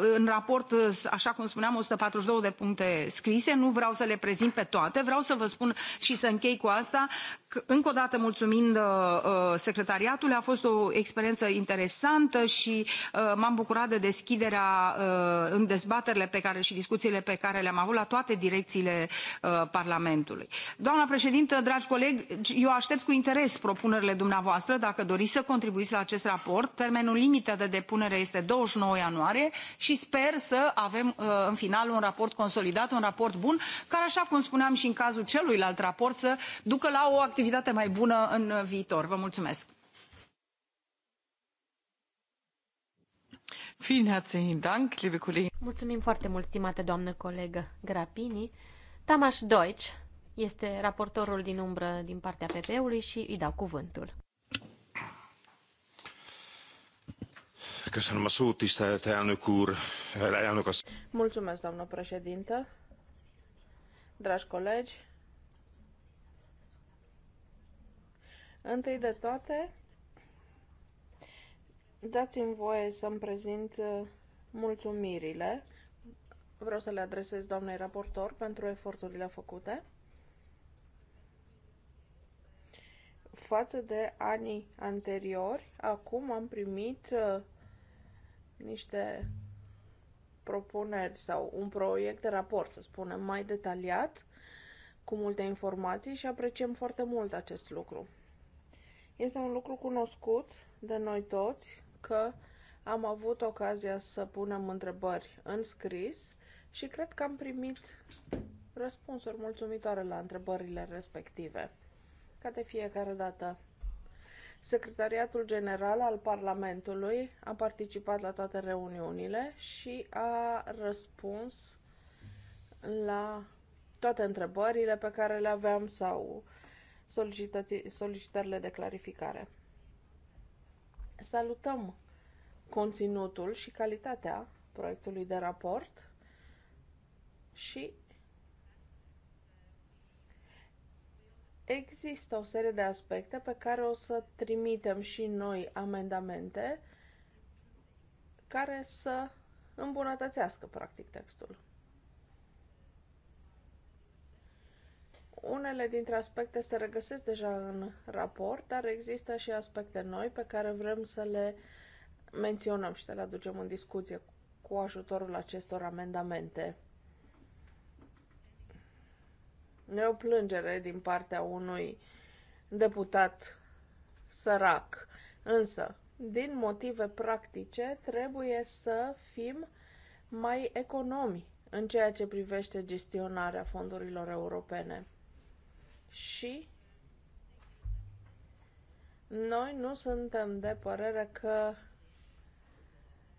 uh, în raport, uh, așa cum spuneam, 142 de puncte scrise, nu vreau să le prezint pe toate, vreau să vă spun și să închei cu asta, că, încă o dată mulțumind secretariatului, a fost o experiență interesantă și m-am bucurat de deschidere deschiderea uh, în dezbaterile pe care și discuțiile pe care le-am avut la toate direcțiile uh, Parlamentului. Doamna președintă, dragi colegi, eu aștept cu interes propunerile dumneavoastră. Dacă doriți să contribuiți la acest raport, termenul limită de depunere este 29 ianuarie și sper să avem uh, în final un raport consolidat, un raport bun, care, așa cum spuneam și în cazul celuilalt raport, să ducă la o activitate mai bună în viitor. Vă mulțumesc! Mulțumim foarte mult, stimată doamnă colegă Grapini. Tamas Deutsch este raportorul din umbră din partea PP-ului și îi dau cuvântul. Köszönöm a szót, tisztelt elnök úr, elnök Mulțumesc, doamnă președintă. Dragi colegi, întâi de toate, Dați-mi voie să-mi prezint uh, mulțumirile. Vreau să le adresez doamnei raportor pentru eforturile făcute. Față de anii anteriori, acum am primit uh, niște propuneri sau un proiect de raport, să spunem, mai detaliat, cu multe informații și apreciem foarte mult acest lucru. Este un lucru cunoscut de noi toți, că am avut ocazia să punem întrebări în scris și cred că am primit răspunsuri mulțumitoare la întrebările respective. Ca de fiecare dată. Secretariatul General al Parlamentului a participat la toate reuniunile și a răspuns la toate întrebările pe care le aveam sau solicitările de clarificare. Salutăm conținutul și calitatea proiectului de raport și există o serie de aspecte pe care o să trimitem și noi amendamente care să îmbunătățească practic textul. Unele dintre aspecte se regăsesc deja în raport, dar există și aspecte noi pe care vrem să le menționăm și să le aducem în discuție cu ajutorul acestor amendamente. E o plângere din partea unui deputat sărac, însă, din motive practice, trebuie să fim mai economi în ceea ce privește gestionarea fondurilor europene și noi nu suntem de părere că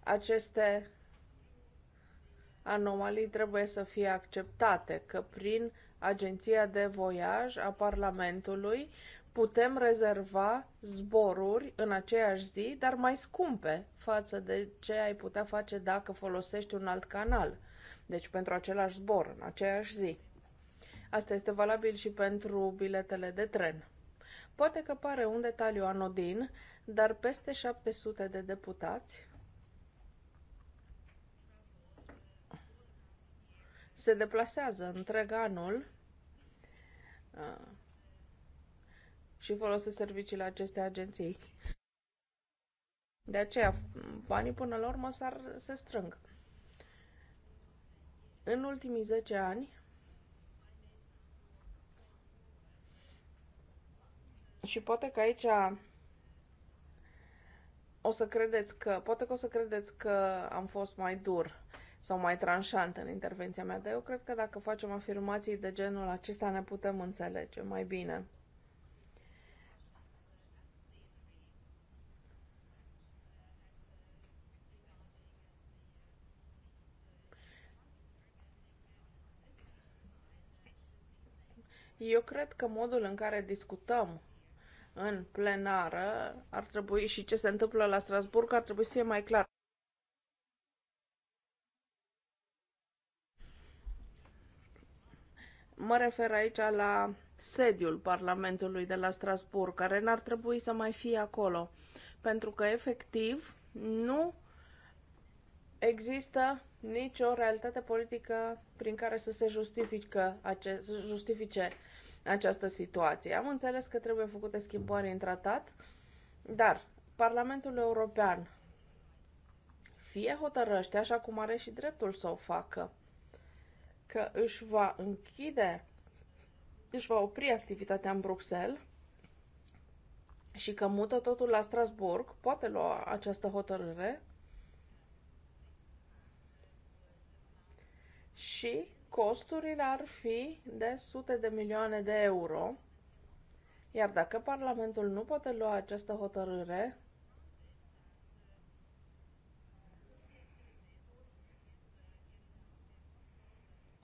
aceste anomalii trebuie să fie acceptate, că prin agenția de voiaj a Parlamentului putem rezerva zboruri în aceeași zi, dar mai scumpe față de ce ai putea face dacă folosești un alt canal. Deci pentru același zbor, în aceeași zi. Asta este valabil și pentru biletele de tren. Poate că pare un detaliu anodin, dar peste 700 de deputați se deplasează întreg anul și folosesc serviciile acestei agenții. De aceea, banii până la urmă s-ar, se strâng. În ultimii 10 ani, Și poate că aici o să credeți că, poate că o să credeți că am fost mai dur sau mai tranșant în intervenția mea, dar eu cred că dacă facem afirmații de genul acesta ne putem înțelege mai bine. Eu cred că modul în care discutăm în plenară ar trebui și ce se întâmplă la Strasburg ar trebui să fie mai clar. Mă refer aici la sediul Parlamentului de la Strasburg, care n-ar trebui să mai fie acolo, pentru că efectiv nu există nicio realitate politică prin care să se justifică acest, justifice această situație. Am înțeles că trebuie făcute schimbări în tratat, dar Parlamentul European fie hotărăște, așa cum are și dreptul să o facă, că își va închide, își va opri activitatea în Bruxelles și că mută totul la Strasburg, poate lua această hotărâre și costurile ar fi de sute de milioane de euro, iar dacă Parlamentul nu poate lua această hotărâre,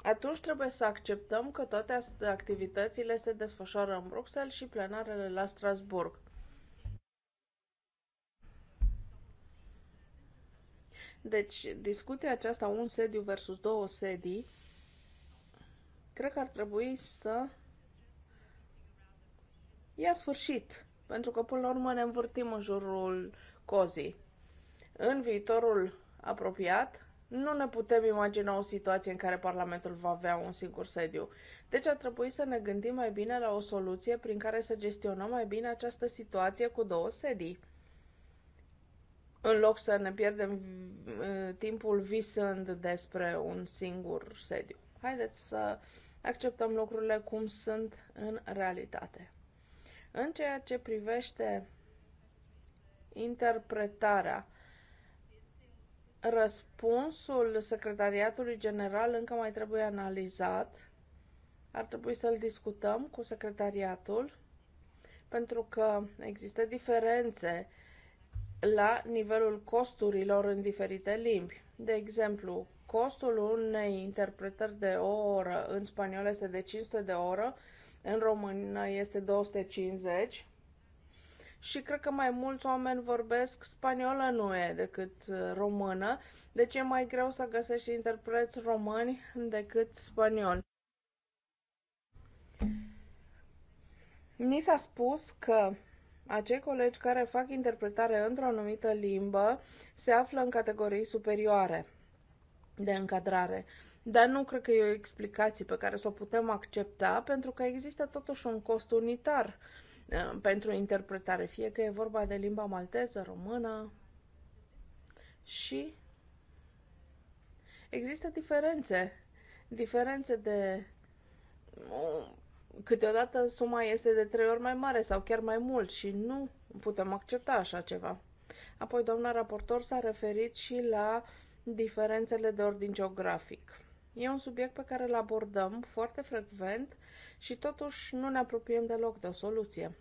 atunci trebuie să acceptăm că toate activitățile se desfășoară în Bruxelles și plenarele la Strasburg. Deci, discuția aceasta, un sediu versus două sedii, cred că ar trebui să ia sfârșit, pentru că până la urmă ne învârtim în jurul cozii. În viitorul apropiat, nu ne putem imagina o situație în care Parlamentul va avea un singur sediu. Deci ar trebui să ne gândim mai bine la o soluție prin care să gestionăm mai bine această situație cu două sedii. În loc să ne pierdem uh, timpul visând despre un singur sediu. Haideți să acceptăm lucrurile cum sunt în realitate. În ceea ce privește interpretarea, răspunsul Secretariatului General încă mai trebuie analizat. Ar trebui să-l discutăm cu Secretariatul, pentru că există diferențe la nivelul costurilor în diferite limbi. De exemplu, Costul unei interpretări de o oră în spaniolă este de 500 de oră, în română este 250 și cred că mai mulți oameni vorbesc spaniolă nu e decât uh, română, deci e mai greu să găsești interpreți români decât spanioli. Ni s-a spus că acei colegi care fac interpretare într-o anumită limbă se află în categorii superioare de încadrare. Dar nu cred că e o explicație pe care să o putem accepta, pentru că există totuși un cost unitar uh, pentru interpretare, fie că e vorba de limba malteză, română și există diferențe, diferențe de uh, câteodată suma este de trei ori mai mare sau chiar mai mult și nu putem accepta așa ceva. Apoi doamna raportor s-a referit și la uh, diferențele de ordin geografic. E un subiect pe care îl abordăm foarte frecvent și totuși nu ne apropiem deloc de o soluție.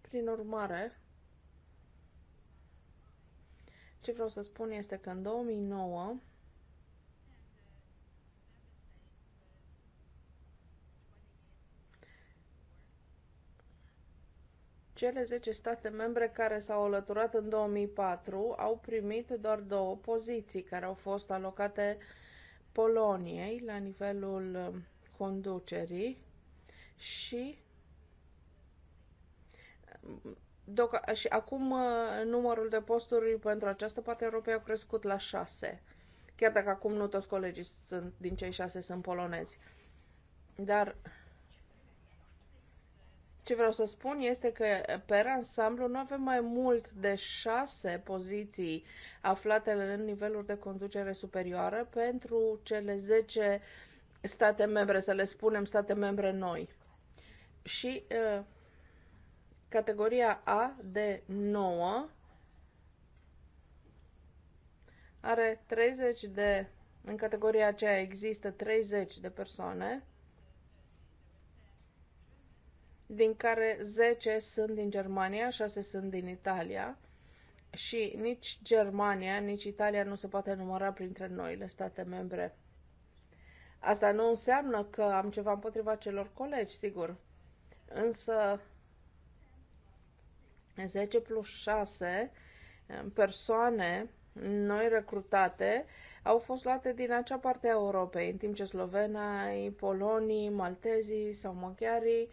Prin urmare, ce vreau să spun este că în 2009 Cele 10 state membre care s-au alăturat în 2004 au primit doar două poziții care au fost alocate Poloniei la nivelul um, conducerii și um, și acum uh, numărul de posturi pentru această parte a Europei crescut la 6. Chiar dacă acum nu toți colegii sunt, din cei șase sunt polonezi. Dar ce vreau să spun este că, pe ansamblu, nu avem mai mult de șase poziții aflate în niveluri de conducere superioară pentru cele 10 state membre, să le spunem state membre noi. Și uh, categoria A de 9 are 30 de. În categoria aceea există 30 de persoane din care 10 sunt din Germania, 6 sunt din Italia și nici Germania, nici Italia nu se poate număra printre noile state membre. Asta nu înseamnă că am ceva împotriva celor colegi, sigur. Însă 10 plus 6 eh, persoane noi recrutate au fost luate din acea parte a Europei, în timp ce Slovenai, polonii, maltezii sau maghiarii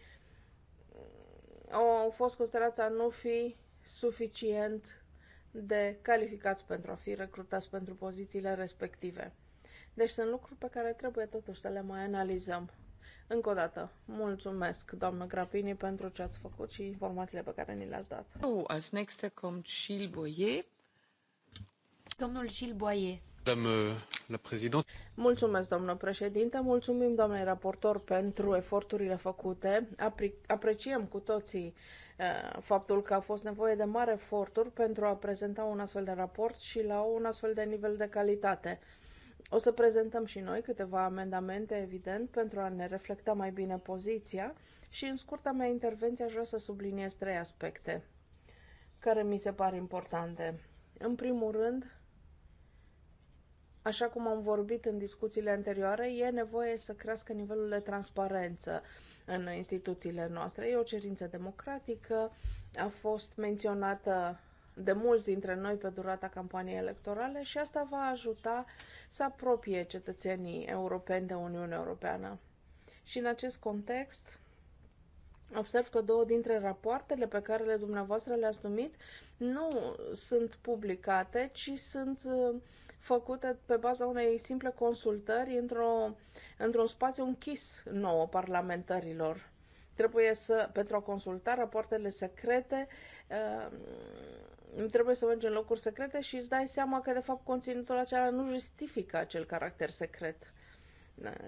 au fost considerați a nu fi suficient de calificați pentru a fi recrutați pentru pozițiile respective. Deci sunt lucruri pe care trebuie totuși să le mai analizăm. Încă o dată, mulțumesc, doamnă Grapini, pentru ce ați făcut și informațiile pe care ni le-ați dat. As next comes Gilles Boyer. Domnul Gilles Boyer. Euh, Mulțumesc, doamnă președinte, mulțumim, doamnei raportor, pentru eforturile făcute. Apreciem cu toții uh, faptul că a fost nevoie de mari eforturi pentru a prezenta un astfel de raport și la un astfel de nivel de calitate. O să prezentăm și noi câteva amendamente, evident, pentru a ne reflecta mai bine poziția și în scurta mea intervenție aș vrea să subliniez trei aspecte care mi se par importante. În primul rând, Așa cum am vorbit în discuțiile anterioare, e nevoie să crească nivelul de transparență în instituțiile noastre. E o cerință democratică, a fost menționată de mulți dintre noi pe durata campaniei electorale și asta va ajuta să apropie cetățenii europeni de Uniunea Europeană. Și în acest context, observ că două dintre rapoartele pe care le dumneavoastră le-ați numit nu sunt publicate, ci sunt uh, făcute pe baza unei simple consultări într-o, într-un spațiu închis nouă parlamentarilor. Trebuie să, pentru a consulta rapoartele secrete, ehm, trebuie să mergi în locuri secrete și îți dai seama că, de fapt, conținutul acela nu justifică acel caracter secret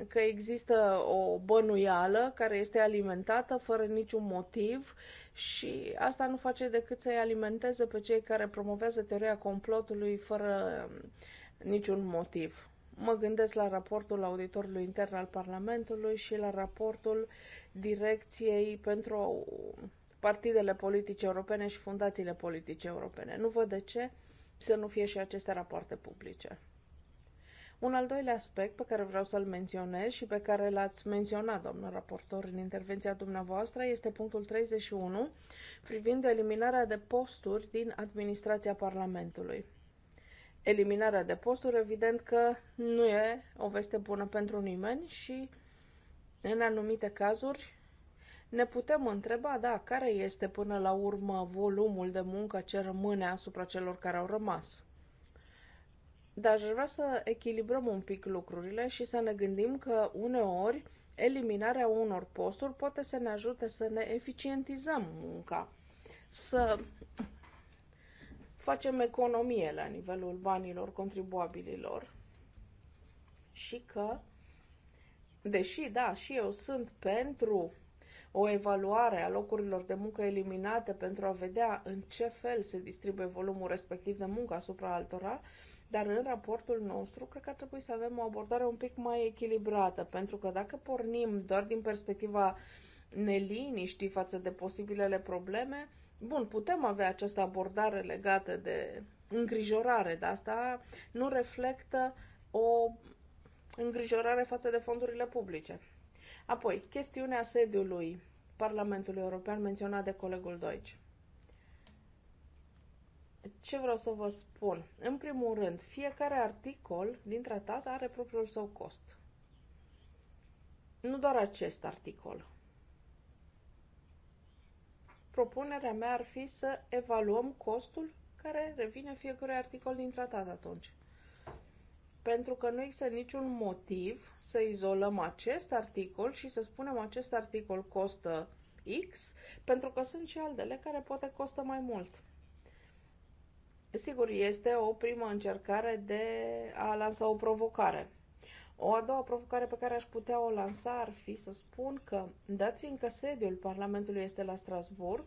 că există o bănuială care este alimentată fără niciun motiv și asta nu face decât să-i alimenteze pe cei care promovează teoria complotului fără niciun motiv. Mă gândesc la raportul auditorului intern al Parlamentului și la raportul direcției pentru partidele politice europene și fundațiile politice europene. Nu văd de ce să nu fie și aceste rapoarte publice. Un al doilea aspect pe care vreau să-l menționez și pe care l-ați menționat, doamnă raportor, în intervenția dumneavoastră, este punctul 31 privind eliminarea de posturi din administrația Parlamentului eliminarea de posturi, evident că nu e o veste bună pentru nimeni și în anumite cazuri ne putem întreba, da, care este până la urmă volumul de muncă ce rămâne asupra celor care au rămas. Dar aș vrea să echilibrăm un pic lucrurile și să ne gândim că uneori eliminarea unor posturi poate să ne ajute să ne eficientizăm munca, să facem economie la nivelul banilor contribuabililor și că, deși, da, și eu sunt pentru o evaluare a locurilor de muncă eliminate pentru a vedea în ce fel se distribuie volumul respectiv de muncă asupra altora, dar în raportul nostru cred că ar trebui să avem o abordare un pic mai echilibrată, pentru că dacă pornim doar din perspectiva neliniștii față de posibilele probleme, Bun, putem avea această abordare legată de îngrijorare, dar asta nu reflectă o îngrijorare față de fondurile publice. Apoi, chestiunea sediului Parlamentului European menționat de colegul Deutsch. Ce vreau să vă spun? În primul rând, fiecare articol din tratat are propriul său cost. Nu doar acest articol propunerea mea ar fi să evaluăm costul care revine fiecare articol din tratat atunci. Pentru că nu există niciun motiv să izolăm acest articol și să spunem acest articol costă X, pentru că sunt și altele care poate costă mai mult. Sigur, este o primă încercare de a lansa o provocare. O a doua provocare pe care aș putea o lansa ar fi să spun că, dat fiindcă sediul Parlamentului este la Strasburg,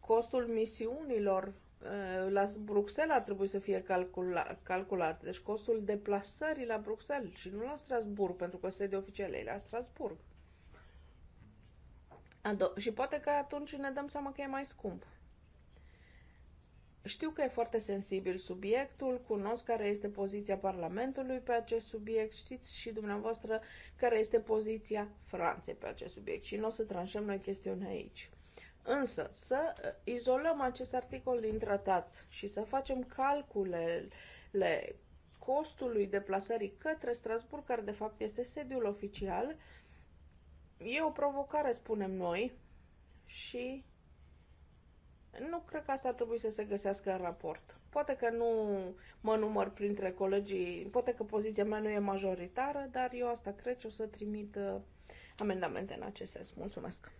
costul misiunilor la Bruxelles ar trebui să fie calcula- calculat, deci costul deplasării la Bruxelles și nu la Strasburg, pentru că sediul oficial e la Strasburg. Ado- și poate că atunci ne dăm seama că e mai scump. Știu că e foarte sensibil subiectul, cunosc care este poziția Parlamentului pe acest subiect, știți și dumneavoastră care este poziția Franței pe acest subiect și nu o să tranșăm noi chestiunea aici. Însă, să uh, izolăm acest articol din tratat și să facem calculele costului deplasării către Strasburg, care de fapt este sediul oficial, e o provocare, spunem noi, și nu cred că asta ar trebui să se găsească în raport. Poate că nu mă număr printre colegii, poate că poziția mea nu e majoritară, dar eu asta cred și o să trimit uh, amendamente în acest sens. Mulțumesc!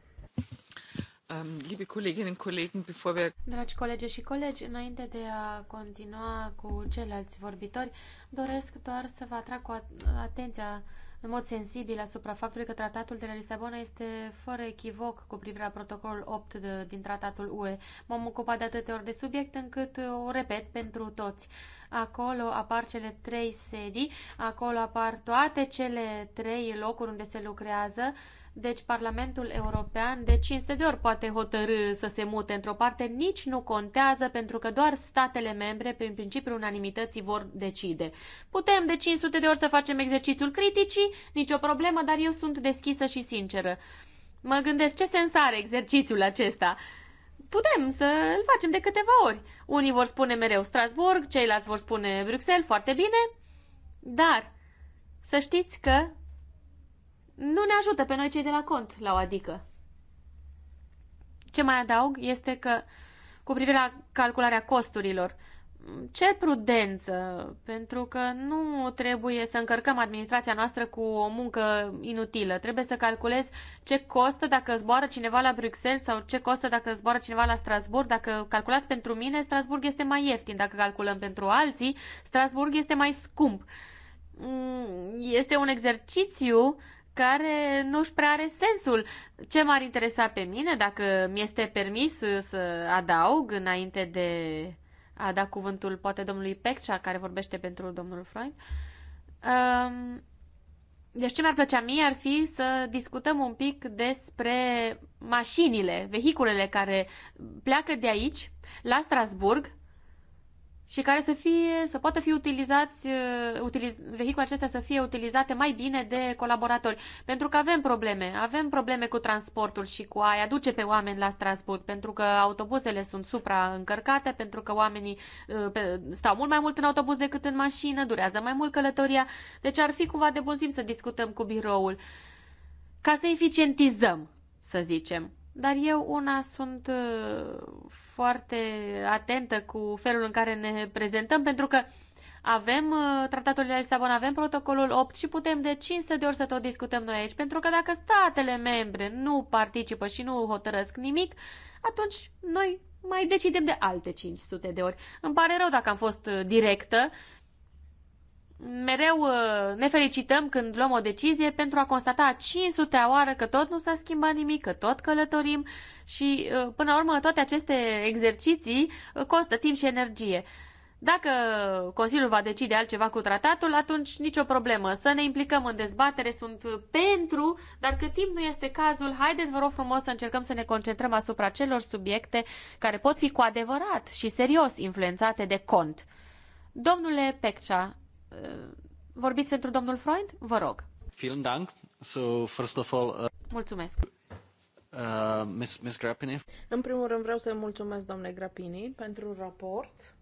Um, liebe Kolleginnen und Kollegen, bevor wir... Dragi colegi și colegi, înainte de a continua cu ceilalți vorbitori, doresc doar să vă atrag cu atenția în mod sensibil asupra faptului că tratatul de la Lisabona este fără echivoc cu privire la protocolul 8 de, din tratatul UE. M-am ocupat de atâtea ori de subiect încât uh, o repet pentru toți. Acolo apar cele trei sedii, acolo apar toate cele trei locuri unde se lucrează, uh, deci Parlamentul European de 500 de ori poate hotărâ să se mute într-o parte, nici nu contează pentru că doar statele membre, prin principiul unanimității, vor decide. Putem de 500 de ori să facem exercițiul criticii, nicio problemă, dar eu sunt deschisă și sinceră. Mă gândesc ce sens are exercițiul acesta. Putem să îl facem de câteva ori. Unii vor spune mereu Strasburg, ceilalți vor spune Bruxelles, foarte bine. Dar să știți că nu ne ajută pe noi cei de la cont la o adică. Ce mai adaug este că, cu privire la calcularea costurilor, ce prudență, pentru că nu trebuie să încărcăm administrația noastră cu o muncă inutilă. Trebuie să calculez ce costă dacă zboară cineva la Bruxelles sau ce costă dacă zboară cineva la Strasburg. Dacă calculați pentru mine, Strasburg este mai ieftin. Dacă calculăm pentru alții, Strasburg este mai scump. Mm, este un exercițiu care nu își prea are sensul. Ce m-ar interesa pe mine, dacă mi-este permis să adaug înainte de a da cuvântul poate domnului Peccea, care vorbește pentru domnul Um, Deci ce mi-ar plăcea mie ar fi să discutăm un pic despre mașinile, vehiculele care pleacă de aici la Strasburg, și care să, fie, să poată fi utilizați, uh, utiliz, vehicul acestea să fie utilizate mai bine de colaboratori. Pentru că avem probleme, avem probleme cu transportul și cu aia, aduce pe oameni la Strasburg, pentru că autobuzele sunt supraîncărcate, pentru că oamenii uh, pe, stau mult mai mult în autobuz decât în mașină, durează mai mult călătoria, deci ar fi cumva de bun simț să discutăm cu biroul ca să eficientizăm, să zicem. Dar eu una sunt uh, foarte atentă cu felul în care ne prezentăm, pentru că avem uh, tratatul de Lisabona, avem protocolul 8 și putem de 500 de ori să tot discutăm noi aici, pentru că dacă statele membre nu participă și nu hotărăsc nimic, atunci noi mai decidem de alte 500 de ori. Îmi pare rău dacă am fost uh, directă mereu uh, ne felicităm când luăm o decizie pentru a constata 500-a oară că tot nu s-a schimbat nimic, că tot călătorim și uh, până la urmă toate aceste exerciții uh, costă timp și energie. Dacă Consiliul va decide altceva cu tratatul, atunci nicio problemă. Să ne implicăm în dezbatere, sunt pentru, dar cât timp nu este cazul, haideți, vă rog frumos, să încercăm să ne concentrăm asupra celor subiecte care pot fi cu adevărat și serios influențate de cont. Domnule Peccia, Eh, vorbiți pentru domnul Freund? Vă rog. Vielen Dank. So, first of all, uh... Mulțumesc. Uh, Miss, Miss Grappini. În primul rând vreau să-i mulțumesc, domnule Grapini, pentru raport.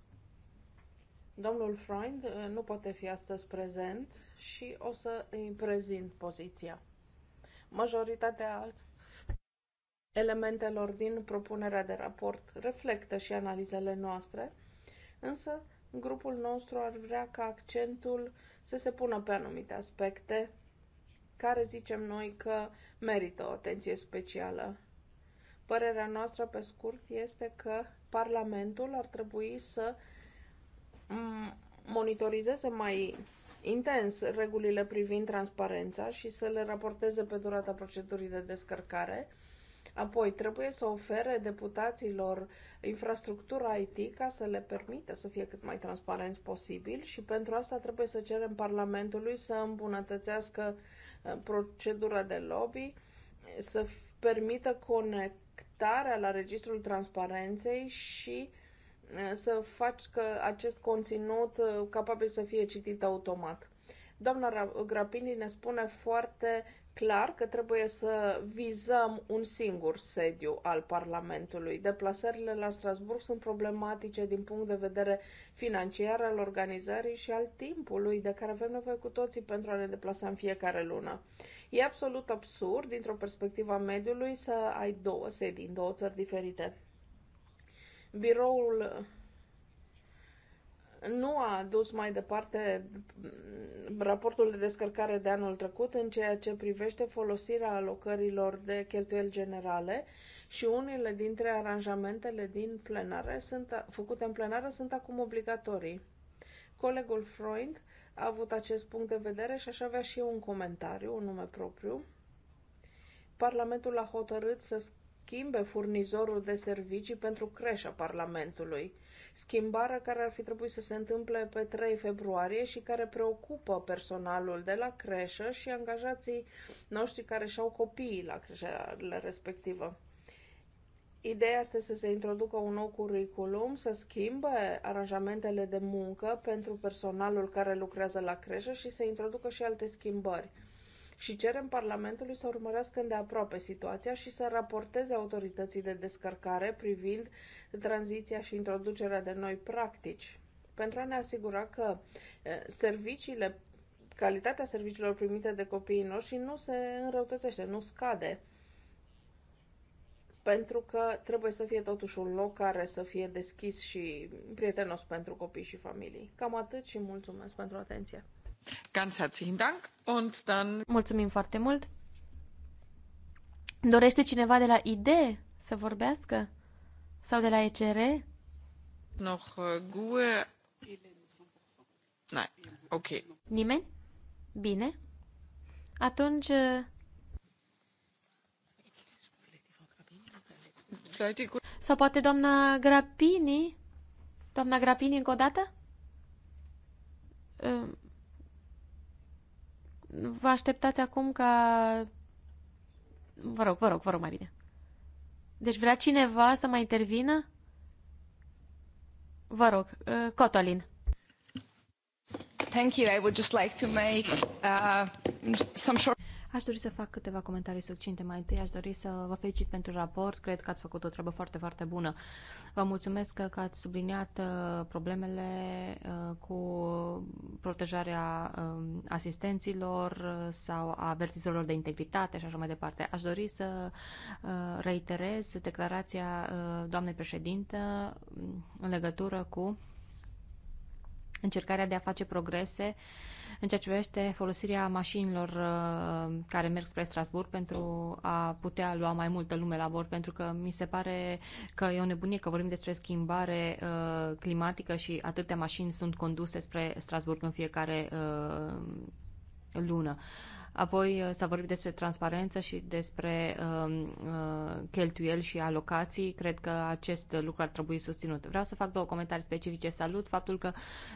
Domnul Freund uh, nu poate fi astăzi prezent și o să îi prezint poziția. Majoritatea elementelor din propunerea de raport reflectă și analizele noastre, însă grupul nostru ar vrea ca accentul să se pună pe anumite aspecte care zicem noi că merită o atenție specială. Părerea noastră, pe scurt, este că Parlamentul ar trebui să mm, monitorizeze mai intens regulile privind transparența și să le raporteze pe durata procedurii de descărcare Apoi, trebuie să ofere deputaților infrastructura IT ca să le permită să fie cât mai transparenți posibil și pentru asta trebuie să cerem Parlamentului să îmbunătățească uh, procedura de lobby, să permită conectarea la registrul transparenței și uh, să faci că acest conținut uh, capabil să fie citit automat. Doamna Grapini ne spune foarte clar că trebuie să vizăm un singur sediu al Parlamentului. Deplasările la Strasburg sunt problematice din punct de vedere financiar al organizării și al timpului de care avem nevoie cu toții pentru a ne deplasa în fiecare lună. E absolut absurd, dintr-o perspectivă a mediului, să ai două sedii în două țări diferite. Biroul nu a dus mai departe raportul de descărcare de anul trecut în ceea ce privește folosirea alocărilor de cheltuieli generale și unele dintre aranjamentele din plenare sunt, făcute în plenară sunt acum obligatorii. Colegul Freund a avut acest punct de vedere și aș avea și eu un comentariu, un nume propriu. Parlamentul a hotărât să schimbe furnizorul de servicii pentru creșa Parlamentului schimbarea care ar fi trebuit să se întâmple pe 3 februarie și care preocupă personalul de la creșă și angajații noștri care și-au copiii la creșele respectivă. Ideea este să se introducă un nou curriculum, să schimbe aranjamentele de muncă pentru personalul care lucrează la creșă și să introducă și alte schimbări și cerem Parlamentului să urmărească îndeaproape situația și să raporteze autorității de descărcare privind tranziția și introducerea de noi practici pentru a ne asigura că serviciile, calitatea serviciilor primite de copiii noștri nu se înrăutățește, nu scade pentru că trebuie să fie totuși un loc care să fie deschis și prietenos pentru copii și familii. Cam atât și mulțumesc pentru atenție. Ganz herzlichen Dank und dann... Mulțumim foarte mult! Dorește cineva de la ID să vorbească? Sau de la ECR? Noch uh, GUE... Nein, ok. Nimeni? Bine. Atunci... Uh, sau poate doamna Grapini? Doamna Grapini încă o dată? Uh, Vă așteptați acum ca... Vă rog, vă rog, vă rog mai bine. Deci vrea cineva să mai intervină? Vă rog, uh, Cotolin. Thank you. I would just like to make uh, some short Aș dori să fac câteva comentarii succinte. Mai întâi aș dori să vă felicit pentru raport. Cred că ați făcut o treabă foarte, foarte bună. Vă mulțumesc că ați subliniat uh, problemele uh, cu protejarea um, asistenților uh, sau a avertizorilor de integritate și așa mai departe. Aș dori să reiterez declarația doamnei președinte um, în legătură cu încercarea de a face progrese în ceea ce privește folosirea mașinilor uh, care merg spre Strasburg pentru a putea lua mai multă lume la bord, pentru că mi se pare că e o nebunie că vorbim despre schimbare uh, climatică și atâtea mașini sunt conduse spre Strasburg în fiecare uh, lună. Apoi uh, s-a vorbit despre transparență și despre um, uh, cheltuieli și alocații. Cred că acest lucru ar trebui susținut. Vreau să fac două comentarii specifice. Salut faptul că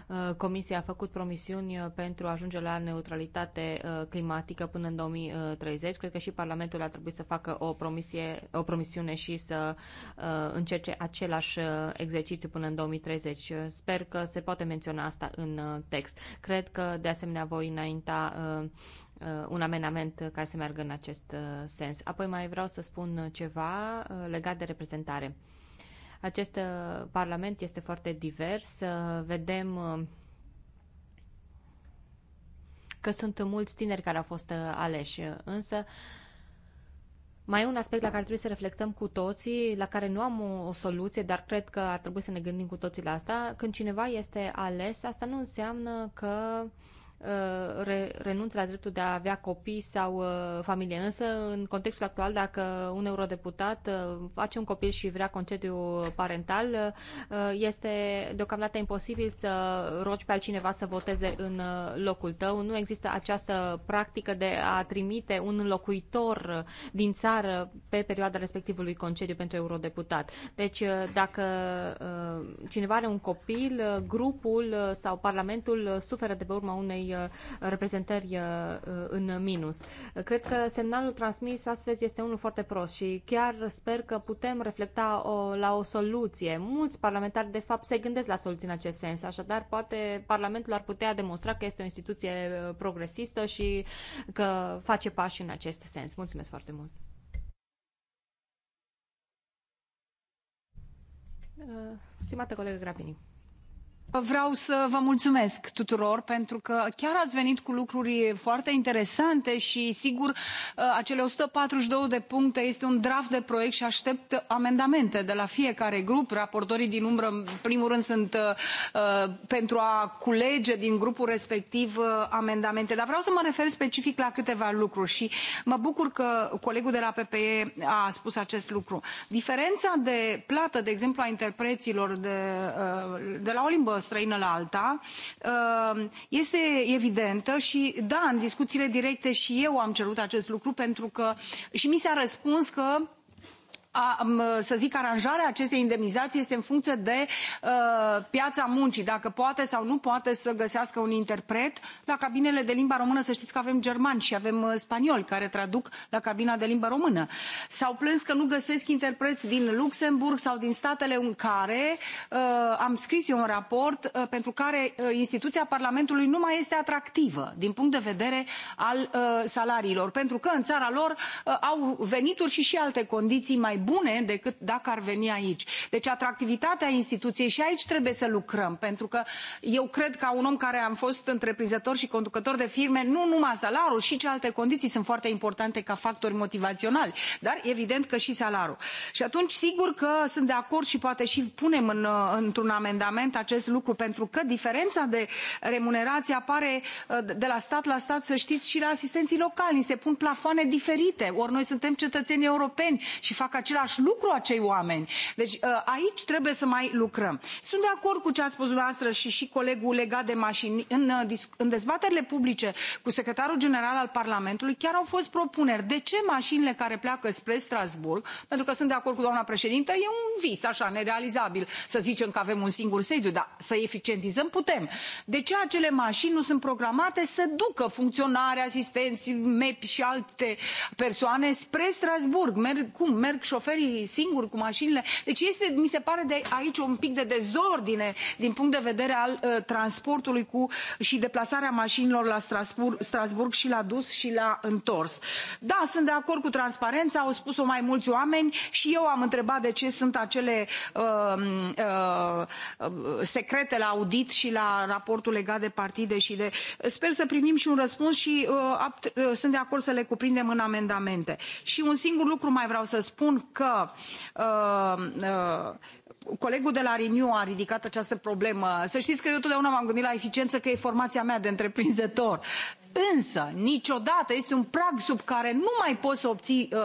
uh, Comisia a făcut promisiuni uh, pentru a ajunge la neutralitate uh, climatică până în 2030. Cred că și Parlamentul ar trebui să facă o, promisie, o promisiune și să uh, încerce același uh, exercițiu până în 2030. Sper că se poate menționa asta în text. Cred că, de asemenea, voi înainta uh, Uh, un amenament ca să meargă în acest uh, sens. Apoi mai vreau să spun ceva uh, legat de reprezentare. Acest parlament este foarte divers. Vedem că sunt mulți tineri care au fost aleși, însă mai e un aspect la care trebuie să reflectăm cu toții, la care nu am o, o soluție, dar cred că ar trebui să ne gândim cu toții la asta. Când cineva este ales, asta nu înseamnă că uh, Uh, renunță la dreptul de a avea copii sau uh, familie. Însă, în contextul actual, dacă un eurodeputat uh, face un copil și vrea concediu parental, este deocamdată imposibil să rogi pe altcineva să voteze în locul tău. Nu există această practică de a trimite un locuitor din țară pe perioada respectivului concediu pentru eurodeputat. Deci, dacă cineva are un copil, grupul sau parlamentul suferă de pe urma unei Uh, reprezentări uh, uh, în minus. Cred că semnalul transmis astăzi este unul foarte prost și chiar sper că putem reflecta o, la o soluție. Mulți parlamentari, de fapt, se gândesc la soluții în acest sens, așadar poate Parlamentul ar putea demonstra că este o instituție progresistă și că face pași în acest sens. Mulțumesc foarte mult! Stimată colegă Grapini. Vreau să vă mulțumesc tuturor pentru că chiar ați venit cu lucruri foarte interesante și sigur uh, acele 142 de puncte este un draft de proiect și aștept amendamente de la fiecare grup. Raportorii din umbră în primul rând sunt uh, uh, pentru a culege din grupul respectiv uh, amendamente, dar vreau să mă refer specific la câteva lucruri și mă bucur că colegul de la PPE a spus acest lucru. Diferența de plată, de exemplu, a interpreților de, uh, de la o limbă străină la alta ehm, este evidentă și da în discuțiile directe și eu am cerut acest lucru pentru că și mi s a răspuns că a, să zic, aranjarea acestei indemnizații este în funcție de uh, piața muncii, dacă poate sau nu poate să găsească un interpret. La cabinele de limba română, să știți că avem germani și avem uh, spanioli care traduc la cabina de limba română. S-au plâns că nu găsesc interpreți din Luxemburg sau din statele în care uh, am scris eu un raport uh, pentru care uh, instituția Parlamentului nu mai este atractivă din punct de vedere al uh, salariilor, pentru că în țara lor au venituri și și alte condiții mai bune decât dacă ar veni aici. Deci atractivitatea instituției și aici trebuie să lucrăm, pentru că eu cred ca un om care am fost întreprinzător și conducător de firme, nu numai salariul, și ce alte condiții sunt foarte importante ca factori motivaționali, dar evident că și salariul. Și atunci, sigur că sunt de acord și poate și punem în, într-un amendament acest lucru, pentru că diferența de remunerație apare uh, de la stat la stat, să știți, și la asistenții locali. Ni se pun plafoane diferite, ori noi suntem cetățeni europeni și fac același același lucru acei oameni. Deci uh, aici trebuie să mai lucrăm. Sunt de acord cu ce a spus dumneavoastră și și colegul legat de mașini. În, uh, în dezbaterile publice cu secretarul general al Parlamentului chiar au fost propuneri. De ce mașinile care pleacă spre Strasbourg? pentru că sunt de acord cu doamna președintă, e un vis așa nerealizabil să zicem că avem un singur sediu, dar să eficientizăm putem. De ce acele mașini nu sunt programate să ducă funcționari, asistenți, MEP și alte persoane spre Strasbourg? Merg, cum? Merg șoferi șoferii singuri cu mașinile. Deci este, mi se pare de aici un pic de dezordine din punct de vedere al uh, transportului cu, și deplasarea mașinilor la Strasburg, Strasburg și la dus și la întors. Da, sunt de acord cu transparența, au spus-o mai mulți oameni și eu am întrebat de ce sunt acele uh, uh, secrete la audit și la raportul legat de partide și de... Sper să primim și un răspuns și uh, apt, uh, sunt de acord să le cuprindem în amendamente. Și un singur lucru mai vreau să spun că uh, uh, colegul de la renew a ridicat această problemă să știți că eu totdeauna m am gândit la eficiență că e formația mea de întreprinzător însă niciodată este un prag sub care nu mai poți să obții uh,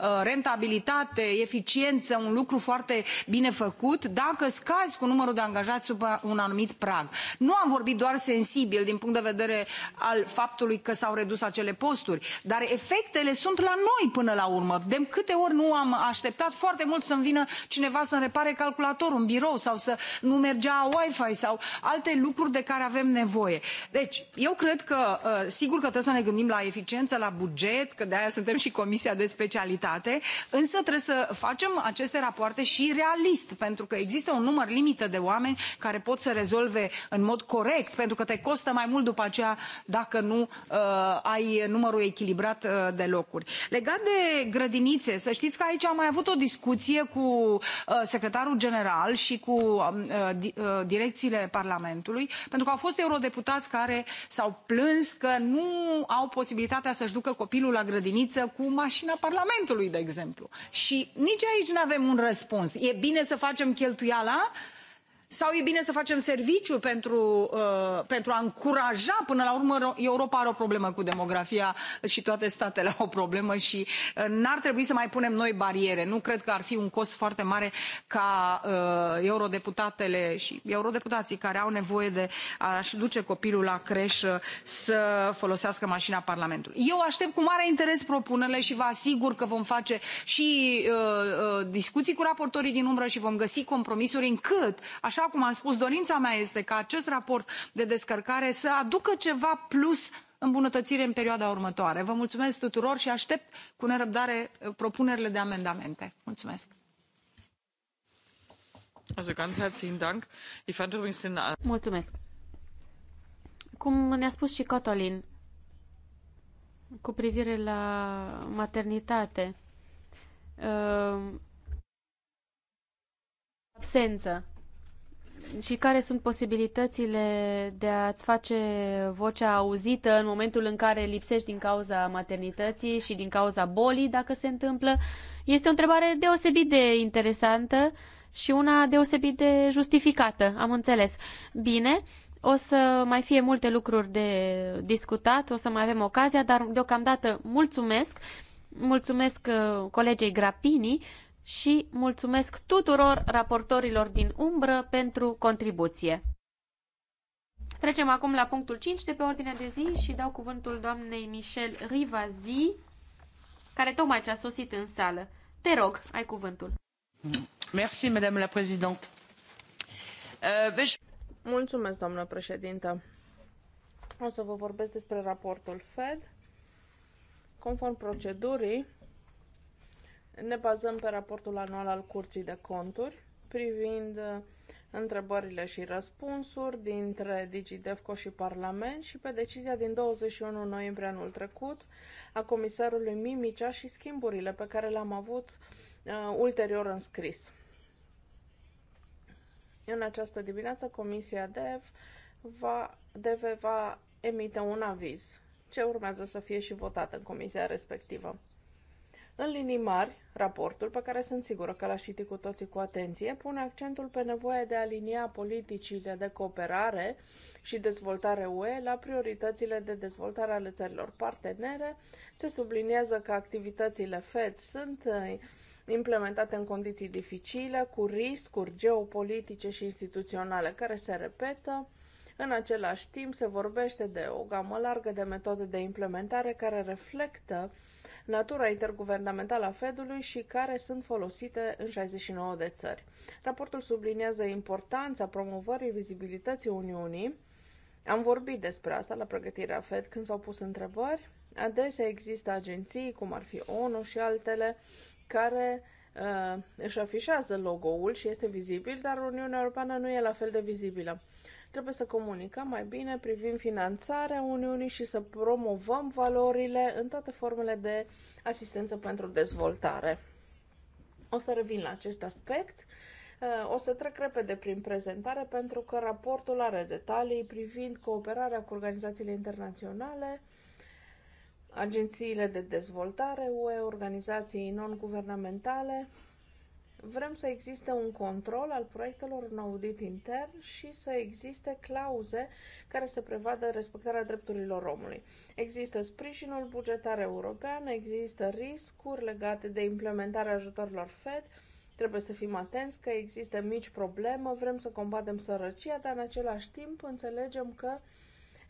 uh, rentabilitate, eficiență, un lucru foarte bine făcut dacă scazi cu numărul de angajați sub un anumit prag. Nu am vorbit doar sensibil din punct de vedere al faptului că s-au redus acele posturi, dar efectele sunt la noi până la urmă. De câte ori nu am așteptat foarte mult să-mi vină cineva să-mi repare calculatorul în birou sau să nu mergea Wi-Fi sau alte lucruri de care avem nevoie. Deci, eu cred că uh, sigur că trebuie să ne gândim la eficiență, la buget, că de aia suntem și Comisia de Specialitate, însă trebuie să facem aceste rapoarte și realist, pentru că există un număr limită de oameni care pot să rezolve în mod corect, pentru că te costă mai mult după aceea dacă nu uh, ai numărul echilibrat uh, de locuri. Legat de grădinițe, să știți că aici am mai avut o discuție cu uh, secretarul general și cu um, uh, di, uh, direcțiile Parlamentului, pentru că au fost eurodeputați care s-au plâns că nu au posibilitatea să-și ducă copilul la grădiniță cu mașina Parlamentului, de exemplu. Și nici aici nu avem un răspuns. E bine să facem cheltuiala, uh, sau e bine să facem serviciu pentru, uh, pentru a încuraja? Până la urmă, Europa are o problemă cu demografia și toate statele au o problemă și uh, n-ar trebui să mai punem noi bariere. Nu cred că ar fi un cost foarte mare ca uh, eurodeputatele și eurodeputații care au nevoie de a-și duce copilul la creșă să folosească mașina Parlamentului. Eu aștept cu mare interes propunerile și vă asigur că vom face și uh, uh discuții cu raportorii din umbră și vom găsi compromisuri încât, așa așa cum am spus dorința mea este ca acest raport de descărcare să aducă ceva plus îmbunătățire în perioada următoare. vă mulțumesc tuturor și aștept cu nerăbdare uh, propunerile de amendamente. mulțumesc. Mulțumesc. Cum ne-a spus și Cotolin, cu privire la maternitate, uh, absență și care sunt posibilitățile de a-ți face vocea auzită în momentul în care lipsești din cauza maternității și din cauza bolii, dacă se întâmplă. Este o întrebare deosebit de interesantă și una deosebit de justificată, am înțeles. Bine, o să mai fie multe lucruri de discutat, o să mai avem ocazia, dar deocamdată mulțumesc. Mulțumesc uh, colegei Grapini și mulțumesc tuturor raportorilor din umbră pentru contribuție. Trecem acum la punctul 5 de pe ordinea de zi și dau cuvântul doamnei Michel Rivazi, care tocmai ce a sosit în sală. Te rog, ai cuvântul. Merci, madame la présidente. Euh, mulțumesc, doamnă președintă. O să vă vorbesc despre raportul FED. Conform procedurii, ne bazăm pe raportul anual al Curții de Conturi privind uh, întrebările și răspunsuri dintre DigiDevco și Parlament și pe decizia din 21 noiembrie anul trecut a comisarului Mimicea și schimburile pe care le-am avut uh, ulterior în scris. În această dimineață, Comisia DEV va, DEV va emite un aviz ce urmează să fie și votat în comisia respectivă. În linii mari, raportul, pe care sunt sigură că l-a citit cu toții cu atenție, pune accentul pe nevoia de a alinia politicile de cooperare și dezvoltare UE la prioritățile de dezvoltare ale țărilor partenere. Se subliniază că activitățile FED sunt uh, implementate în condiții dificile, cu riscuri geopolitice și instituționale care se repetă. În același timp, se vorbește de o gamă largă de metode de implementare care reflectă natura interguvernamentală a Fedului și care sunt folosite în 69 de țări. Raportul subliniază importanța promovării vizibilității Uniunii. Am vorbit despre asta la pregătirea Fed când s-au pus întrebări. Adesea există agenții, cum ar fi ONU și altele, care uh, își afișează logo-ul și este vizibil, dar Uniunea Europeană nu e la fel de vizibilă. Trebuie să comunicăm mai bine privind finanțarea Uniunii și să promovăm valorile în toate formele de asistență pentru dezvoltare. O să revin la acest aspect. Uh, o să trec repede prin prezentare pentru că raportul are detalii privind cooperarea cu organizațiile internaționale, agențiile de dezvoltare UE, organizații non-guvernamentale Vrem să existe un control al proiectelor, în audit intern și să existe clauze care să prevadă respectarea drepturilor omului. Există sprijinul bugetar european, există riscuri legate de implementarea ajutorilor FED, Trebuie să fim atenți că există mici probleme, vrem să combatem sărăcia, dar în același timp înțelegem că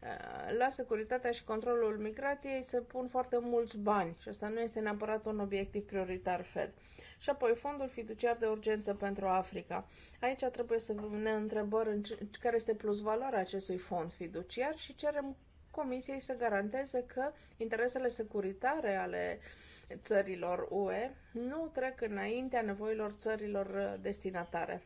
Eh, la securitatea și controlul migrației se pun foarte mulți bani și asta nu este neapărat un obiectiv prioritar Fed. Și apoi fondul fiduciar de urgență pentru Africa. Aici trebuie să ne întrebăm în ce, care este plus valoarea acestui fond fiduciar și cerem Comisiei să garanteze că interesele securitare ale țărilor UE nu trec înaintea nevoilor țărilor destinatare.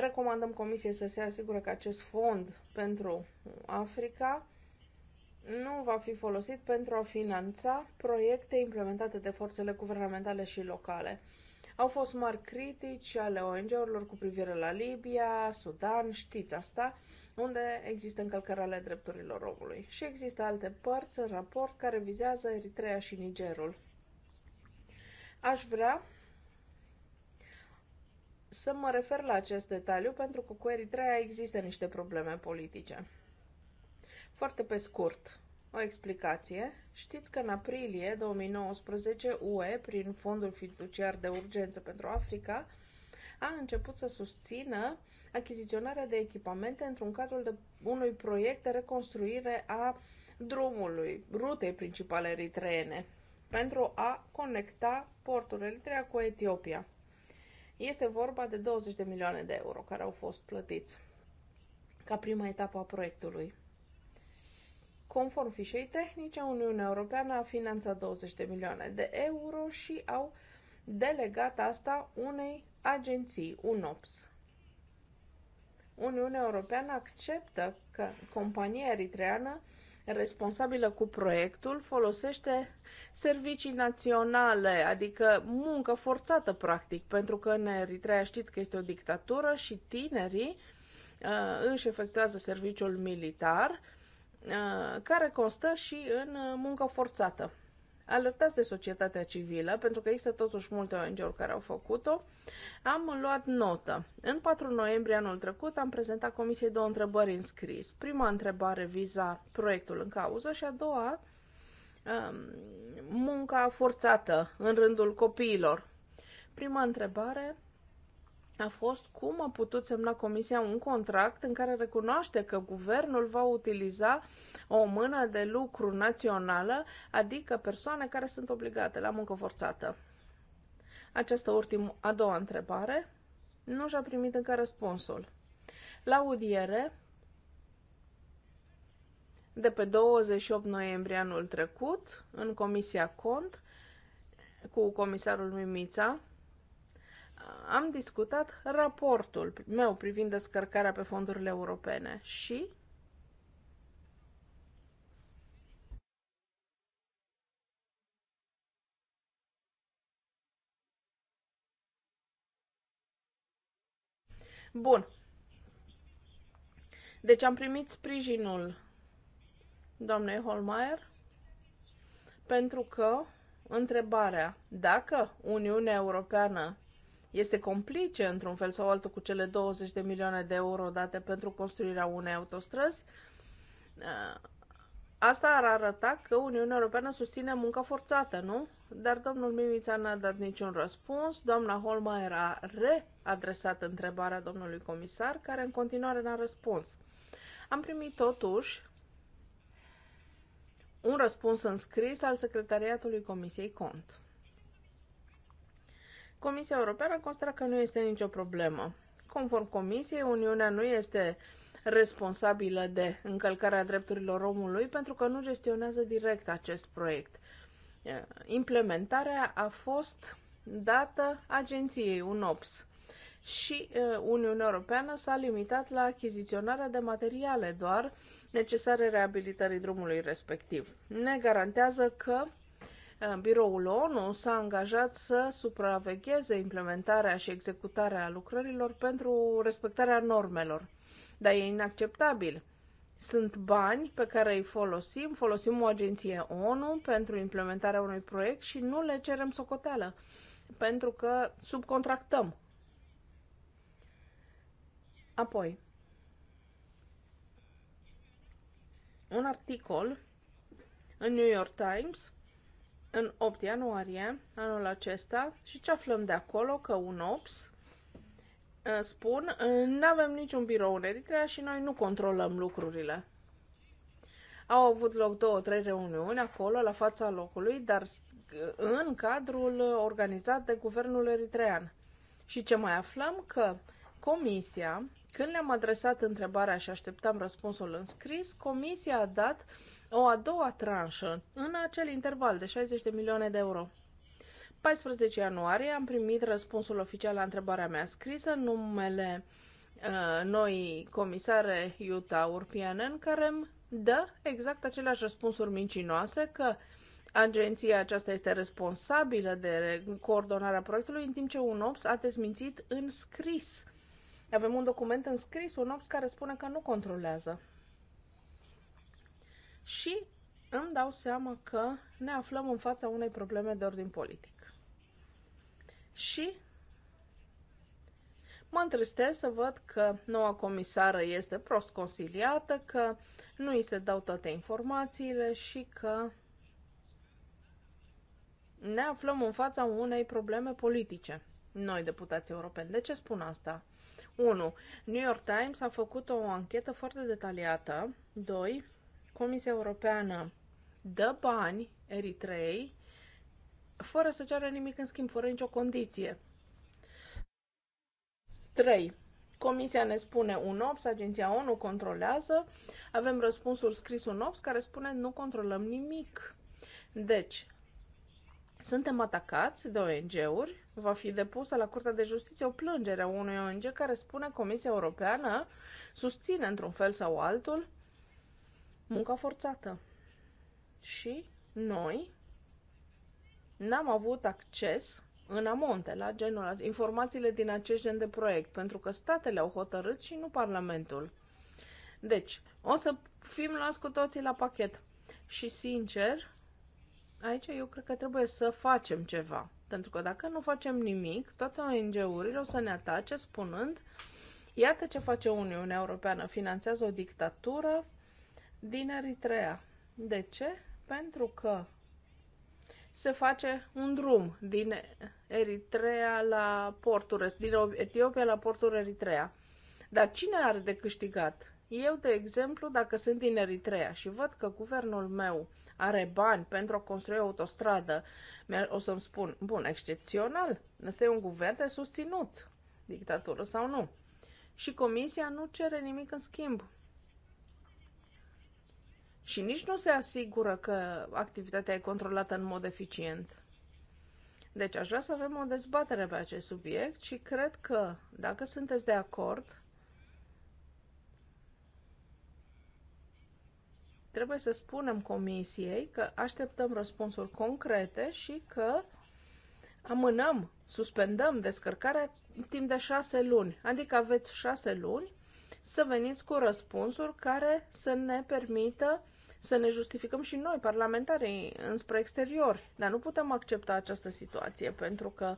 Recomandăm Comisiei să se asigure că acest fond pentru Africa nu va fi folosit pentru a finanța proiecte implementate de forțele guvernamentale și locale. Au fost mari critici ale ONG-urilor cu privire la Libia, Sudan, știți asta, unde există încălcări ale drepturilor omului. Și există alte părți în raport care vizează Eritrea și Nigerul. Aș vrea să mă refer la acest detaliu pentru că cu Eritrea există niște probleme politice. Foarte pe scurt, o explicație. Știți că în aprilie 2019 UE, prin Fondul Fiduciar de Urgență pentru Africa, a început să susțină achiziționarea de echipamente într-un cadrul de unui proiect de reconstruire a drumului, rutei principale eritreene, pentru a conecta portul Eritrea cu Etiopia. Este vorba de 20 de milioane de euro care au fost plătiți ca prima etapă a proiectului. Conform fișei tehnice, Uniunea Europeană a finanțat 20 de milioane de euro și au delegat asta unei agenții, UNOPS. Uniunea Europeană acceptă că compania eritreană responsabilă cu proiectul folosește servicii naționale, adică muncă forțată practic, pentru că în Eritrea știți că este o dictatură și tinerii uh, își efectuează serviciul militar, uh, care constă și în muncă forțată alertați de societatea civilă, pentru că există totuși multe ONG-uri care au făcut-o, am luat notă. În 4 noiembrie anul trecut am prezentat comisiei două întrebări în scris. Prima întrebare viza proiectul în cauză și a doua um, munca forțată în rândul copiilor. Prima întrebare a fost cum a putut semna Comisia un contract în care recunoaște că guvernul va utiliza o mână de lucru națională, adică persoane care sunt obligate la muncă forțată. Această ultimă, a doua întrebare nu și-a primit încă răspunsul. La audiere, de pe 28 noiembrie anul trecut, în Comisia Cont, cu comisarul Mimița, am discutat raportul meu privind descărcarea pe fondurile europene și Bun. Deci am primit sprijinul doamnei Holmeier pentru că întrebarea dacă Uniunea Europeană este complice într-un fel sau altul cu cele 20 de milioane de euro date pentru construirea unei autostrăzi, uh, asta ar arăta că Uniunea Europeană susține munca forțată, nu? Dar domnul Mimița n-a dat niciun răspuns, doamna Holma era readresat întrebarea domnului comisar, care în continuare n-a răspuns. Am primit totuși un răspuns în scris al secretariatului Comisiei Cont. Comisia Europeană consideră că nu este nicio problemă. Conform Comisiei, Uniunea nu este responsabilă de încălcarea drepturilor omului pentru că nu gestionează direct acest proiect. Implementarea a fost dată agenției UNOPS și Uniunea Europeană s-a limitat la achiziționarea de materiale doar necesare reabilitării drumului respectiv. Ne garantează că Uh, biroul ONU s-a angajat să supravegheze implementarea și executarea lucrărilor pentru respectarea normelor. Dar e inacceptabil. Sunt bani pe care îi folosim, folosim o agenție ONU pentru implementarea unui proiect și nu le cerem socoteală, pentru că subcontractăm. Apoi, un articol în New York Times în 8 ianuarie anul acesta și ce aflăm de acolo? Că un OPS uh, spun, nu avem niciun birou în Eritrea și noi nu controlăm lucrurile. Au avut loc două, trei reuniuni acolo, la fața locului, dar uh, în cadrul organizat de guvernul eritrean. Și ce mai aflăm? Că comisia, când le-am adresat întrebarea și așteptam răspunsul în scris, comisia a dat uh, o a doua tranșă în acel interval de 60 de milioane de euro. 14 ianuarie am primit răspunsul oficial la întrebarea mea scrisă în numele uh, noi comisare Iuta Urpianen, care îmi dă exact aceleași răspunsuri mincinoase că agenția aceasta este responsabilă de coordonarea proiectului, în timp ce UNOPS a dezmințit în scris. Avem un document în scris, UNOPS, care spune că nu controlează și îmi dau seama că ne aflăm în fața unei probleme de ordin politic. Și mă întristez să văd că noua comisară este prost consiliată, că nu îi se dau toate informațiile și că ne aflăm în fața unei probleme politice. Noi, deputații europeni, de ce spun asta? 1. New York Times a făcut o anchetă foarte detaliată. 2. Comisia Europeană dă bani Eritrei fără să ceară nimic în schimb, fără nicio condiție. 3. Comisia ne spune UNOPS, agenția ONU controlează, avem răspunsul scris UNOPS care spune nu controlăm nimic. Deci, suntem atacați de ONG-uri, va fi depusă la Curtea de Justiție o plângere a unui ONG care spune Comisia Europeană susține într-un fel sau altul munca mm. forțată. Și noi n-am avut acces în amonte la genul, informațiile din acest gen de proiect, pentru că statele au hotărât și nu Parlamentul. Deci, o să fim luați cu toții la pachet. Și sincer, aici eu cred că trebuie să facem ceva. Pentru că dacă nu facem nimic, toate ONG-urile o să ne atace spunând Iată ce face Uniunea Europeană, finanțează o dictatură din Eritrea. De ce? Pentru că se face un drum din Eritrea la portul, din Etiopia la portul Eritrea. Dar cine are de câștigat? Eu, de exemplu, dacă sunt din Eritrea și văd că guvernul meu are bani pentru a construi o autostradă, o să-mi spun, bun, excepțional, ăsta e un guvern de susținut, dictatură sau nu. Și comisia nu cere nimic în schimb și nici nu se asigură că activitatea e controlată în mod eficient. Deci aș vrea să avem o dezbatere pe acest subiect și cred că, dacă sunteți de acord, trebuie să spunem comisiei că așteptăm răspunsuri concrete și că amânăm, suspendăm descărcarea timp de șase luni. Adică aveți șase luni să veniți cu răspunsuri care să ne permită să ne justificăm și noi, parlamentarii, înspre exterior. Dar nu putem accepta această situație, pentru că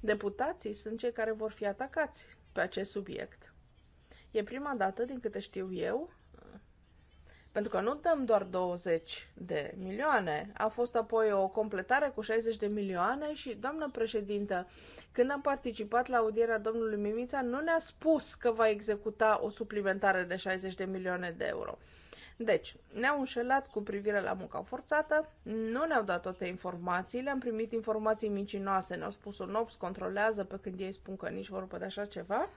deputații sunt cei care vor fi atacați pe acest subiect. E prima dată, din câte știu eu, pentru că nu dăm doar 20 de milioane. A fost apoi o completare cu 60 de milioane și, doamnă președintă, când am participat la audierea domnului Mimița, nu ne-a spus că va executa o suplimentare de 60 de milioane de euro. Deci, ne-au înșelat cu privire la munca forțată, nu ne-au dat toate informațiile, am primit informații mincinoase, ne-au spus un ops, controlează pe când ei spun că nici vorbă de așa ceva,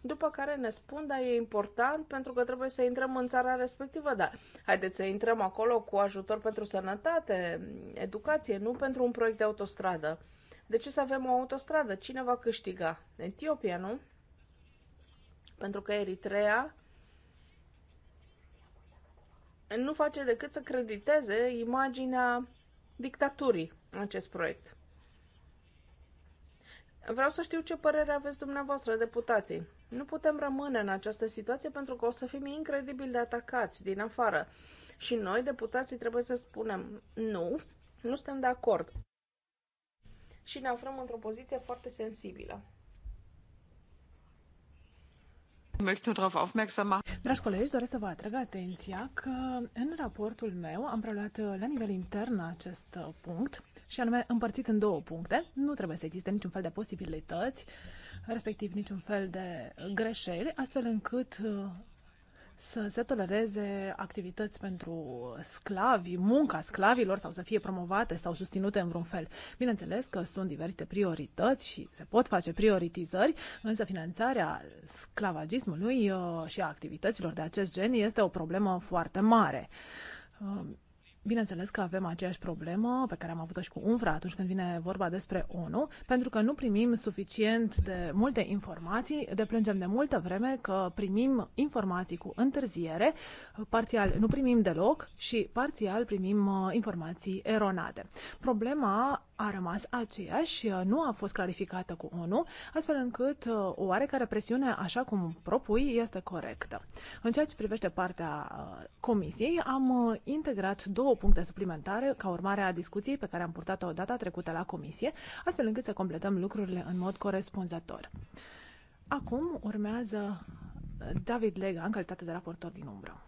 după care ne spun, da, e important pentru că trebuie să intrăm în țara respectivă, dar haideți să intrăm acolo cu ajutor pentru sănătate, educație, nu pentru un proiect de autostradă. De ce să avem o autostradă? Cine va câștiga? Etiopia, nu? Pentru că Eritrea nu face decât să crediteze imaginea dictaturii acest proiect. Vreau să știu ce părere aveți dumneavoastră, deputații. Nu putem rămâne în această situație pentru că o să fim incredibil de atacați din afară. Și noi, deputații, trebuie să spunem nu, nu suntem de acord. Și ne aflăm într-o poziție foarte sensibilă. Dragi colegi, doresc să vă atrag atenția că în raportul meu am preluat uh, la nivel intern acest uh, punct și anume împărțit în două puncte. Nu trebuie să existe niciun fel de posibilități, respectiv niciun fel de greșeli, astfel încât uh, să se tolereze activități pentru sclavi, munca sclavilor sau să fie promovate sau susținute în vreun fel. Bineînțeles că sunt diverse priorități și se pot face prioritizări, însă finanțarea sclavagismului uh, și a activităților de acest gen este o problemă foarte mare. Uh, Bineînțeles că avem aceeași problemă pe care am avut-o și cu UNFRA atunci când vine vorba despre ONU, pentru că nu primim suficient de multe informații, deplângem de multă vreme că primim informații cu întârziere, parțial nu primim deloc și parțial primim uh, informații eronate. Problema a rămas aceeași, uh, nu a fost clarificată cu ONU, astfel încât o uh, oarecare presiune, așa cum propui, este corectă. În ceea ce privește partea uh, comisiei, am integrat două puncte suplimentare ca urmare a discuției pe care am purtat-o data trecută la comisie, astfel încât să completăm lucrurile în mod corespunzător. Acum urmează David Lega, în calitate de raportor din umbră.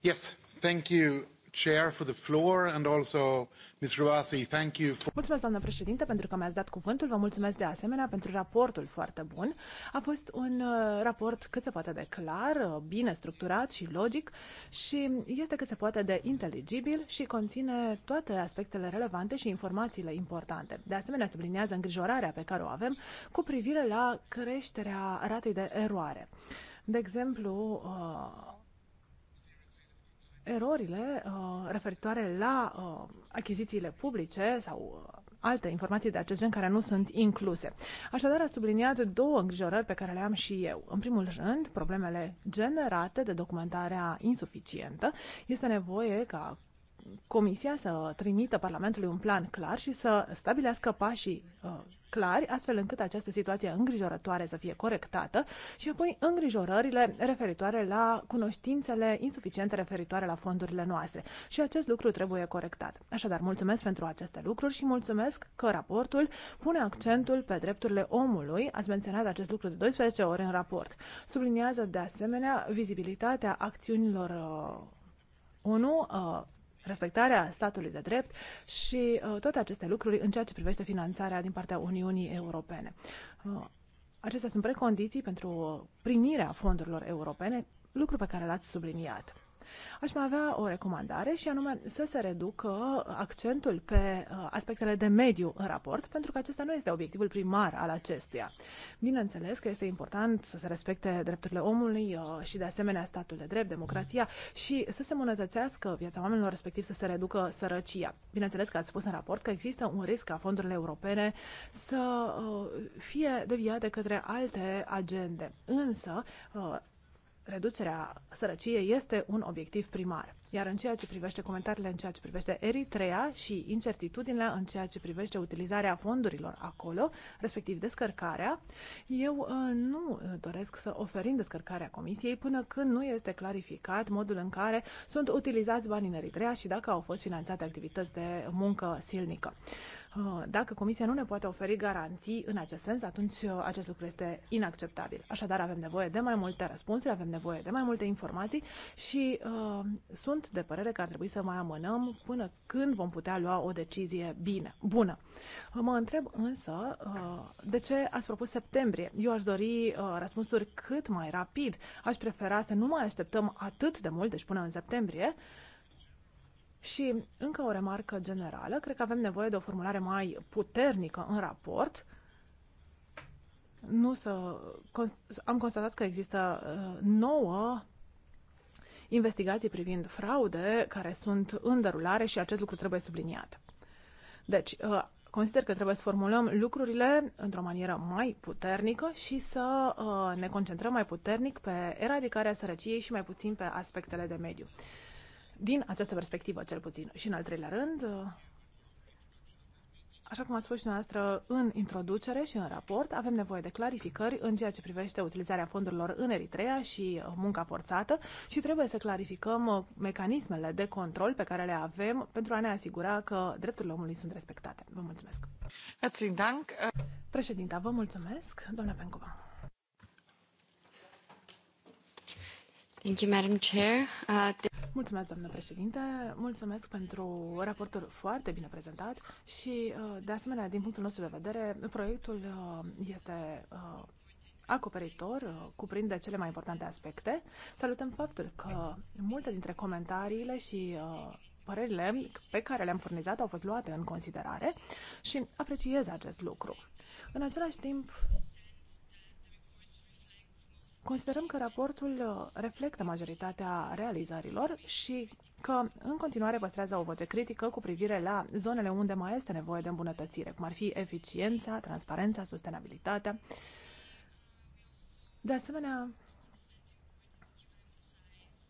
Yes, thank you. Chair, for the floor and also Ms. Ruasi, thank you for... Mulțumesc, doamnă președinte, pentru că mi-ați dat cuvântul. Vă mulțumesc de asemenea pentru raportul foarte bun. A fost un uh, raport cât se poate de clar, uh, bine structurat și logic și este cât se poate de inteligibil și conține toate aspectele relevante și informațiile importante. De asemenea, subliniază îngrijorarea pe care o avem cu privire la creșterea ratei de eroare. De exemplu, uh, erorile uh, referitoare la uh, achizițiile publice sau uh, alte informații de acest gen care nu sunt incluse. Așadar, a subliniat două îngrijorări pe care le am și eu. În primul rând, problemele generate de documentarea insuficientă. Este nevoie ca Comisia să trimită Parlamentului un plan clar și să stabilească pașii uh, clari, astfel încât această situație îngrijorătoare să fie corectată și apoi îngrijorările referitoare la cunoștințele insuficiente referitoare la fondurile noastre. Și acest lucru trebuie corectat. Așadar, mulțumesc pentru aceste lucruri și mulțumesc că raportul pune accentul pe drepturile omului. Ați menționat acest lucru de 12 ori în raport. Subliniază de asemenea vizibilitatea acțiunilor uh, ONU, uh, respectarea statului de drept și uh, toate aceste lucruri în ceea ce privește finanțarea din partea Uniunii Europene. Uh, acestea sunt precondiții pentru uh, primirea fondurilor europene, lucru pe care l-ați subliniat. Aș mai avea o recomandare și anume să se reducă accentul pe uh, aspectele de mediu în raport, pentru că acesta nu este obiectivul primar al acestuia. Bineînțeles că este important să se respecte drepturile omului uh, și de asemenea statul de drept, democrația și să se monetățească viața oamenilor, respectiv să se reducă sărăcia. Bineînțeles că ați spus în raport că există un risc ca fondurile europene să uh, fie deviate către alte agende. Însă, reducerea sărăciei este un obiectiv primar. Iar în ceea ce privește comentariile în ceea ce privește Eritrea și incertitudinea în ceea ce privește utilizarea fondurilor acolo, respectiv descărcarea, eu uh, nu uh, doresc să oferim descărcarea Comisiei până când nu este clarificat modul în care sunt utilizați banii în Eritrea și dacă au fost finanțate activități de muncă silnică. Uh, dacă Comisia nu ne poate oferi garanții în acest sens, atunci acest lucru este inacceptabil. Așadar, avem nevoie de mai multe răspunsuri, avem nevoie de mai multe informații și uh, sunt sunt de părere că ar trebui să mai amânăm până când vom putea lua o decizie bine, bună. Mă întreb însă uh, de ce ați propus septembrie. Eu aș dori uh, răspunsuri cât mai rapid. Aș prefera să nu mai așteptăm atât de mult, deci până în septembrie, și încă o remarcă generală, cred că avem nevoie de o formulare mai puternică în raport. Nu să, am constatat că există uh, nouă investigații privind fraude care sunt în derulare și acest lucru trebuie subliniat. Deci, uh, consider că trebuie să formulăm lucrurile într-o manieră mai puternică și să uh, ne concentrăm mai puternic pe eradicarea sărăciei și mai puțin pe aspectele de mediu. Din această perspectivă, cel puțin. Și în al treilea rând, uh, Așa cum a spus și noastră în introducere și în raport, avem nevoie de clarificări în ceea ce privește utilizarea fondurilor în Eritrea și uh, munca forțată și trebuie să clarificăm uh, mecanismele de control pe care le avem pentru a ne asigura că drepturile omului sunt respectate. Vă mulțumesc! Președinta, vă mulțumesc, doamna Pencova. Thank you, Madam Chair. Uh, Mulțumesc, doamnă președinte, mulțumesc pentru raportul foarte bine prezentat și, uh, de asemenea, din punctul nostru de vedere, proiectul uh, este uh, acoperitor, cuprinde cele mai importante aspecte. Salutăm faptul că multe dintre comentariile și părerile pe care le-am furnizat au fost luate în considerare și apreciez acest lucru. În același timp, Considerăm că raportul uh, reflectă majoritatea realizărilor și că în continuare păstrează o voce critică cu privire la zonele unde mai este nevoie de îmbunătățire, cum ar fi eficiența, transparența, sustenabilitatea. De asemenea,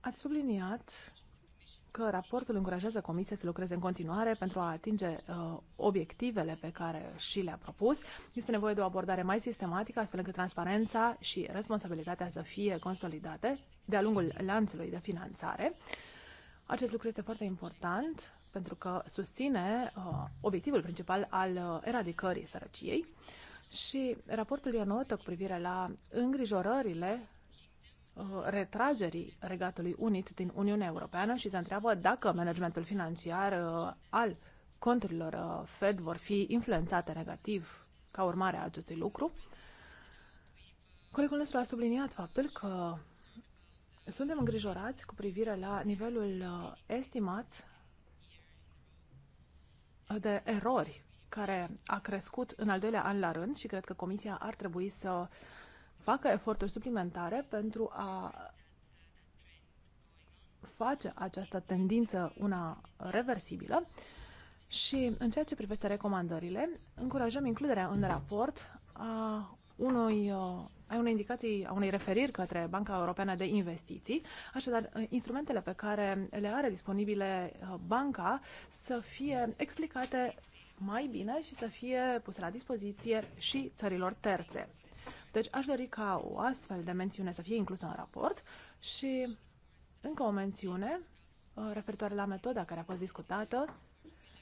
ați subliniat că raportul încurajează Comisia să lucreze în continuare pentru a atinge uh, obiectivele pe care și le-a propus. Este nevoie de o abordare mai sistematică, astfel încât transparența și responsabilitatea să fie consolidate de-a lungul lanțului de finanțare. Acest lucru este foarte important pentru că susține uh, obiectivul principal al uh, eradicării sărăciei și raportul ia notă cu privire la îngrijorările Uh, retragerii Regatului Unit din Uniunea Europeană și se întreabă dacă managementul financiar uh, al conturilor uh, Fed vor fi influențate negativ ca urmare a acestui lucru. Colegul nostru a subliniat faptul că suntem îngrijorați cu privire la nivelul estimat de erori care a crescut în al doilea an la rând și cred că Comisia ar trebui să uh, facă eforturi suplimentare pentru a face această tendință una reversibilă și în ceea ce privește recomandările, încurajăm includerea în raport a unui, uh, a unei indicații, a unei referiri către Banca Europeană de Investiții. Așadar, uh, instrumentele pe care le are disponibile uh, banca să fie explicate mai bine și să fie puse la dispoziție și țărilor terțe. Deci aș dori ca o astfel de mențiune să fie inclusă în raport și încă o mențiune uh, referitoare la metoda care a fost discutată.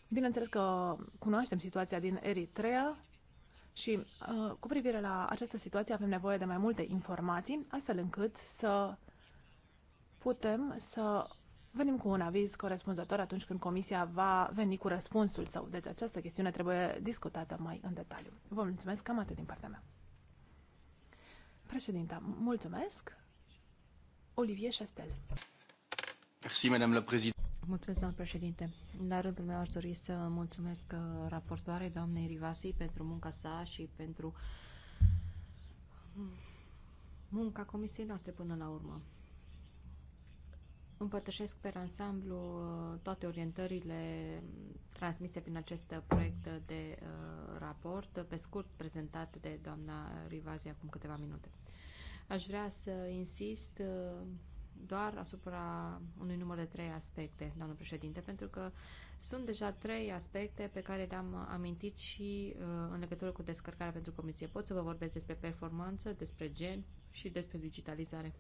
Bineînțeles că cunoaștem situația din Eritrea și uh, cu privire la această situație avem nevoie de mai multe informații, astfel încât să putem să venim cu un aviz corespunzător atunci când comisia va veni cu răspunsul său. Deci această chestiune trebuie discutată mai în detaliu. Vă mulțumesc, cam atât din partea mea. Președinta, mulțumesc. Olivier Chastel. Merci, Madame la Présidente. Mulțumesc, doamnă președinte. La rândul meu aș dori să mulțumesc uh, raportoare doamnei Rivasi pentru munca sa și pentru mm, munca comisiei noastre până la urmă împărtășesc pe ansamblu uh, toate orientările transmise prin acest proiect de uh, raport, pe scurt prezentat de doamna Rivazi acum câteva minute. Aș vrea să insist uh, doar asupra unui număr de trei aspecte, doamnă președinte, pentru că sunt deja trei aspecte pe care le-am amintit și în legătură cu descărcarea pentru comisie. Pot să vă vorbesc despre performanță, despre gen și despre digitalizare.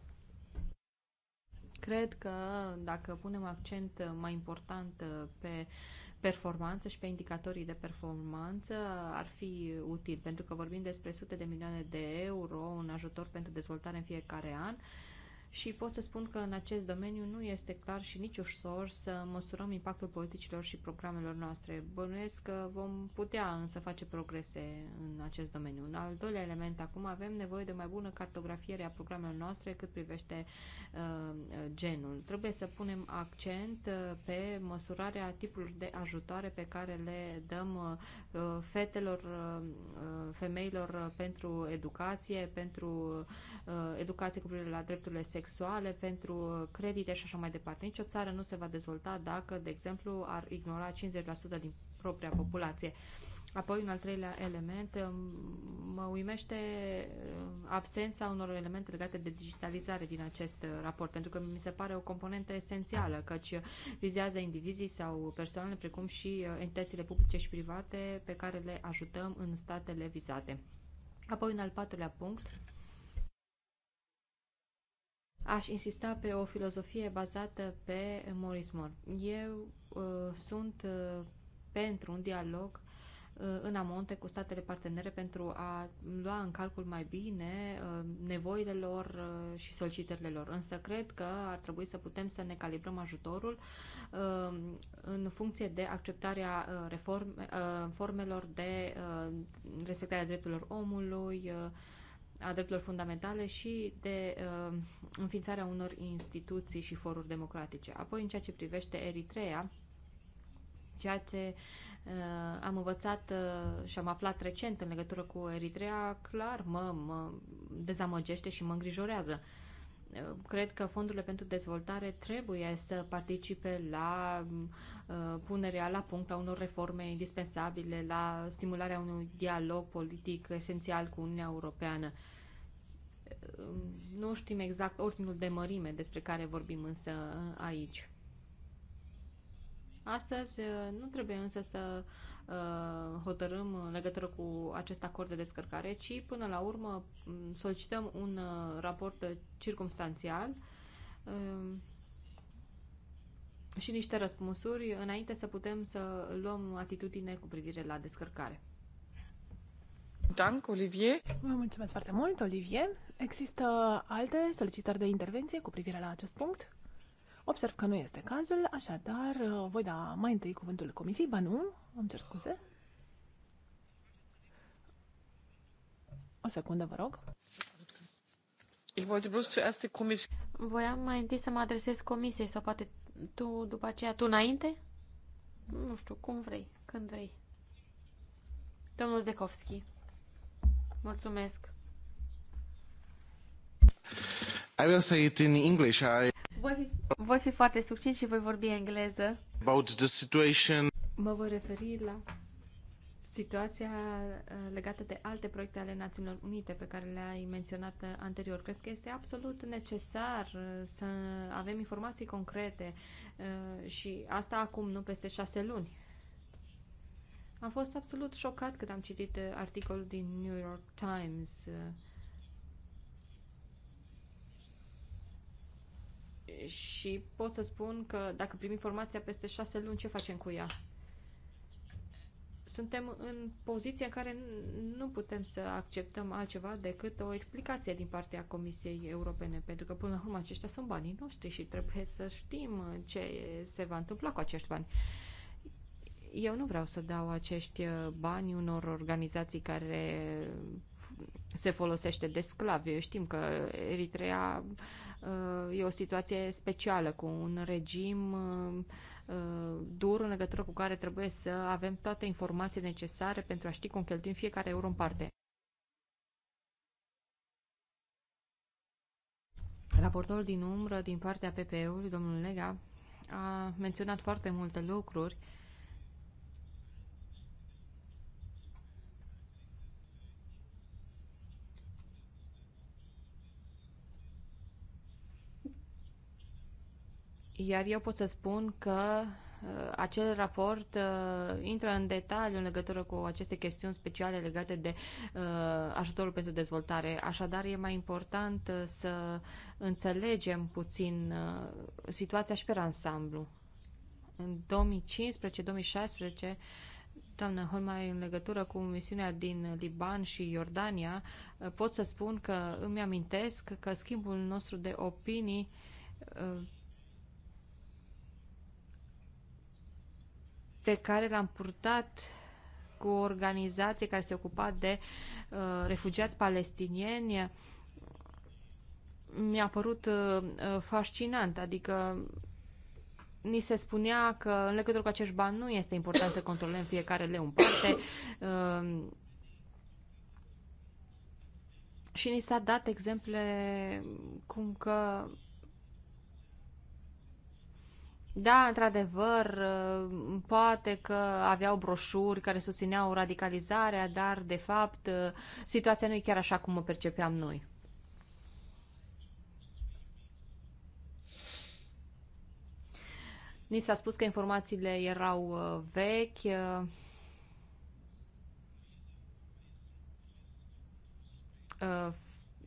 Cred că dacă punem accent mai important uh, pe performanță și pe indicatorii de performanță ar fi util, pentru că vorbim despre sute de milioane de euro un ajutor pentru dezvoltare în fiecare an și pot să spun că în acest domeniu nu este clar și nici ușor să măsurăm impactul politicilor și programelor noastre. Bănuiesc că vom putea însă face progrese în acest domeniu. Un al doilea element acum avem nevoie de mai bună cartografiere a programelor noastre cât privește uh, genul. Trebuie să punem accent uh, pe măsurarea tipurilor de ajutoare pe care le dăm uh, fetelor, uh, femeilor pentru educație, pentru uh, educație cu privire la drepturile sexuale sexuale, pentru credite și așa mai departe. Nici o țară nu se va dezvolta dacă, de exemplu, ar ignora 50% din propria populație. Apoi, un al treilea element, mă uimește uh, absența unor elemente legate de digitalizare din acest uh, raport, pentru că mi se pare o componentă esențială, căci vizează indivizii sau persoanele, precum și uh, entitățile publice și private pe care le ajutăm în statele vizate. Apoi, un al patrulea punct, Aș insista pe o filozofie bazată pe Morris Eu uh, sunt uh, pentru un dialog uh, în amonte cu statele partenere pentru a lua în calcul mai bine uh, nevoile lor uh, și solicitările lor. Însă cred că ar trebui să putem să ne calibrăm ajutorul uh, în funcție de acceptarea uh, reforme, uh, formelor de respectarea drepturilor omului, uh, a drepturilor fundamentale și de uh, înființarea unor instituții și foruri democratice. Apoi, în ceea ce privește Eritrea, ceea ce uh, am învățat uh, și am aflat recent în legătură cu Eritrea, clar mă, mă dezamăgește și mă îngrijorează. Uh, cred că fondurile pentru dezvoltare trebuie să participe la uh, punerea la punct a unor reforme indispensabile, la stimularea unui dialog politic esențial cu Uniunea Europeană. Uh, nu știm exact ordinul de mărime despre care vorbim însă uh, aici. Astăzi nu trebuie însă să Uh, hotărâm în legătură cu acest acord de descărcare, ci până la urmă mm, solicităm un uh, raport uh, circumstanțial și niște răspunsuri înainte să putem să luăm atitudine cu privire la descărcare. Dank, Olivier. Vă mulțumesc foarte mult, Olivier. Există alte solicitări de intervenție cu privire la acest punct? Observ că nu este cazul, așadar uh, voi da mai întâi cuvântul comisiei. Ba nu, îmi cer scuze. O secundă, vă rog. Voiam mai întâi să mă adresez comisiei sau poate tu după aceea, tu înainte? Nu știu, cum vrei, când vrei. Domnul Zdekovski. Mulțumesc. I will say it in English. I... Voi fi, voi fi foarte succint și voi vorbi engleză. About the situation. Mă voi referi la situația uh, legată de alte proiecte ale Națiunilor Unite pe care le-ai menționat uh, anterior. Cred că este absolut necesar uh, să avem informații concrete și asta acum, nu peste șase luni. Am fost absolut șocat când am citit articolul din New York Times uh, și pot să spun că dacă primim informația peste șase luni, ce facem cu ea? Suntem în poziția în care nu putem să acceptăm altceva decât o explicație din partea Comisiei Europene, pentru că până la urmă aceștia sunt banii noștri și trebuie să știm ce se va întâmpla cu acești bani. Eu nu vreau să dau acești bani unor organizații care se folosește de sclavi. Știm că Eritrea uh, e o situație specială cu un regim uh, uh, dur în legătură cu care trebuie să avem toate informațiile necesare pentru a ști cum cheltuim fiecare euro în parte. Raportorul din umbră din partea PPE-ului, domnul Lega, a menționat foarte multe lucruri uh, Iar eu pot să spun că uh, acel raport uh, intră în detaliu în legătură cu aceste chestiuni speciale legate de uh, ajutorul pentru dezvoltare. Așadar, e mai important uh, să înțelegem puțin uh, situația și pe ansamblu. În 2015-2016, doamnă Holmai, în legătură cu misiunea din Liban și Iordania, uh, pot să spun că îmi amintesc că schimbul nostru de opinii uh, pe care l-am purtat cu o organizație care se ocupa de uh, refugiați palestinieni mi-a părut uh, uh, fascinant, adică ni se spunea că în legătură cu acești bani nu este important să controlăm fiecare leu în parte uh, și ni s-a dat exemple cum că da, într-adevăr, uh, poate că aveau broșuri care susțineau radicalizarea, dar, de fapt, uh, situația nu e chiar așa cum o percepeam noi. Ni s-a spus că informațiile erau uh, vechi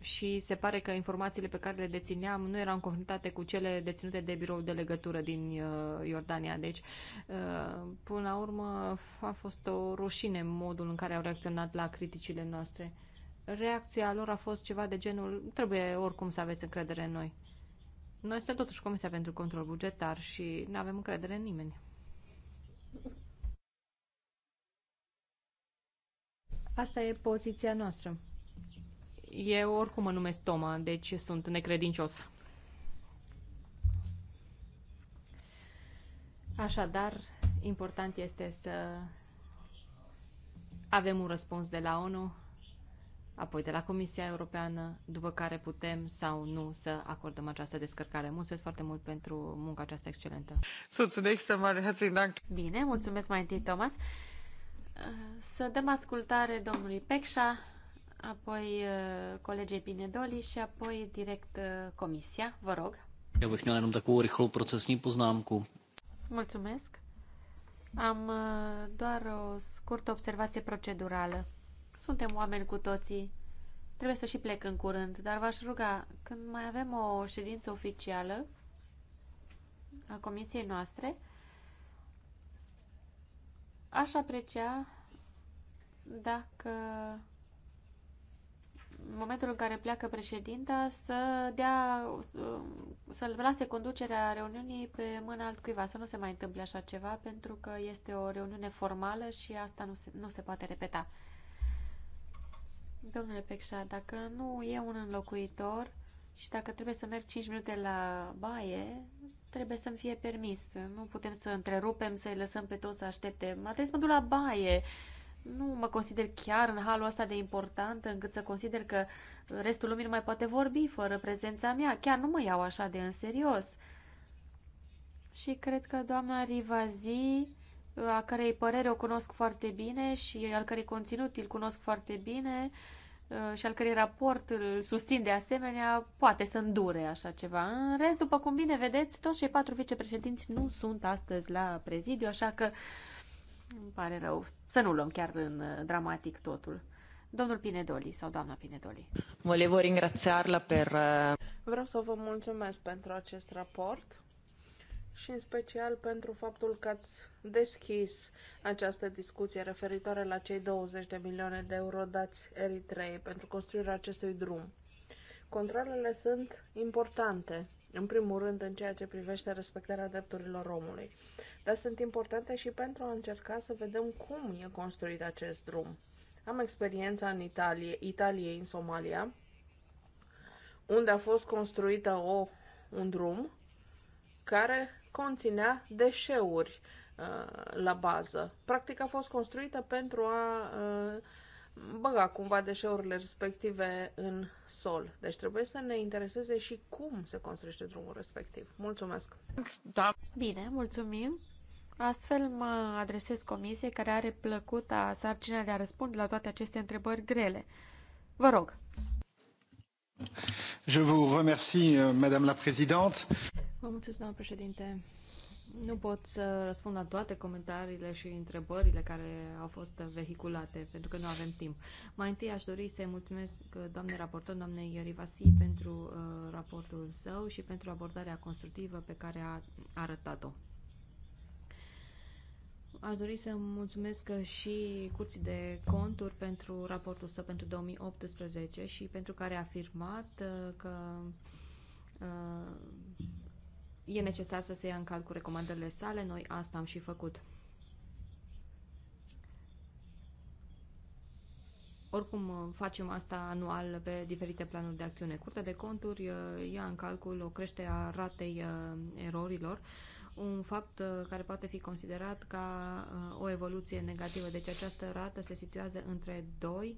și se pare că informațiile pe care le dețineam nu erau în conformitate cu cele deținute de birou de legătură din uh, Iordania. Deci, uh, până la urmă, a fost o rușine modul în care au reacționat la criticile noastre. Reacția lor a fost ceva de genul, trebuie oricum să aveți încredere în noi. Noi suntem totuși Comisia pentru Control Bugetar și nu avem încredere în nimeni. Asta e poziția noastră. Eu oricum mă numesc Toma, deci sunt necredincios. Așadar, important este să avem un răspuns de la ONU, apoi de la Comisia Europeană, după care putem sau nu să acordăm această descărcare. Mulțumesc foarte mult pentru munca aceasta excelentă. Bine, mulțumesc mai întâi, Thomas. Să dăm ascultare domnului Pecșa apoi uh, colegii Pinedoli și apoi direct uh, comisia. Vă rog. Já bych měl jenom takovou rychlou procesní poznámku. Mulțumesc. Am uh, doar o scurtă observație procedurală. Suntem oameni cu toții. Trebuie să și plec în curând, dar v-aș ruga, când mai avem o ședință oficială a comisiei noastre, aș aprecia dacă în momentul în care pleacă președinta, să dea, să l lase conducerea reuniunii pe mâna altcuiva, să nu se mai întâmple așa ceva, pentru că este o reuniune formală și asta nu se, nu se poate repeta. Domnule Pecșa, dacă nu e un înlocuitor și dacă trebuie să merg 5 minute la baie, trebuie să-mi fie permis. Nu putem să întrerupem, să-i lăsăm pe toți să aștepte. Mă trebuie să mă duc la baie nu mă consider chiar în halul ăsta de importantă încât să consider că restul lumii nu mai poate vorbi fără prezența mea. Chiar nu mă iau așa de în serios. Și cred că doamna Rivazi, a cărei părere o cunosc foarte bine și al cărei conținut îl cunosc foarte bine uh, și al cărei raport îl susțin de asemenea, poate să îndure așa ceva. În rest, după cum bine vedeți, toți cei patru vicepreședinți nu sunt astăzi la prezidiu, așa că îmi pare rău. Să nu luăm chiar în uh, dramatic totul. Domnul Pinedoli sau doamna Pinedoli. Volevo ringraziarla per... Uh, Vreau să vă mulțumesc pentru acest raport și în special pentru faptul că ați deschis această discuție referitoare la cei 20 de milioane de euro dați Eritreei pentru construirea acestui drum. Controlele sunt importante, în primul rând în ceea ce privește respectarea drepturilor omului dar sunt importante și pentru a încerca să vedem cum e construit acest drum. Am experiența în Italie, Italie în Somalia, unde a fost construită o, un drum care conținea deșeuri uh, la bază. Practic a fost construită pentru a uh, băga cumva deșeurile respective în sol. Deci trebuie să ne intereseze și cum se construiește drumul respectiv. Mulțumesc! Da. Bine, mulțumim! Astfel mă adresez comisiei care are plăcuta sarcina de a răspunde la toate aceste întrebări grele. Vă rog. Je vous remercie, euh, Madame la Présidente. Vă mulțumesc, doamnă președinte. Nu pot să răspund la toate comentariile și întrebările care au fost vehiculate, pentru că nu avem timp. Mai întâi aș dori să-i mulțumesc uh, doamnei raportor, doamnei Rivasi, pentru uh, raportul său și pentru abordarea constructivă pe care a arătat-o. Aș dori să mulțumesc și Curții de Conturi pentru raportul său pentru 2018 și pentru care a afirmat uh, că uh, e necesar să se ia în calcul recomandările sale. Noi asta am și făcut. Oricum facem asta anual pe diferite planuri de acțiune. Curtea de conturi uh, ia în calcul o creștere a ratei erorilor un fapt uh, care poate fi considerat ca uh, o evoluție negativă. Deci această rată se situează între doi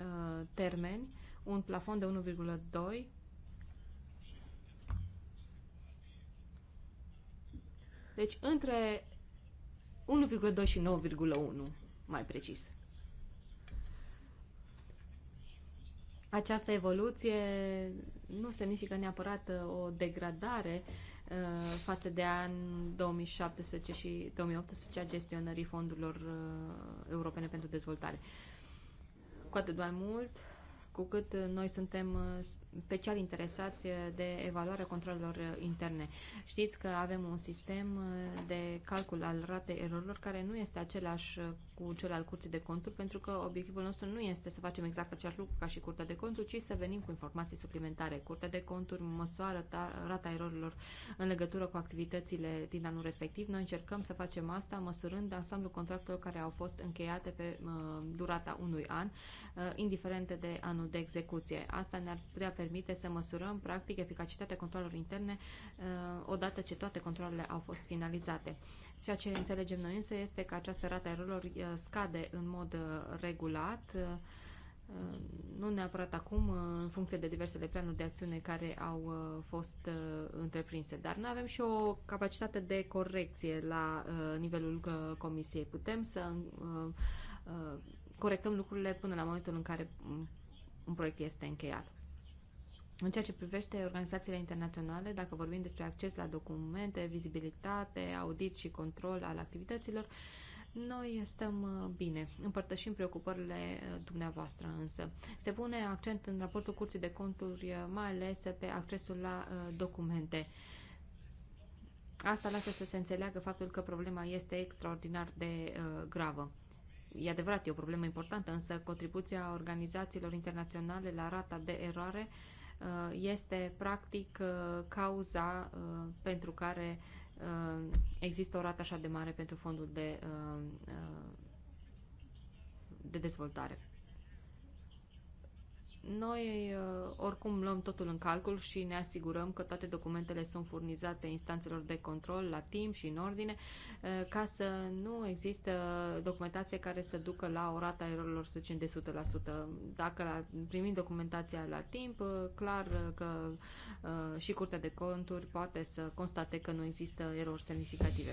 uh, termeni, un plafon de 1,2 Deci între 1,2 și 9,1 mai precis. această evoluție nu semnifică neapărat uh, o degradare uh, față de an 2017 și 2018 a gestionării fondurilor uh, europene pentru dezvoltare. Cu atât mai mult, cu cât noi suntem special interesați de evaluarea controlelor interne. Știți că avem un sistem de calcul al ratei erorilor care nu este același cu cel al curții de conturi, pentru că obiectivul nostru nu este să facem exact același lucru ca și curtea de conturi, ci să venim cu informații suplimentare. Curtea de conturi măsoară rata erorilor în legătură cu activitățile din anul respectiv. Noi încercăm să facem asta măsurând ansamblul contractelor care au fost încheiate pe uh, durata unui an, uh, indiferent de anul de execuție. Asta ne-ar putea permite permite să măsurăm, practic, eficacitatea controlelor interne uh, odată ce toate controlele au fost finalizate. Ceea ce înțelegem noi însă este că această rată a erorilor uh, scade în mod uh, regulat, nu neapărat acum, în funcție de diversele planuri de acțiune care au fost întreprinse, dar nu avem și o capacitate de corecție la nivelul comisiei. Putem să corectăm lucrurile până la momentul în care mm, un proiect este încheiat. În ceea ce privește organizațiile internaționale, dacă vorbim despre acces la documente, vizibilitate, audit și control al activităților, noi stăm uh, bine, împărtășim preocupările uh, dumneavoastră însă. Se pune accent în raportul Curții de Conturi, uh, mai ales pe accesul la documente. Asta lasă să se înțeleagă faptul că problema este extraordinar de gravă. E adevărat, e o problemă importantă, însă contribuția organizațiilor internaționale la rata de eroare uh, Uh, este practic uh, cauza uh, pentru care există o rată așa de mare pentru fondul de, de dezvoltare. Noi uh, oricum luăm totul în calcul și ne asigurăm că toate documentele sunt furnizate instanțelor de control la timp și în ordine, uh, ca să nu există documentație care să ducă la o rată a erorilor, să zicem, de 100%. Dacă primim documentația la timp, uh, clar că și Curtea de Conturi poate să constate că nu există erori semnificative.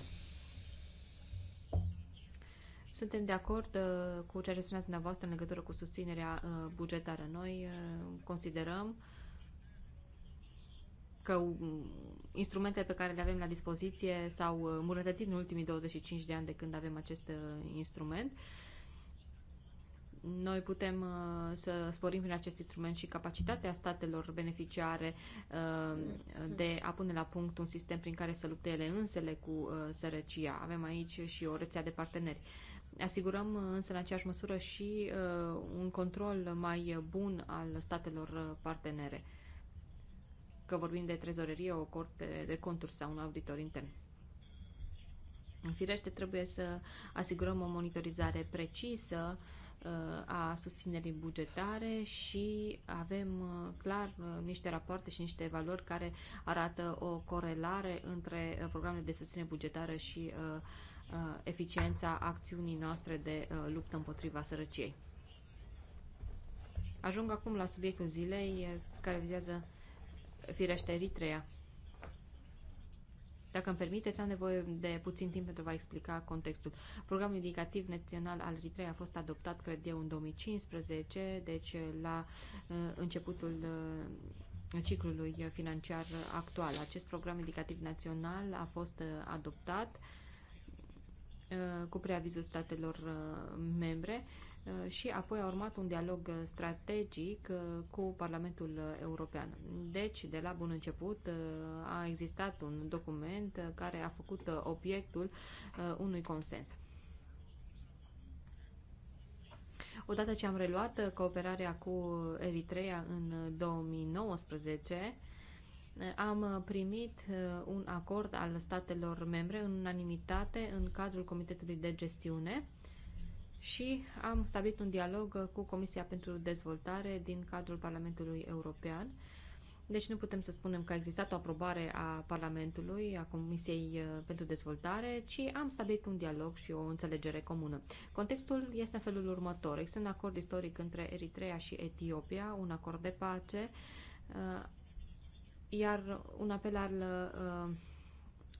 Suntem de acord uh, cu ceea ce spuneați dumneavoastră în legătură cu susținerea uh, bugetară. Noi uh, considerăm că um, instrumentele pe care le avem la dispoziție s-au îmbunătățit în ultimii 25 de ani de când avem acest instrument. Noi putem să sporim prin acest instrument și capacitatea statelor beneficiare de a pune la punct un sistem prin care să lupte ele însele cu sărăcia. Avem aici și o rețea de parteneri. Asigurăm uh, însă în aceeași măsură și uh, un control mai bun al statelor uh, partenere, că vorbim de trezorerie, o corte de conturi sau un auditor intern. Firește, trebuie să asigurăm o monitorizare precisă a susținerii bugetare și avem clar niște rapoarte și niște valori care arată o corelare între programele de susținere bugetară și uh, Uh, eficiența acțiunii noastre de uh, luptă împotriva sărăciei. Ajung acum la subiectul zilei uh, care vizează firește Eritrea. Dacă îmi permiteți, am nevoie de puțin timp pentru a vă explica contextul. Programul indicativ național al Eritrei a fost adoptat, cred eu, în 2015, deci la uh, începutul uh, ciclului financiar actual. Acest program indicativ național a fost adoptat uh, cu preavizul statelor uh, membre uh, și apoi a urmat un dialog uh, strategic cu Parlamentul European. Deci, de la bun început, a existat un document care a făcut obiectul unui consens. Odată ce am reluat cooperarea cu Eritrea în 2019, am uh, primit uh, un acord al statelor membre în unanimitate în cadrul Comitetului de Gestiune și am stabilit un dialog uh, cu Comisia pentru Dezvoltare din cadrul Parlamentului European. Deci nu putem să spunem că a existat o aprobare a Parlamentului, a Comisiei pentru Dezvoltare, ci am stabilit un dialog și o înțelegere comună. Contextul este în felul următor. Există un acord istoric între Eritrea și Etiopia, un acord de pace iar un apel al uh,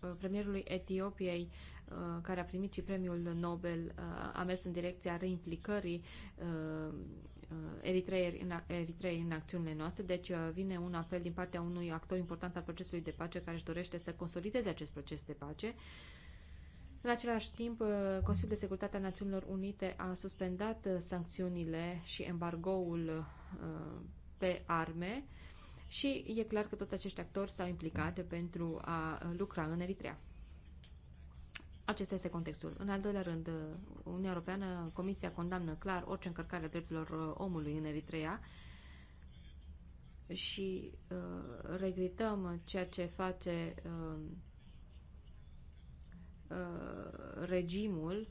uh, premierului Etiopiei, uh, care a primit și premiul Nobel, uh, a mers în direcția reimplicării uh, uh, Eritreei în, Eritrei în acțiunile noastre, deci vine un apel din partea unui actor important al procesului de pace care își dorește să consolideze acest proces de pace. În același timp, Consiliul de Securitate a Națiunilor Unite a suspendat sancțiunile și embargoul pe arme și e clar că toți acești actori s-au implicat pentru a lucra în Eritrea. Acesta este contextul. În al doilea rând, Uniunea Europeană, Comisia condamnă clar orice încărcare a drepturilor uh, omului în Eritrea și uh, regretăm ceea ce face uh, uh, regimul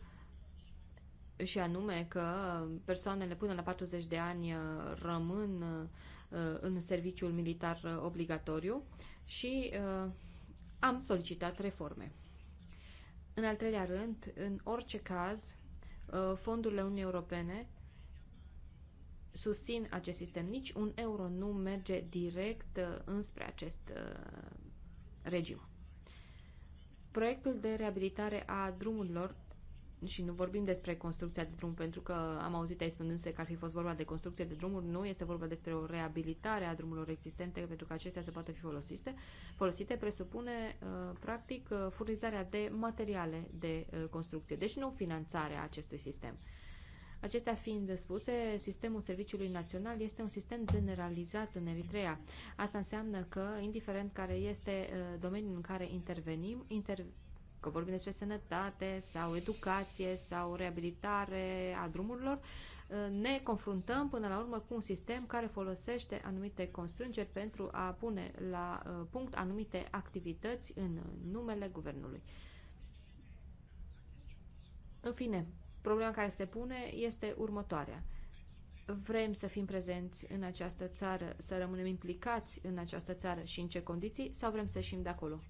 și anume că persoanele până la 40 de ani uh, rămân uh, Uh, în serviciul militar uh, obligatoriu și uh, am solicitat reforme. În al treilea rând, în orice caz, fondurile Uniunii Europene susțin acest sistem. Nici un euro nu merge direct înspre acest regim. Proiectul de reabilitare a drumurilor și nu vorbim despre construcția de drum, pentru că am auzit aici spunându-se că ar fi fost vorba de construcție de drumuri. Nu, este vorba despre o reabilitare a drumurilor existente, pentru că acestea se poată fi folosite. Folosite presupune, uh, practic, uh, furnizarea de materiale de uh, construcție, deci nu finanțarea acestui sistem. Acestea fiind spuse, sistemul Serviciului Național este un sistem generalizat în Eritrea. Asta înseamnă că, indiferent care este domeniul în care intervenim, inter- că vorbim despre sănătate sau educație sau reabilitare a drumurilor, ne confruntăm până la urmă cu un sistem care folosește anumite constrângeri pentru a pune la uh, punct anumite activități în numele guvernului. În fine, problema care se pune este următoarea vrem să fim prezenți în această țară, să rămânem implicați în această țară și în ce condiții, sau vrem să ieșim de acolo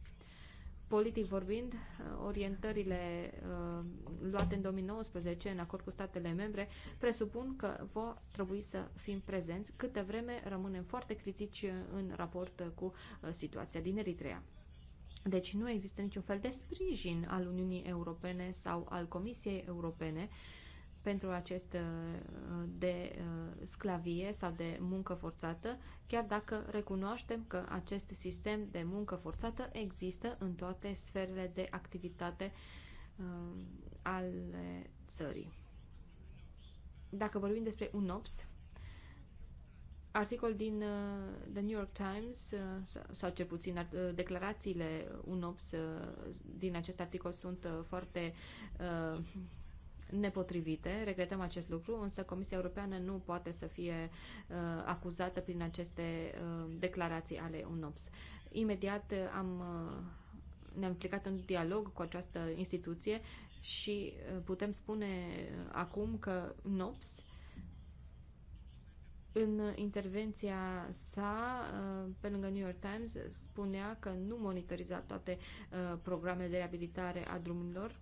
politic vorbind, uh, orientările uh, luate în 2019 în acord cu statele membre presupun că va trebui să fim prezenți câtă vreme rămânem foarte critici în raport cu uh, situația din Eritrea. Deci nu există niciun fel de sprijin al Uniunii Europene sau al Comisiei Europene uh, pentru acest uh, de uh, sclavie sau de muncă forțată, chiar dacă recunoaștem că acest sistem de muncă forțată există în toate sferele de activitate uh, ale țării. Dacă vorbim despre UNOPS, articol din The New York Times, sau cel puțin declarațiile UNOPS din acest articol sunt foarte nepotrivite. Regretăm acest lucru, însă Comisia Europeană nu poate să fie uh, acuzată prin aceste uh, declarații ale UNOPS. Imediat uh, am, uh, ne-am implicat în dialog cu această instituție și uh, putem spune uh, acum că UNOPS în intervenția sa, uh, pe lângă New York Times, spunea că nu monitoriza toate programele de reabilitare a drumurilor,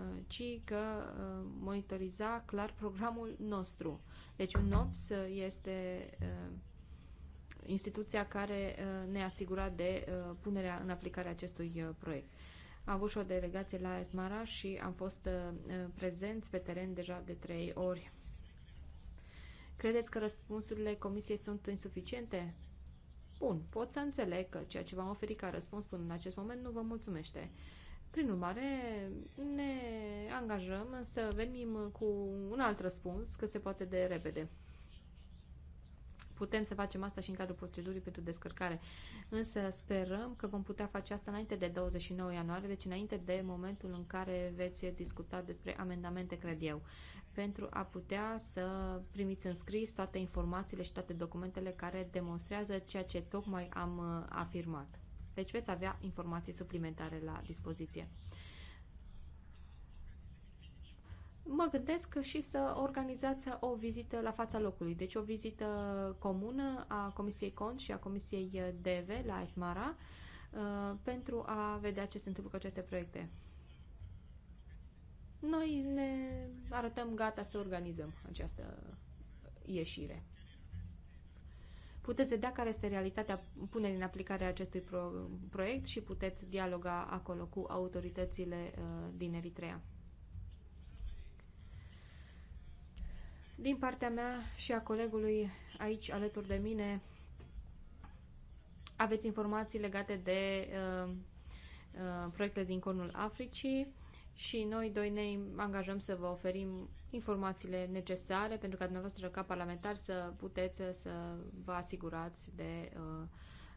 Uh, ci că uh, monitoriza clar programul nostru. Deci un OPS este uh, instituția care ne asigura de punerea în aplicare a acestui proiect. Am avut și o delegație la Esmara și am fost prezenți pe teren deja de trei ori. Credeți că răspunsurile comisiei sunt insuficiente? Bun, pot să înțeleg că ceea ce v-am oferit ca răspuns până în acest moment nu vă mulțumește. Uh, prin urmare, ne angajăm să venim cu un alt răspuns, că se poate de repede. Putem să facem asta și în cadrul procedurii pentru descărcare, însă sperăm că vom putea face asta înainte de 29 ianuarie, deci înainte de momentul în care veți discuta despre amendamente, cred eu, pentru a putea să primiți în scris toate informațiile și toate documentele care demonstrează ceea ce tocmai am uh, afirmat. Deci veți avea informații suplimentare la dispoziție. Mă gândesc și să organizați o vizită la fața locului, deci o vizită comună a Comisiei CON și a Comisiei DV la Esmara uh, pentru a vedea ce se întâmplă cu aceste proiecte. Noi ne arătăm gata să organizăm această ieșire. Puteți vedea care este realitatea punerii în aplicare a acestui pro- proiect și puteți dialoga acolo cu autoritățile uh, din Eritrea. Din partea mea și a colegului aici alături de mine, aveți informații legate de uh, uh, proiectele din Cornul Africii și noi doi ne angajăm să vă oferim informațiile necesare pentru ca dumneavoastră ca parlamentar să puteți să vă asigurați de uh,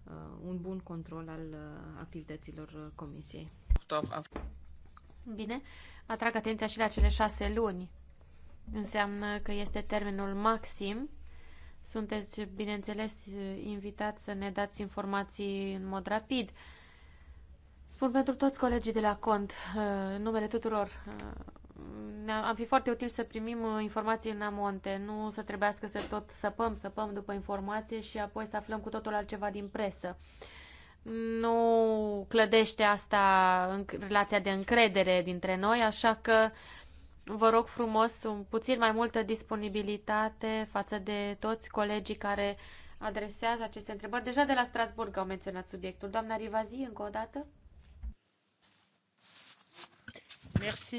uh, un bun control al uh, activităților uh, comisiei. Bine, atrag atenția și la cele șase luni. Înseamnă că este termenul maxim. Sunteți, bineînțeles, invitați să ne dați informații în mod rapid. Spun pentru toți colegii de la cont, uh, numele tuturor, uh, am fi foarte util să primim uh, informații în amonte, nu să trebuiască să tot săpăm, săpăm după informație și apoi să aflăm cu totul altceva din presă. Nu clădește asta în relația de încredere dintre noi, așa că vă rog frumos un puțin mai multă disponibilitate față de toți colegii care adresează aceste întrebări. Deja de la Strasburg au menționat subiectul. Doamna Rivazi, încă o dată?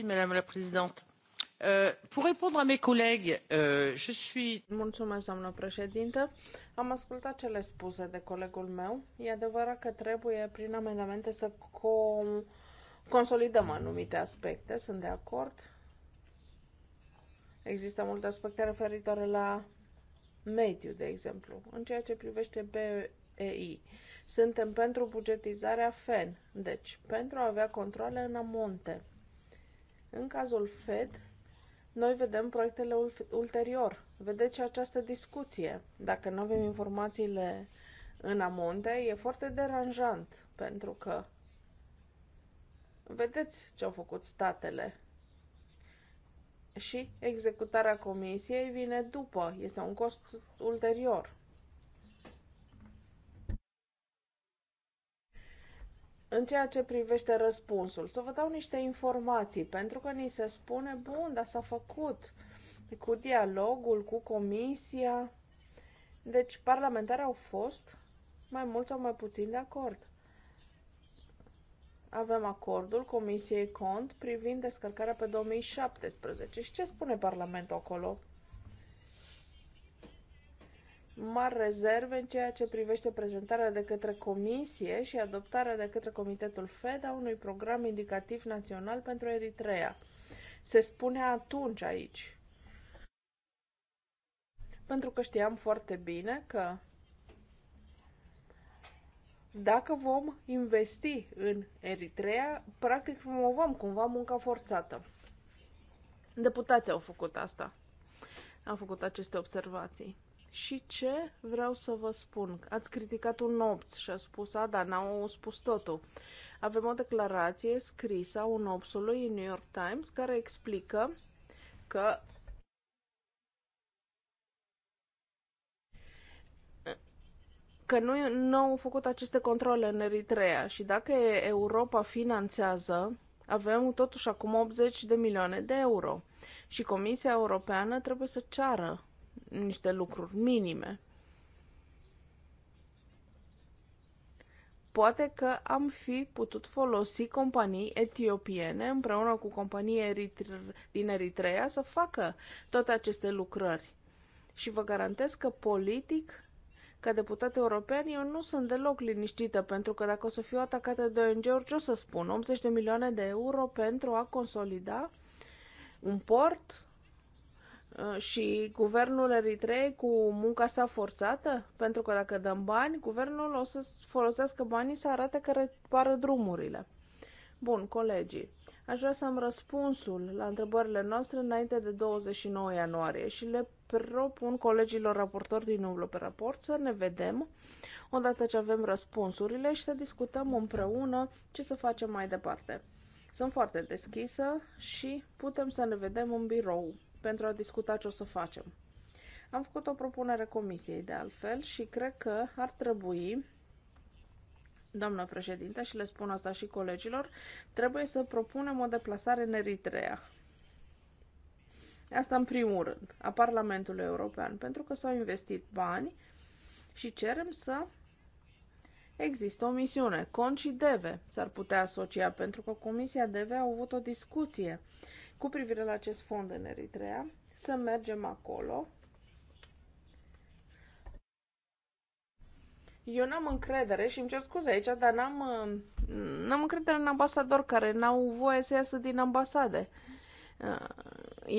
Madame la Présidente. Euh, pour répondre à mes collègues, euh, je suis... Mulțumesc, doamnă președintă. Am ascultat cele spuse de colegul meu. E adevărat că trebuie, prin amendamente, să com... consolidăm anumite aspecte. Sunt de acord. Există multe aspecte referitoare la mediu, de exemplu, în ceea ce privește BEI. Suntem pentru bugetizarea FEN, deci pentru a avea controle în amonte. În cazul Fed, noi vedem proiectele ulterior. Vedeți această discuție. Dacă nu avem informațiile în amonte, e foarte deranjant, pentru că vedeți ce au făcut statele. Și executarea comisiei vine după, este un cost ulterior. În ceea ce privește răspunsul, să vă dau niște informații, pentru că ni se spune, bun, dar s-a făcut cu dialogul, cu comisia. Deci, parlamentari au fost mai mult sau mai puțin de acord. Avem acordul Comisiei Cont privind descărcarea pe 2017. Și ce spune Parlamentul acolo? mari rezerve în ceea ce privește prezentarea de către Comisie și adoptarea de către Comitetul FED a unui program indicativ național pentru Eritrea. Se spune atunci aici. Pentru că știam foarte bine că dacă vom investi în Eritrea, practic promovăm cumva munca forțată. Deputații au făcut asta. Am făcut aceste observații. Și ce vreau să vă spun? Ați criticat un nopț și a spus, a, da, n-au spus totul. Avem o declarație scrisă a unopsului în New York Times care explică că că nu, nu au făcut aceste controle în Eritrea și dacă Europa finanțează, avem totuși acum 80 de milioane de euro și Comisia Europeană trebuie să ceară niște lucruri minime. Poate că am fi putut folosi companii etiopiene împreună cu companii eritr- din Eritrea să facă toate aceste lucrări. Și vă garantez că politic ca deputat european, eu nu sunt deloc liniștită, pentru că dacă o să fiu atacată de ONG-uri, ce o să spun? 80 de milioane de euro pentru a consolida un port Uh, și guvernul Eritrei cu munca sa forțată? Pentru că dacă dăm bani, guvernul o să folosească banii să arate că repară drumurile. Bun, colegii, aș vrea să am răspunsul la întrebările noastre înainte de 29 ianuarie și le propun colegilor raportori din umblă pe raport să ne vedem odată ce avem răspunsurile și să discutăm împreună ce să facem mai departe. Sunt foarte deschisă și putem să ne vedem în birou pentru a discuta ce o să facem. Am făcut o propunere comisiei, de altfel, și cred că ar trebui, doamnă președinte, și le spun asta și colegilor, trebuie să propunem o deplasare în Eritrea. Asta în primul rând, a Parlamentului European, pentru că s-au investit bani și cerem să Există o misiune. Conci Deve s-ar putea asocia pentru că Comisia Deve a avut o discuție cu privire la acest fond în Eritrea, să mergem acolo. Eu n-am încredere și îmi cer scuze aici, dar n-am, uh, n-am încredere în ambasador care n-au voie să iasă din ambasade. Uh,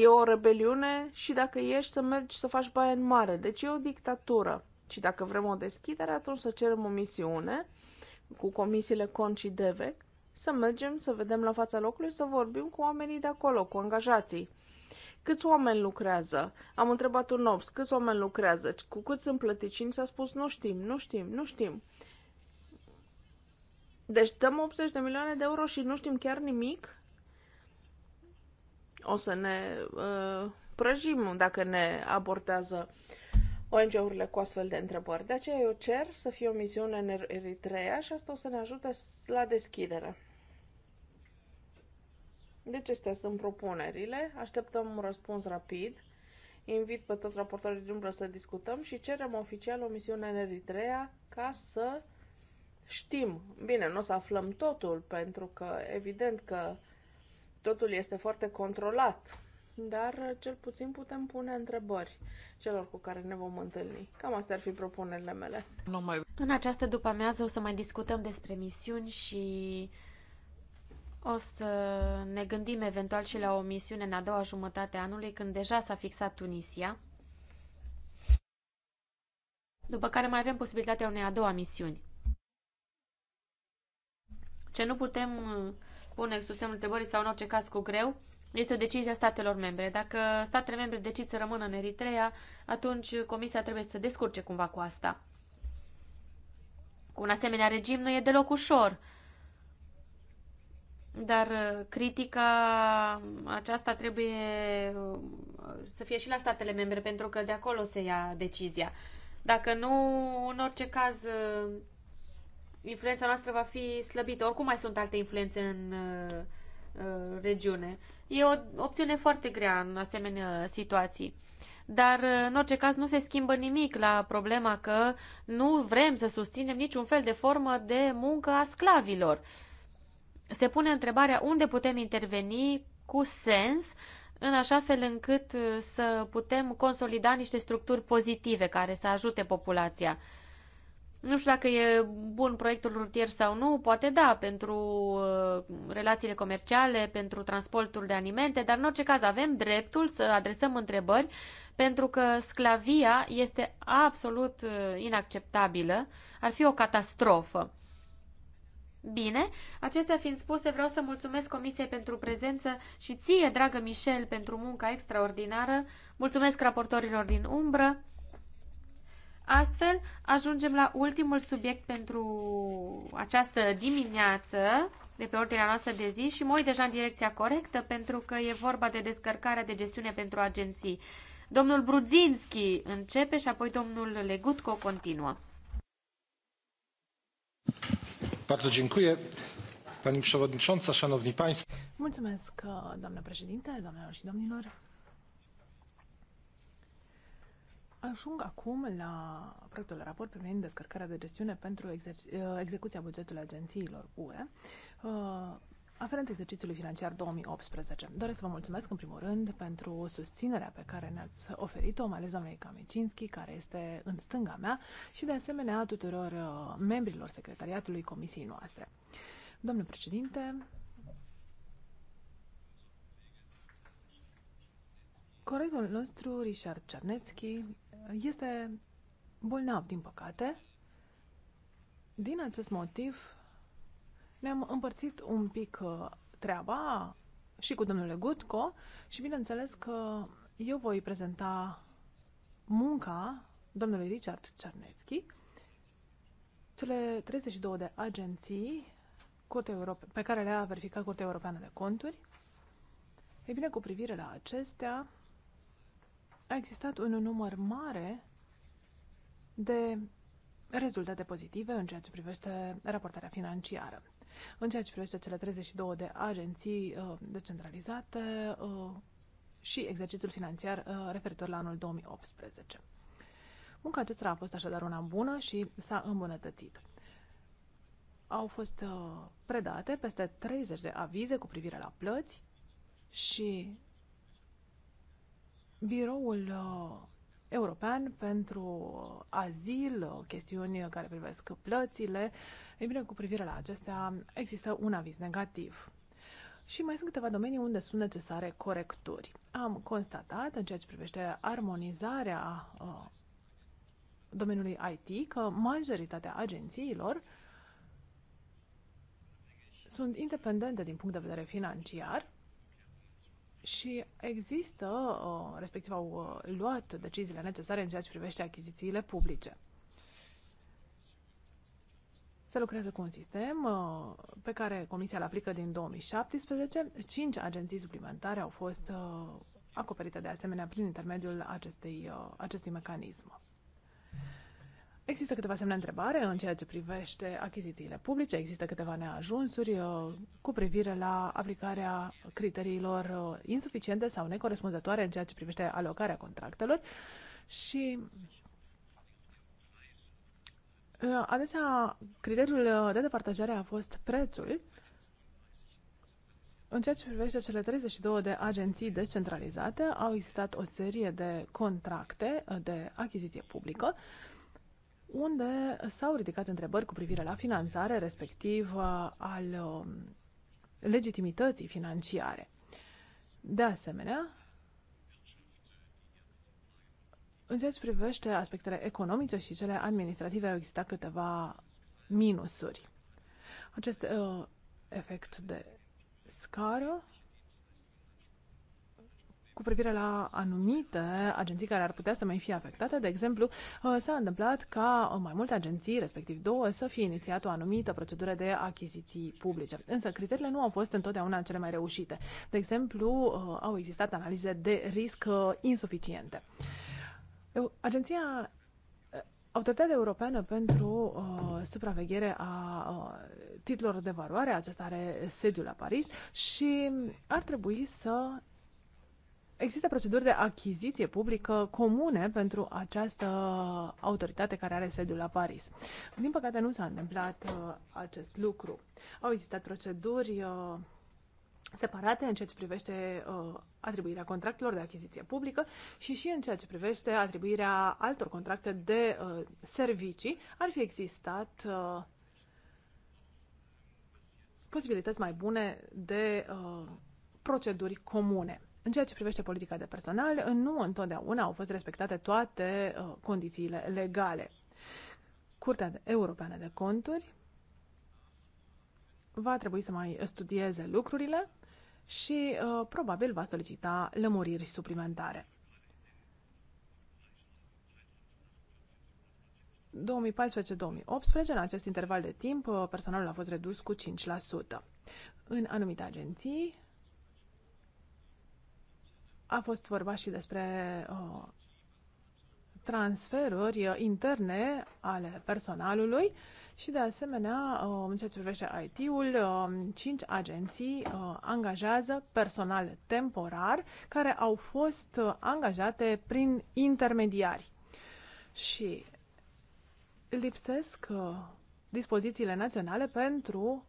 e o rebeliune și dacă ieși, să mergi să faci baie în mare. Deci e o dictatură. Și dacă vrem o deschidere, atunci să cerem o misiune cu comisiile Conci DEVEC să mergem, să vedem la fața locului, să vorbim cu oamenii de acolo, cu angajații. Câți oameni lucrează? Am întrebat un obs, câți oameni lucrează? Cu cât sunt plăticini? S-a spus, nu știm, nu știm, nu știm. Deci dăm 80 de milioane de euro și nu știm chiar nimic? O să ne uh, prăjim dacă ne abordează ONG-urile cu astfel de întrebări. De aceea eu cer să fie o misiune în Eritrea și asta o să ne ajute la deschidere. Deci, acestea sunt propunerile. Așteptăm un răspuns rapid. Invit pe toți raportorii din umbră să discutăm și cerem oficial o misiune în Eritrea ca să știm. Bine, nu o să aflăm totul, pentru că evident că totul este foarte controlat, dar cel puțin putem pune întrebări celor cu care ne vom întâlni. Cam astea ar fi propunerile mele. Nu mai... În această după-amiază o să mai discutăm despre misiuni și o să ne gândim eventual și la o misiune în a doua jumătate a anului, când deja s-a fixat Tunisia. După care mai avem posibilitatea unei a doua misiuni. Ce nu putem uh, pune sub semnul întrebării sau în orice caz cu greu, este o decizie a statelor membre. Dacă statele membre decid să rămână în Eritrea, atunci Comisia trebuie să descurce cumva cu asta. Cu un asemenea regim nu e deloc ușor dar uh, critica aceasta trebuie uh, să fie și la statele membre, pentru că de acolo se ia decizia. Dacă nu, în orice caz, uh, influența noastră va fi slăbită. Oricum mai sunt alte influențe în regiune. E o opțiune foarte grea în asemenea situații. Dar, în orice caz, nu se schimbă nimic la problema că nu vrem să susținem niciun fel de formă de muncă a sclavilor se pune întrebarea unde putem interveni cu sens în așa fel încât uh, să putem consolida niște structuri pozitive care să ajute populația. Nu știu dacă e bun proiectul rutier sau nu, poate da, pentru uh, relațiile comerciale, pentru transportul de alimente, dar în orice caz avem dreptul să adresăm întrebări, pentru că sclavia este absolut uh, inacceptabilă, ar fi o catastrofă. Bine, acestea fiind spuse, vreau să mulțumesc Comisiei pentru prezență și ție, dragă Michel, pentru munca extraordinară. Mulțumesc raportorilor din umbră. Astfel, ajungem la ultimul subiect pentru această dimineață de pe ordinea noastră de zi și mă uit deja în direcția corectă pentru că e vorba de descărcarea de gestiune pentru agenții. Domnul Brudzinski începe și apoi domnul Legutco continuă. Bardzo dziękuję. Pani przewodnicząca, szanowni państwo. Mulțumesc, uh, doamnă președinte, doamnelor și domnilor. Ajung acum la proiectul raport privind descărcarea de gestiune pentru uh, execuția bugetului agențiilor UE uh, aferent exercițiului financiar 2018. Doresc să vă mulțumesc în primul rând pentru susținerea pe care ne-ați oferit-o, mai ales doamnei Kamecinski, care este în stânga mea, și de asemenea tuturor uh, membrilor secretariatului comisiei noastre. Domnule președinte, colegul nostru, Richard Cernetski este bolnav, din păcate. Din acest motiv, le am împărțit un pic uh, treaba și cu domnule Gutco și bineînțeles că eu voi prezenta munca domnului Richard Czarnecki, cele 32 de agenții Europe, pe care le-a verificat Curtea Europeană de Conturi. Ei bine, cu privire la acestea, a existat un număr mare de rezultate pozitive în ceea ce privește raportarea financiară. În ceea ce privește cele 32 de agenții uh, decentralizate uh, și exercițiul financiar uh, referitor la anul 2018. Munca acestora a fost așadar una bună și s-a îmbunătățit. Au fost predate peste 30 de avize cu privire la plăți și biroul european pentru azil, chestiuni care privesc plățile, ei bine, cu privire la acestea, există un aviz negativ. Și mai sunt câteva domenii unde sunt necesare corecturi. Am constatat, în ceea ce privește armonizarea uh, domeniului IT, că majoritatea agențiilor sunt independente din punct de vedere financiar și există, uh, respectiv au uh, luat deciziile necesare în ceea ce privește achizițiile publice. Se lucrează cu un sistem uh, pe care Comisia îl aplică din 2017. Cinci agenții suplimentare au fost uh, acoperite de asemenea prin intermediul acestei, uh, acestui mecanism. Există câteva semne întrebare în ceea ce privește achizițiile publice, există câteva neajunsuri cu privire la aplicarea criteriilor insuficiente sau necorespunzătoare în ceea ce privește alocarea contractelor și Uh, adesea, criteriul uh, de departajare a fost prețul. În ceea ce privește cele 32 de agenții descentralizate, au existat o serie de contracte uh, de achiziție publică unde s-au ridicat întrebări cu privire la finanțare, respectiv al um, legitimității financiare. De asemenea, În ceea ce privește aspectele economice și cele administrative, au existat câteva minusuri. Acest uh, efect de scară cu privire la anumite agenții care ar putea să mai fie afectate. De exemplu, uh, s-a întâmplat ca uh, mai multe agenții, respectiv două, să fie inițiată o anumită procedură de achiziții publice. Însă criteriile nu au fost întotdeauna cele mai reușite. De exemplu, uh, au existat analize de risc insuficiente. Agenția eh, Autoritatea Europeană pentru uh, Supraveghere a uh, Titlurilor de Valoare, aceasta are sediul la Paris și ar trebui să Există proceduri de achiziție publică comune pentru această autoritate care are sediul la Paris. Din păcate nu s-a întâmplat uh, acest lucru. Au existat proceduri uh, separate în ceea ce privește uh, atribuirea contractelor de achiziție publică și și în ceea ce privește atribuirea altor contracte de uh, servicii, ar fi existat uh, posibilități mai bune de uh, proceduri comune. În ceea ce privește politica de personal, nu întotdeauna au fost respectate toate uh, condițiile legale. Curtea Europeană de Conturi va trebui să mai studieze lucrurile și uh, probabil va solicita lămuriri suplimentare. 2014-2018, în acest interval de timp, uh, personalul a fost redus cu 5%. În anumite agenții a fost vorba și despre uh, transferuri uh, interne ale personalului și, de asemenea, uh, în ceea ce privește IT-ul, uh, cinci agenții angajează personal temporar care au fost angajate prin intermediari. Și lipsesc dispozițiile naționale pentru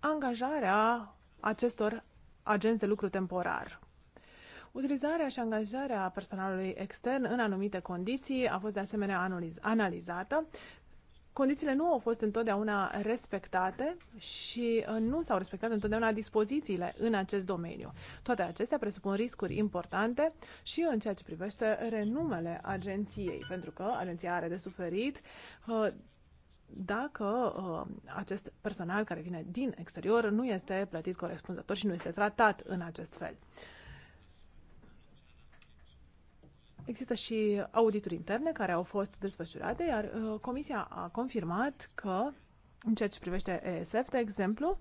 angajarea acestor agenți de lucru temporar. Utilizarea și angajarea personalului extern în anumite condiții a fost de asemenea analizată. Condițiile nu au fost întotdeauna respectate și uh, nu s-au respectat întotdeauna dispozițiile în acest domeniu. Toate acestea presupun riscuri importante și în ceea ce privește renumele agenției, pentru că agenția are de suferit uh, dacă uh, acest personal care vine din exterior nu este plătit corespunzător și nu este tratat în acest fel. Există și audituri interne care au fost desfășurate, iar uh, Comisia a confirmat că, în ceea ce privește ESF, de exemplu,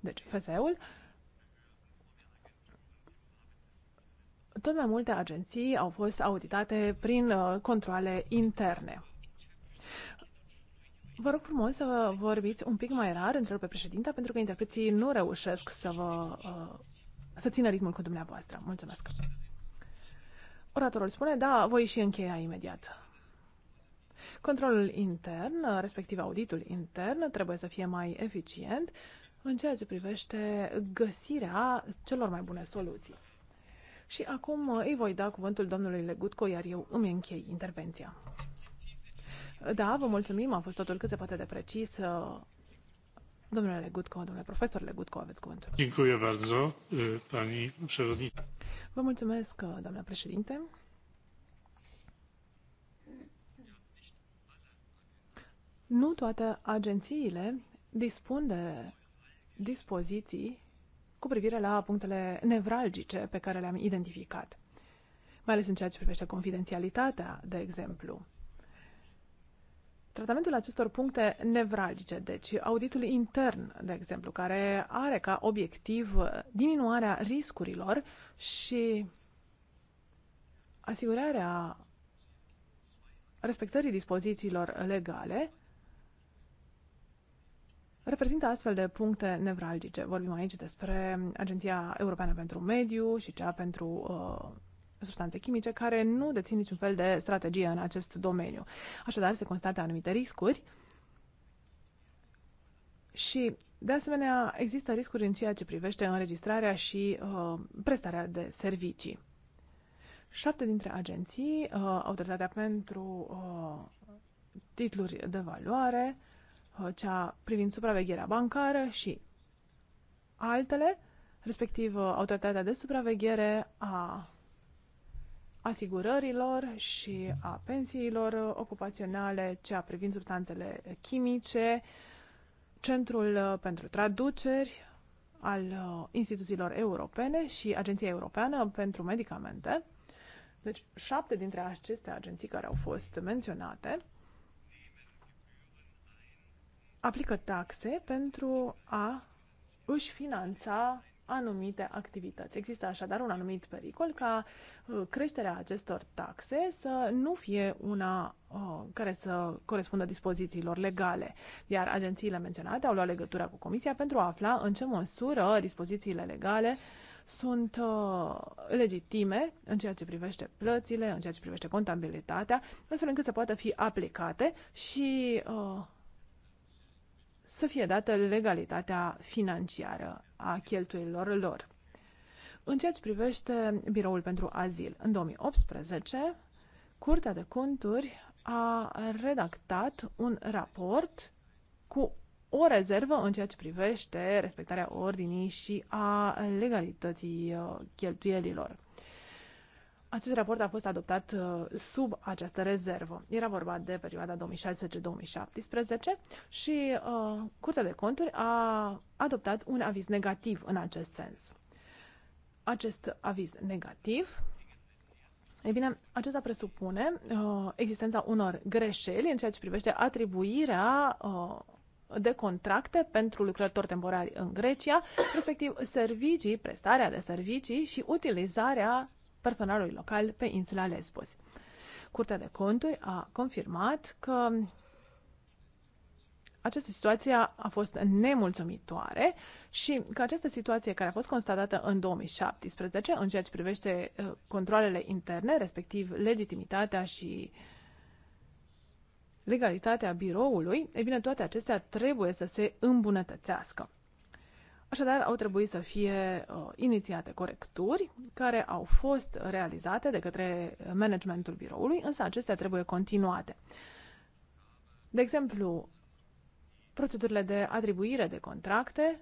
deci FSE-ul, tot mai multe agenții au fost auditate prin uh, controle interne. Vă rog frumos să vă vorbiți un pic mai rar, întreb pe președinta, pentru că interpreții nu reușesc să vă uh, să țină ritmul cu dumneavoastră. Mulțumesc! Oratorul spune, da, voi și încheia imediat. Controlul intern, respectiv auditul intern, trebuie să fie mai eficient în ceea ce privește găsirea celor mai bune soluții. Și acum uh, îi voi da cuvântul domnului Legutco, iar eu îmi închei intervenția. Da, vă mulțumim, a fost totul cât se poate de precis uh, Domnule Legutko, domnule profesor Legutko, aveți cuvântul. Dziękuję bardzo, pani przewodnicząca. Vă mulțumesc, uh, doamna președinte. Nu toate agențiile dispun de dispoziții cu privire la punctele nevralgice pe care le-am identificat, mai ales în ceea ce privește confidențialitatea, de exemplu. Tratamentul acestor puncte nevralgice, deci auditul intern, de exemplu, care are ca obiectiv uh, diminuarea riscurilor și asigurarea respectării dispozițiilor legale, reprezintă astfel de puncte nevralgice. Vorbim aici despre Agenția Europeană pentru Mediu și cea pentru uh, substanțe chimice care nu dețin niciun fel de strategie în acest domeniu. Așadar, se constată anumite riscuri și, de asemenea, există riscuri în ceea ce privește înregistrarea și uh, prestarea de servicii. Șapte dintre agenții, uh, Autoritatea pentru uh, Titluri de Valoare, uh, cea privind supravegherea bancară și altele, respectiv uh, Autoritatea de Supraveghere a asigurărilor și a pensiilor ocupaționale, cea privind substanțele chimice, Centrul uh, pentru Traduceri al uh, instituțiilor europene și Agenția Europeană pentru Medicamente. Deci, șapte dintre aceste agenții care au fost menționate aplică taxe pentru a își finanța anumite activități. Există așadar un anumit pericol ca uh, creșterea acestor taxe să nu fie una uh, care să corespundă dispozițiilor legale. Iar agențiile menționate au luat legătura cu Comisia pentru a afla în ce măsură dispozițiile legale sunt uh, legitime în ceea ce privește plățile, în ceea ce privește contabilitatea, astfel încât să poată fi aplicate și uh, să fie dată legalitatea financiară a cheltuielor lor. În ceea ce privește Biroul pentru Azil, în 2018, Curtea de Conturi a redactat un raport cu o rezervă în ceea ce privește respectarea ordinii și a legalității uh, cheltuielilor. Acest raport a fost adoptat uh, sub această rezervă. Era vorba de perioada 2016-2017 și uh, Curtea de Conturi a adoptat un aviz negativ în acest sens. Acest aviz negativ ei bine, acesta presupune uh, existența unor greșeli în ceea ce privește atribuirea uh, de contracte pentru lucrători temporari în Grecia, respectiv servicii, prestarea de servicii și utilizarea personalului local pe insula Lesbos. Curtea de conturi a confirmat că această situație a fost nemulțumitoare și că această situație care a fost constatată în 2017 în ceea ce privește uh, controlele interne, respectiv legitimitatea și legalitatea biroului, e bine, toate acestea trebuie să se îmbunătățească. Așadar, au trebuit să fie uh, inițiate corecturi care au fost realizate de către managementul biroului, însă acestea trebuie continuate. De exemplu, procedurile de atribuire de contracte,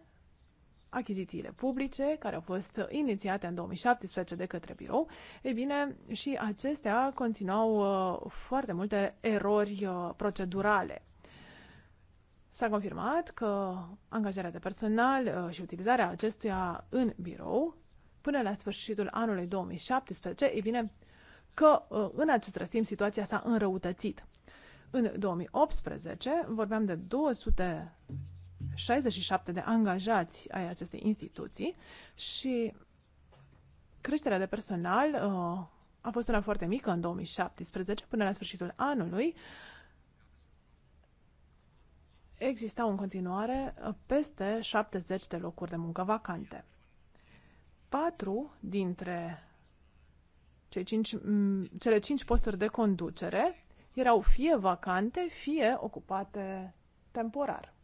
achizițiile publice, care au fost inițiate în 2017 de către birou, ei bine, și acestea conținau uh, foarte multe erori uh, procedurale. S-a confirmat că angajarea de personal uh, și utilizarea acestuia în birou până la sfârșitul anului 2017, e bine că uh, în acest răstim situația s-a înrăutățit. În 2018 vorbeam de 267 de angajați ai acestei instituții și creșterea de personal uh, a fost una foarte mică în 2017 până la sfârșitul anului existau în continuare uh, peste 70 de locuri de muncă vacante. Patru dintre cei cinci, cele cinci posturi de conducere erau fie vacante, fie ocupate temporar.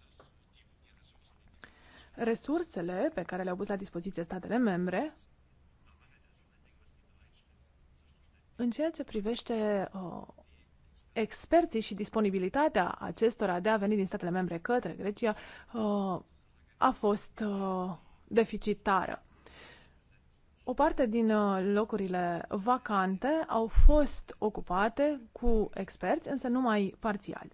Resursele pe care le-au pus la dispoziție statele membre în ceea ce privește uh, experții și disponibilitatea acestora de a veni din statele membre către Grecia uh, a fost uh, deficitară. O parte din uh, locurile vacante au fost ocupate cu experți, însă numai parțial.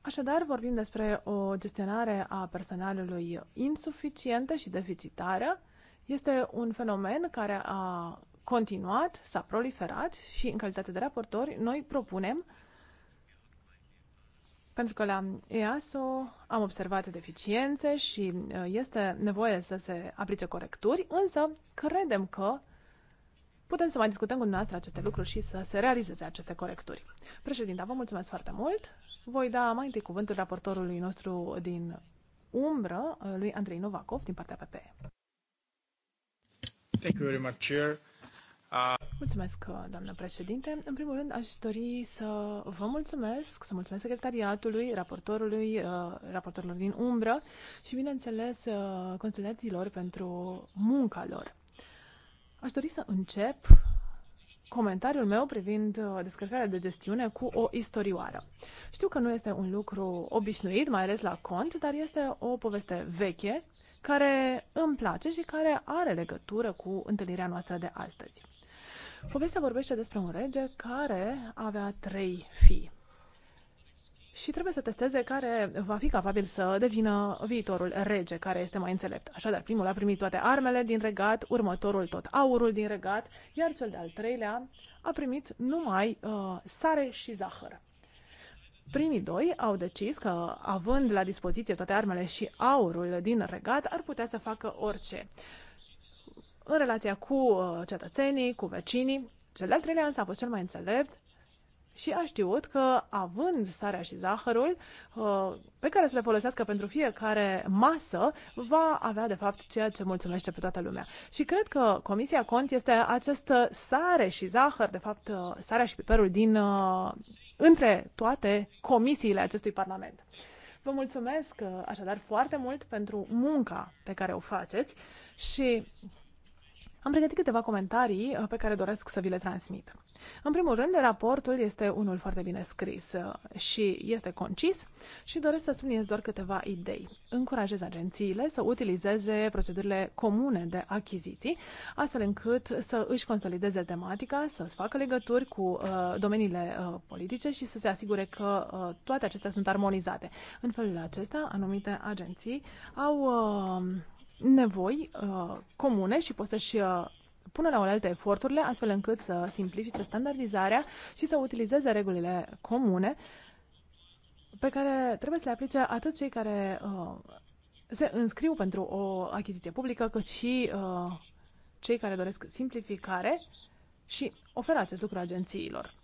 Așadar, vorbim despre o gestionare a personalului insuficientă și deficitară. Este un fenomen care a continuat, s-a proliferat și în calitate de raportori noi propunem pentru că la EASO am observat deficiențe și uh, este nevoie să se aplice corecturi, însă credem că putem să mai discutăm cu dumneavoastră aceste lucruri și să se realizeze aceste corecturi. Președinta, vă mulțumesc foarte mult. Voi da mai întâi cuvântul raportorului nostru din umbră, uh, lui Andrei Novakov, din partea PPE. Thank you very much, Chair. Mulțumesc, doamnă președinte. În primul rând, aș dori să vă mulțumesc, să mulțumesc secretariatului, raportorului, uh, raportorilor din umbră și, bineînțeles, uh, consulenților pentru munca lor. Aș dori să încep comentariul meu privind uh, descărcarea de gestiune cu o istorioară. Știu că nu este un lucru obișnuit, mai ales la cont, dar este o poveste veche care îmi place și care are legătură cu întâlnirea noastră de astăzi. Povestea vorbește despre un rege care avea trei fii și trebuie să testeze care va fi capabil să devină viitorul rege, care este mai înțelept. Așadar, primul a primit toate armele din regat, următorul tot aurul din regat, iar cel de-al treilea a primit numai uh, sare și zahăr. Primii doi au decis că, având la dispoziție toate armele și aurul din regat, ar putea să facă orice în relația cu uh, cetățenii, cu vecinii. Cel de-al treilea însă a fost cel mai înțelept și a știut că, având sarea și zahărul, uh, pe care să le folosească pentru fiecare masă, va avea, de fapt, ceea ce mulțumește pe toată lumea. Și cred că Comisia Cont este acest sare și zahăr, de fapt, uh, sarea și piperul din între toate comisiile acestui Parlament. Vă mulțumesc așadar foarte mult pentru munca pe care o faceți și am pregătit câteva comentarii uh, pe care doresc să vi le transmit. În primul rând, raportul este unul foarte bine scris uh, și este concis și doresc să subliniez doar câteva idei. Încurajez agențiile să utilizeze procedurile comune de achiziții, astfel încât să își consolideze tematica, să-ți facă legături cu uh, domeniile uh, politice și să se asigure că uh, toate acestea sunt armonizate. În felul acesta, anumite agenții au uh, nevoi uh, comune și poți să-și uh, pună la oaltă eforturile astfel încât să simplifice standardizarea și să utilizeze regulile comune pe care trebuie să le aplice atât cei care uh, se înscriu pentru o achiziție publică, cât și uh, cei care doresc simplificare și oferă acest lucru agențiilor.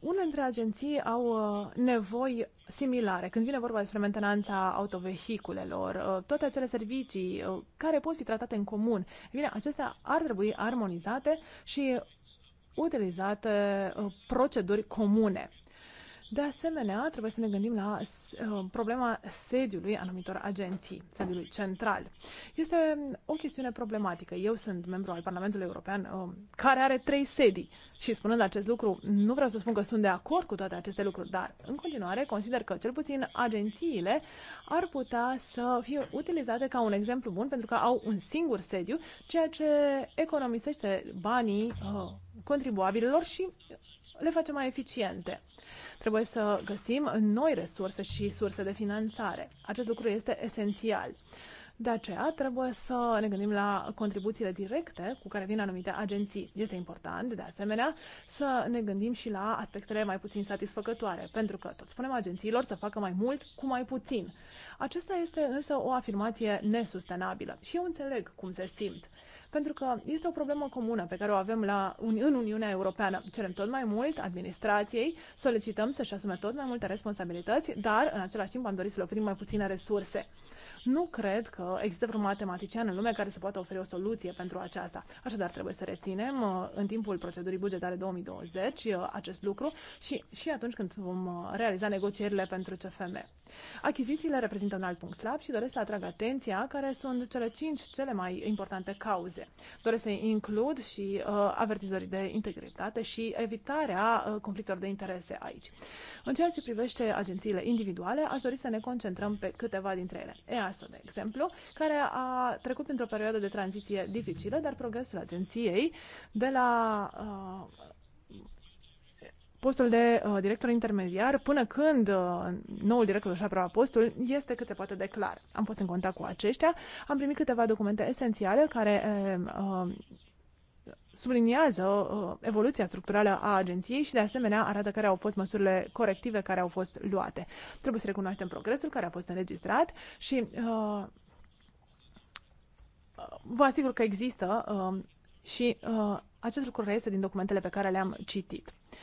Unele dintre agenții au uh, nevoi similare. Când vine vorba despre mentenanța autovehiculelor, uh, toate acele servicii uh, care pot fi tratate în comun, bine, acestea ar trebui armonizate și utilizate proceduri comune. De asemenea, trebuie să ne gândim la uh, problema sediului anumitor agenții, sediului central. Este o chestiune problematică. Eu sunt membru al Parlamentului European uh, care are trei sedii și spunând acest lucru, nu vreau să spun că sunt de acord cu toate aceste lucruri, dar în continuare consider că cel puțin agențiile ar putea să fie utilizate ca un exemplu bun pentru că au un singur sediu, ceea ce economisește banii uh, contribuabililor și le facem mai eficiente. Trebuie să găsim noi resurse și surse de finanțare. Acest lucru este esențial. De aceea trebuie să ne gândim la contribuțiile directe cu care vin anumite agenții. Este important, de asemenea, să ne gândim și la aspectele mai puțin satisfăcătoare, pentru că tot spunem agențiilor să facă mai mult cu mai puțin. Acesta este însă o afirmație nesustenabilă și eu înțeleg cum se simt pentru că este o problemă comună pe care o avem la, în Uniunea Europeană. Cerem tot mai mult administrației, solicităm să-și asume tot mai multe responsabilități, dar în același timp am dorit să le oferim mai puține resurse. Nu cred că există vreun matematician în lume care să poată oferi o soluție pentru aceasta. Așadar, trebuie să reținem uh, în timpul procedurii bugetare 2020 uh, acest lucru și, și atunci când vom uh, realiza negocierile pentru CFM. Achizițiile reprezintă un alt punct slab și doresc să atrag atenția care sunt cele cinci cele mai importante cauze. Doresc să includ și uh, avertizorii de integritate și evitarea uh, conflictelor de interese aici. În ceea ce privește agențiile individuale, aș dori să ne concentrăm pe câteva dintre ele. EASO, de exemplu, care a trecut printr-o perioadă de tranziție dificilă, dar progresul agenției de la uh, postul de uh, director intermediar până când uh, noul director își aprobă postul este cât se poate de clar. Am fost în contact cu aceștia, am primit câteva documente esențiale care eh, uh, subliniază uh, evoluția structurală a agenției și de asemenea arată care au fost măsurile corective care au fost luate. Trebuie să recunoaștem progresul care a fost înregistrat și uh, vă asigur că există uh, și uh, acest lucru reiese din documentele pe care le-am citit. Uh,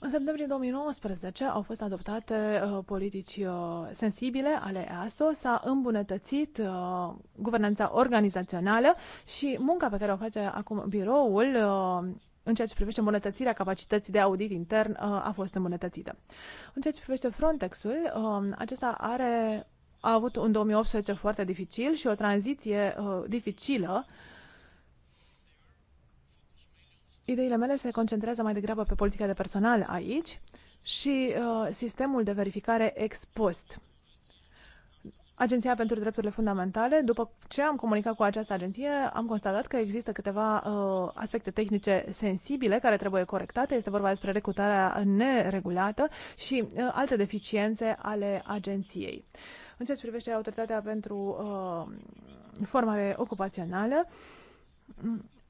în septembrie 2019 au fost adoptate uh, politici uh, sensibile ale EASO, s-a îmbunătățit uh, guvernanța organizațională și munca pe care o face acum biroul uh, în ceea ce privește îmbunătățirea capacității de audit intern uh, a fost îmbunătățită. În ceea ce privește Frontex-ul, uh, acesta are, a avut un 2018 foarte dificil și o tranziție uh, dificilă uh, ideile mele se concentrează mai degrabă pe politica de personal aici și uh, sistemul de verificare ex post. Agenția pentru Drepturile Fundamentale, după ce am comunicat cu această agenție, am constatat că există câteva uh, aspecte tehnice sensibile care trebuie corectate. Este vorba despre recrutarea neregulată și uh, alte deficiențe ale agenției. În ceea ce privește autoritatea pentru uh, formare ocupațională,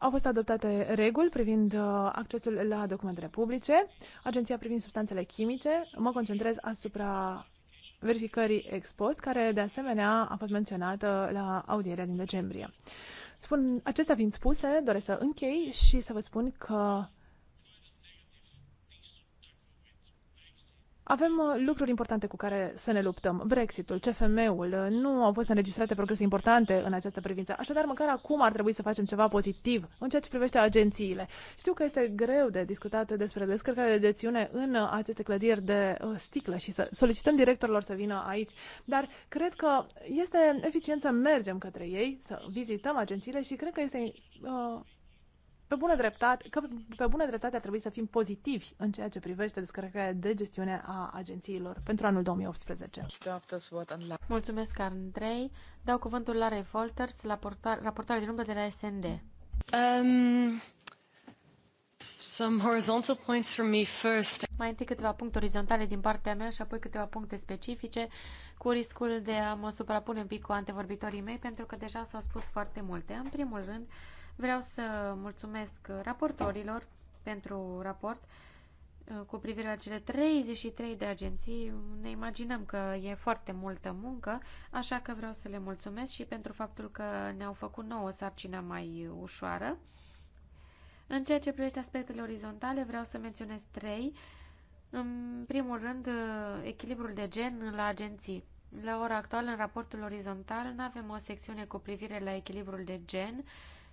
au fost adoptate reguli privind uh, accesul la documentele publice, Agenția privind substanțele chimice. Mă concentrez asupra verificării ex post, care de asemenea a fost menționată la audierea din decembrie. Spun, acestea fiind spuse, doresc să închei și să vă spun că Avem uh, lucruri importante cu care să ne luptăm. Brexitul, CFM-ul, uh, nu au fost înregistrate progrese importante în această privință. Așadar, măcar acum ar trebui să facem ceva pozitiv în ceea ce privește agențiile. Știu că este greu de discutat despre descărcarea de dețiune în uh, aceste clădiri de sticlă și să solicităm directorilor să vină aici, dar cred că este eficient să mergem către ei, să vizităm agențiile și cred că este uh, pe bună dreptate, că pe bună dreptate ar trebui să fim pozitivi în ceea ce privește descărcarea de gestiune a agențiilor pentru anul 2018. Mulțumesc, Andrei. Dau cuvântul Larei Folters, la portar, raportoare din umbră de la SND. Um, some horizontal points from me first. Mai întâi câteva puncte orizontale din partea mea și apoi câteva puncte specifice, cu riscul de a mă suprapune un pic cu antevorbitorii mei, pentru că deja s-au spus foarte multe. În primul rând, Vreau să mulțumesc raportorilor pentru raport cu privire la cele 33 de agenții. Ne imaginăm că e foarte multă muncă, așa că vreau să le mulțumesc și pentru faptul că ne-au făcut nouă sarcina mai ușoară. În ceea ce privește aspectele orizontale, vreau să menționez trei. În primul rând, echilibrul de gen la agenții. La ora actuală, în raportul orizontal, nu avem o secțiune cu privire la echilibrul de gen, uh,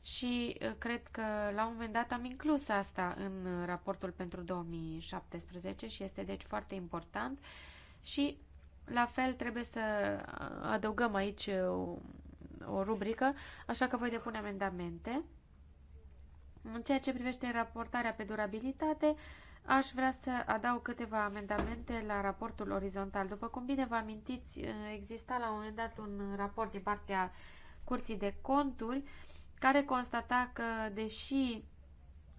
și uh, cred că la un moment dat am inclus asta în uh, raportul pentru 2017 și este deci foarte important și la fel trebuie să uh, adăugăm aici o, o rubrică, așa că voi depune amendamente. În ceea ce privește raportarea pe durabilitate, aș vrea să adaug câteva amendamente la raportul orizontal. După cum bine vă amintiți, exista la un moment dat un raport din partea Curții de Conturi care constata că, deși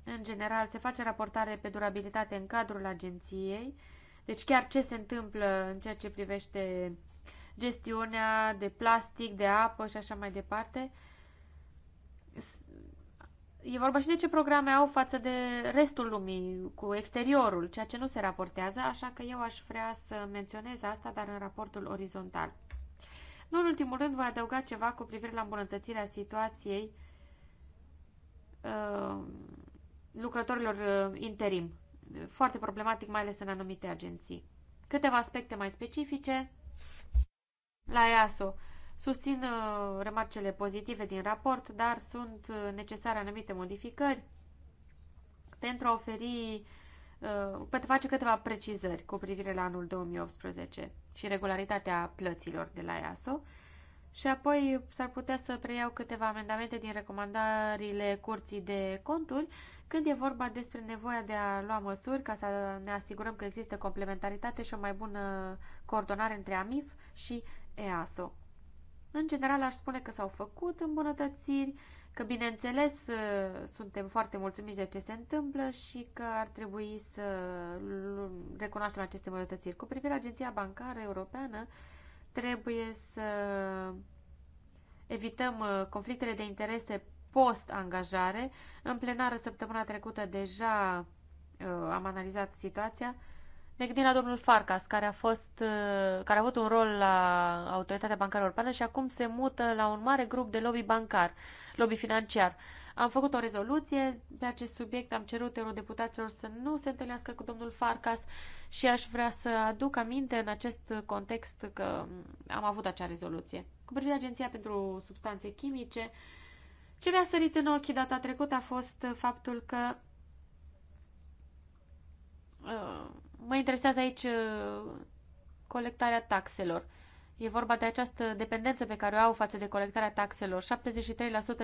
în general se face raportare pe durabilitate în cadrul agenției, deci chiar ce se întâmplă în ceea ce privește gestiunea de plastic, de apă și așa mai departe, e vorba și de ce programe au față de restul lumii, cu exteriorul, ceea ce nu se raportează, așa că eu aș vrea să menționez asta, dar în raportul orizontal. Nu în ultimul rând voi adăuga ceva cu privire la îmbunătățirea situației Uh, lucrătorilor uh, interim. Foarte problematic, mai ales în anumite agenții. Câteva aspecte mai specifice. La EASO susțin uh, remarcele pozitive din raport, dar sunt necesare anumite modificări pentru a oferi uh, pentru face câteva precizări cu privire la anul 2018 și regularitatea plăților de la EASO. Și apoi s-ar putea să preiau câteva amendamente din recomandările Curții de Conturi când e vorba despre nevoia de a lua măsuri ca să ne asigurăm că există complementaritate și o mai bună coordonare între AMIF și EASO. În general, aș spune că s-au făcut îmbunătățiri, că, bineînțeles, suntem foarte mulțumiți de ce se întâmplă și că ar trebui să recunoaștem aceste îmbunătățiri. Cu privire la Agenția Bancară Europeană, Trebuie să evităm uh, conflictele de interese post-angajare. În plenară săptămâna trecută deja uh, am analizat situația. Ne gândim la domnul Farcas, care a, fost, uh, care a avut un rol la Autoritatea Bancară Europeană și acum se mută la un mare grup de lobby bancar, lobby financiar. Am făcut o rezoluție pe acest subiect, am cerut eurodeputaților să nu se întâlnească cu domnul Farcas și aș vrea să aduc aminte în acest context că am avut acea rezoluție. Cu privire la Agenția pentru Substanțe Chimice, ce mi-a sărit în ochi data trecută a fost faptul că uh, mă interesează aici uh, colectarea taxelor. E vorba de această dependență pe care o au față de colectarea taxelor. 73%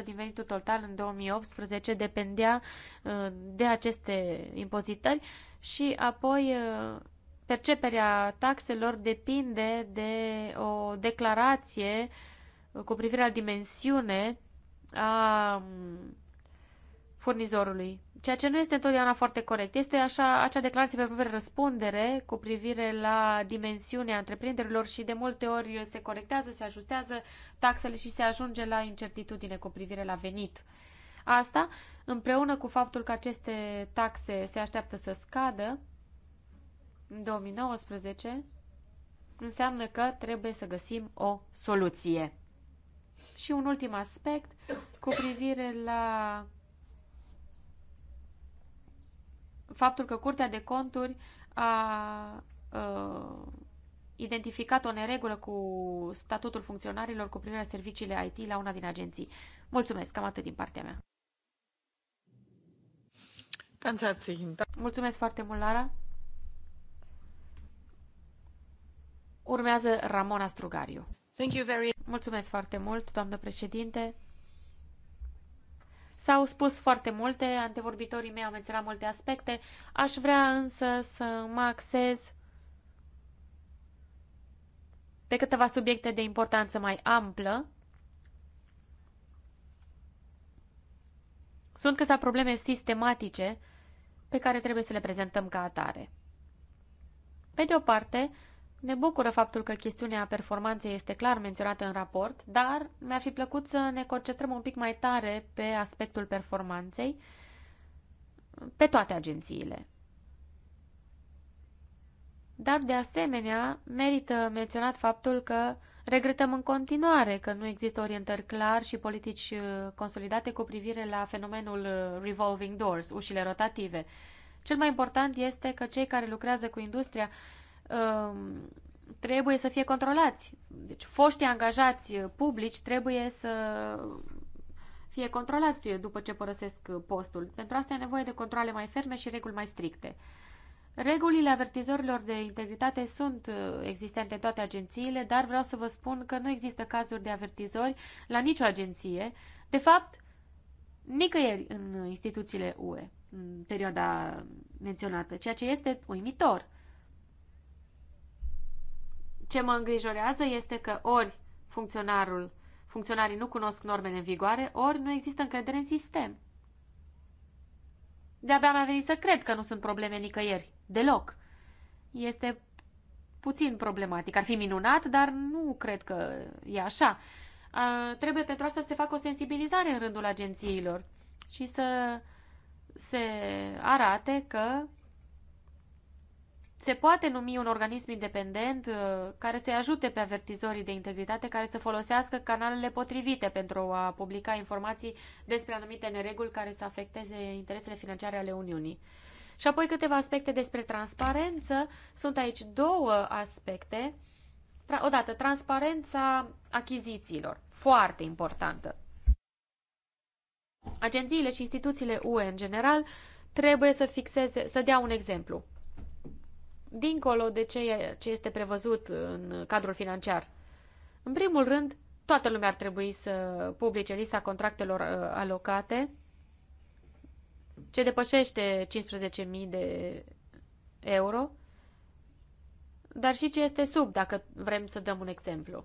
din venitul total în 2018 dependea uh, de aceste impozitări și apoi uh, perceperea taxelor depinde de o declarație uh, cu privire la dimensiune a um, furnizorului, ceea ce nu este întotdeauna foarte corect. Este așa acea declarație pe propria răspundere cu privire la dimensiunea întreprinderilor și de multe ori se corectează, se ajustează taxele și se ajunge la incertitudine cu privire la venit. Asta, împreună cu faptul că aceste taxe se așteaptă să scadă în 2019, înseamnă că trebuie să găsim o soluție. Și un ultim aspect cu privire la faptul că Curtea de Conturi a uh, identificat o neregulă cu statutul funcționarilor cu privire la serviciile IT la una din agenții. Mulțumesc, cam atât din partea mea. Mulțumesc foarte mult, Lara. Urmează Ramona Strugariu. Thank you very... Mulțumesc foarte mult, doamnă președinte. S-au spus foarte multe, antevorbitorii mei au menționat multe aspecte, aș vrea însă să mă axez pe câteva subiecte de importanță mai amplă. Sunt câteva probleme sistematice pe care trebuie să le prezentăm ca atare. Pe de o parte, ne bucură faptul că chestiunea performanței este clar menționată în raport, dar mi-ar fi plăcut să ne concentrăm un pic mai tare pe aspectul performanței pe toate agențiile. Dar, de asemenea, merită menționat faptul că regretăm în continuare că nu există orientări clar și politici uh, consolidate cu privire la fenomenul uh, revolving doors, ușile rotative. Cel mai important este că cei care lucrează cu industria Um, trebuie să fie controlați. Deci foștii angajați publici trebuie să fie controlați după ce părăsesc postul. Pentru asta e nevoie de controle mai ferme și reguli mai stricte. Regulile avertizorilor de integritate sunt uh, existente în toate agențiile, dar vreau să vă spun că nu există cazuri de avertizori la nicio agenție. De fapt, nicăieri în instituțiile UE în perioada menționată, ceea ce este uimitor. Ce mă îngrijorează este că ori funcționarul, funcționarii nu cunosc normele în vigoare, ori nu există încredere în sistem. De-abia mi-a venit să cred că nu sunt probleme nicăieri. Deloc. Este puțin problematic. Ar fi minunat, dar nu cred că e așa. A, trebuie pentru asta să se facă o sensibilizare în rândul agențiilor și să se arate că se poate numi un organism independent uh, care să-i ajute pe avertizorii de integritate, care să folosească canalele potrivite pentru a publica informații despre anumite nereguli care să afecteze interesele financiare ale Uniunii. Și apoi câteva aspecte despre transparență. Sunt aici două aspecte. Odată, transparența achizițiilor. Foarte importantă. Agențiile și instituțiile UE în general trebuie să fixeze, să dea un exemplu dincolo de ceea ce este prevăzut în cadrul financiar. În primul rând, toată lumea ar trebui să publice lista contractelor uh, alocate ce depășește 15.000 de euro, dar și ce este sub, dacă vrem să dăm un exemplu.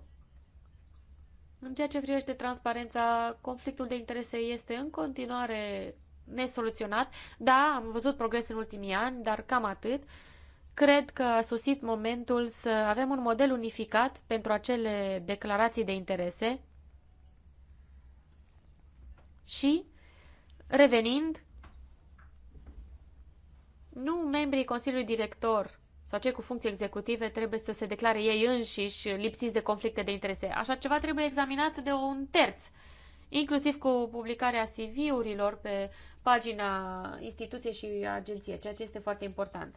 În ceea ce privește transparența, conflictul de interese este în continuare nesoluționat. Da, am văzut progres în ultimii ani, dar cam atât. Uh, Cred că a sosit momentul să avem un model unificat pentru acele declarații de interese și, revenind, nu membrii Consiliului Director sau cei cu funcții executive trebuie să se declare ei înșiși lipsiți de conflicte de interese. Așa ceva trebuie examinat de un terț, inclusiv cu publicarea CV-urilor pe pagina instituției și agenției, ceea ce este foarte important.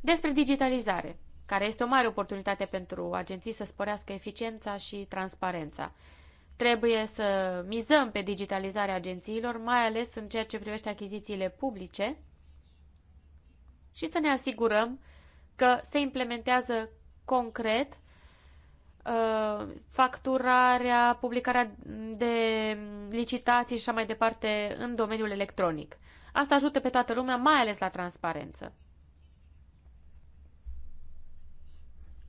Despre digitalizare, care este o mare oportunitate pentru agenții să sporească eficiența și transparența. Trebuie să mizăm pe digitalizarea agențiilor, mai ales în ceea ce privește achizițiile publice și să ne asigurăm că se implementează concret uh, facturarea, publicarea de licitații și așa mai departe în domeniul electronic. Asta ajută pe toată lumea, mai ales la transparență.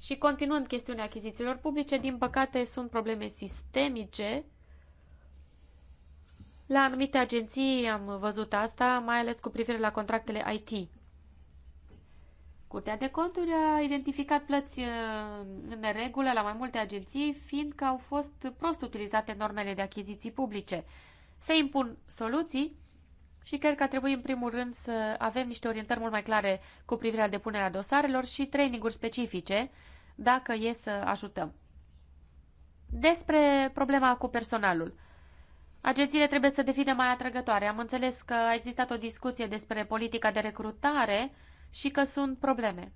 Și continuând chestiunea achizițiilor publice, din păcate sunt probleme sistemice. La anumite agenții am văzut asta, mai ales cu privire la contractele IT. Curtea de conturi a identificat plăți uh, în neregulă la mai multe agenții, fiindcă au fost prost utilizate normele de achiziții publice. Se impun soluții și cred că ar trebui în primul rând să avem niște orientări mult mai clare cu privire la depunerea dosarelor și traininguri specifice dacă e să ajutăm. Despre problema cu personalul. Agențiile trebuie să devină mai atrăgătoare. Am înțeles că a existat o discuție despre politica de recrutare și că sunt probleme.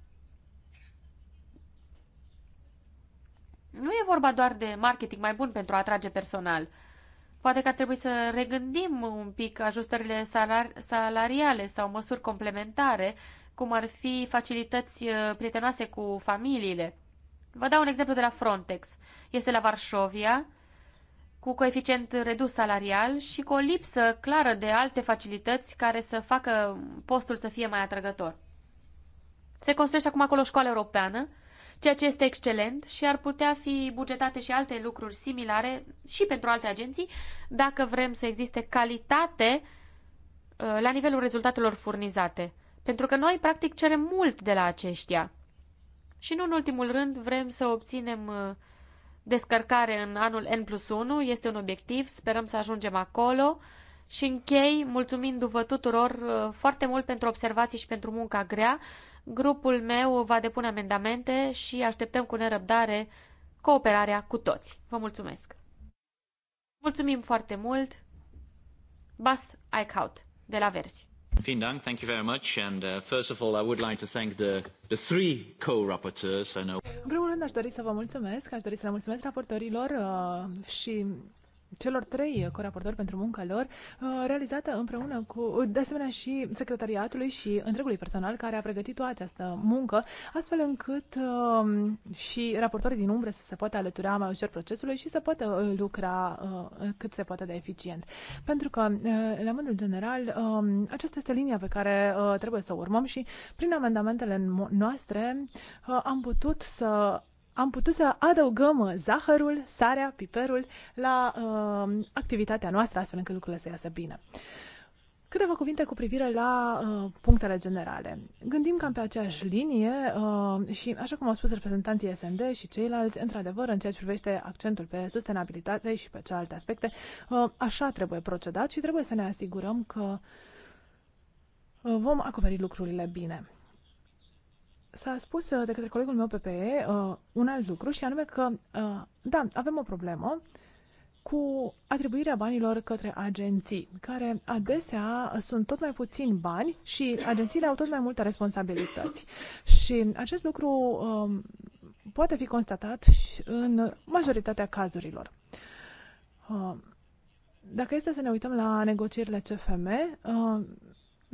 Nu e vorba doar de marketing mai bun pentru a atrage personal. Poate că ar trebui să regândim un pic ajustările salar- salariale sau măsuri complementare, cum ar fi facilități uh, prietenoase cu familiile. Vă dau un exemplu de la Frontex. Este la Varșovia, cu coeficient redus salarial și cu o lipsă clară de alte facilități care să facă postul să fie mai atrăgător. Se construiește acum acolo o școală europeană ceea ce este excelent și ar putea fi bugetate și alte lucruri similare și pentru alte agenții, dacă vrem să existe calitate uh, la nivelul rezultatelor furnizate. Pentru că noi, practic, cerem mult de la aceștia. Și nu în ultimul rând, vrem să obținem uh, descărcare în anul N plus 1, este un obiectiv, sperăm să ajungem acolo și închei mulțumindu-vă tuturor uh, foarte mult pentru observații și pentru munca grea. Grupul meu va depune amendamente și așteptăm cu nerăbdare cooperarea cu toți. Vă mulțumesc! Mulțumim foarte mult! Bas Eichhout, de la Versi. Vielen Dank, thank you very much. And uh, first of all, I would like to thank the, the three co-rapporteurs. I know. În primul rând, aș dori să vă mulțumesc, aș dori să le mulțumesc raportorilor uh, și celor trei coraportori pentru munca lor, uh, realizată împreună cu, de asemenea, și secretariatului și întregului personal care a pregătit toată această muncă, astfel încât um, și raportorii din umbre să se poată alătura mai ușor procesului și să poată uh, lucra uh, cât se poate de eficient. Pentru că, la modul general, um, aceasta este linia pe care trebuie să o urmăm și prin amendamentele noastre am putut să am putut să adăugăm zahărul, sarea, piperul la uh, activitatea noastră, astfel încât lucrurile să iasă bine. Câteva cuvinte cu privire la uh, punctele generale. Gândim cam pe aceeași linie uh, și, așa cum au spus reprezentanții SND și ceilalți, într-adevăr, în ceea ce privește accentul pe sustenabilitate și pe celelalte aspecte, uh, așa trebuie procedat și trebuie să ne asigurăm că uh, vom acoperi lucrurile bine. S-a spus uh, de către colegul meu PPE uh, un alt lucru și anume că, uh, da, avem o problemă cu atribuirea banilor către agenții, care adesea sunt tot mai puțini bani și agențiile au tot mai multe responsabilități. Și acest lucru uh, poate fi constatat și în majoritatea cazurilor. Uh, dacă este să ne uităm la negocierile CFM, um, uh,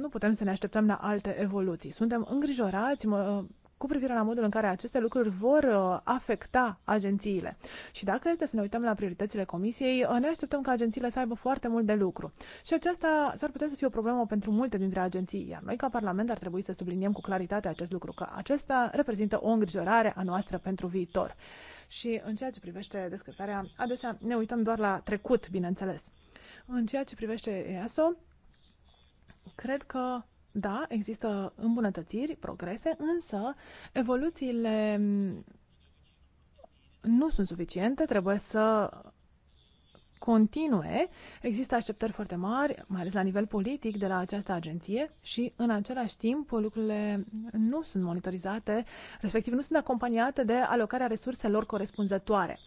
nu putem să ne așteptăm la alte evoluții. Suntem îngrijorați mă, cu privire la modul în care aceste lucruri vor uh, afecta agențiile. Și dacă este să ne uităm la prioritățile Comisiei, uh, ne așteptăm ca agențiile să aibă foarte mult de lucru. Și aceasta s-ar putea să fie o problemă pentru multe dintre agenții, iar noi ca Parlament ar trebui să subliniem cu claritate acest lucru, că acesta reprezintă o îngrijorare a noastră pentru viitor. Și în ceea ce privește descărcarea, adesea ne uităm doar la trecut, bineînțeles. În ceea ce privește EASO, Cred că, da, există îmbunătățiri, progrese, însă evoluțiile mm, nu sunt suficiente, trebuie să continue. Există așteptări foarte mari, mai ales la nivel politic, de la această agenție și, în același timp, lucrurile nu sunt monitorizate, respectiv nu sunt acompaniate de alocarea resurselor corespunzătoare.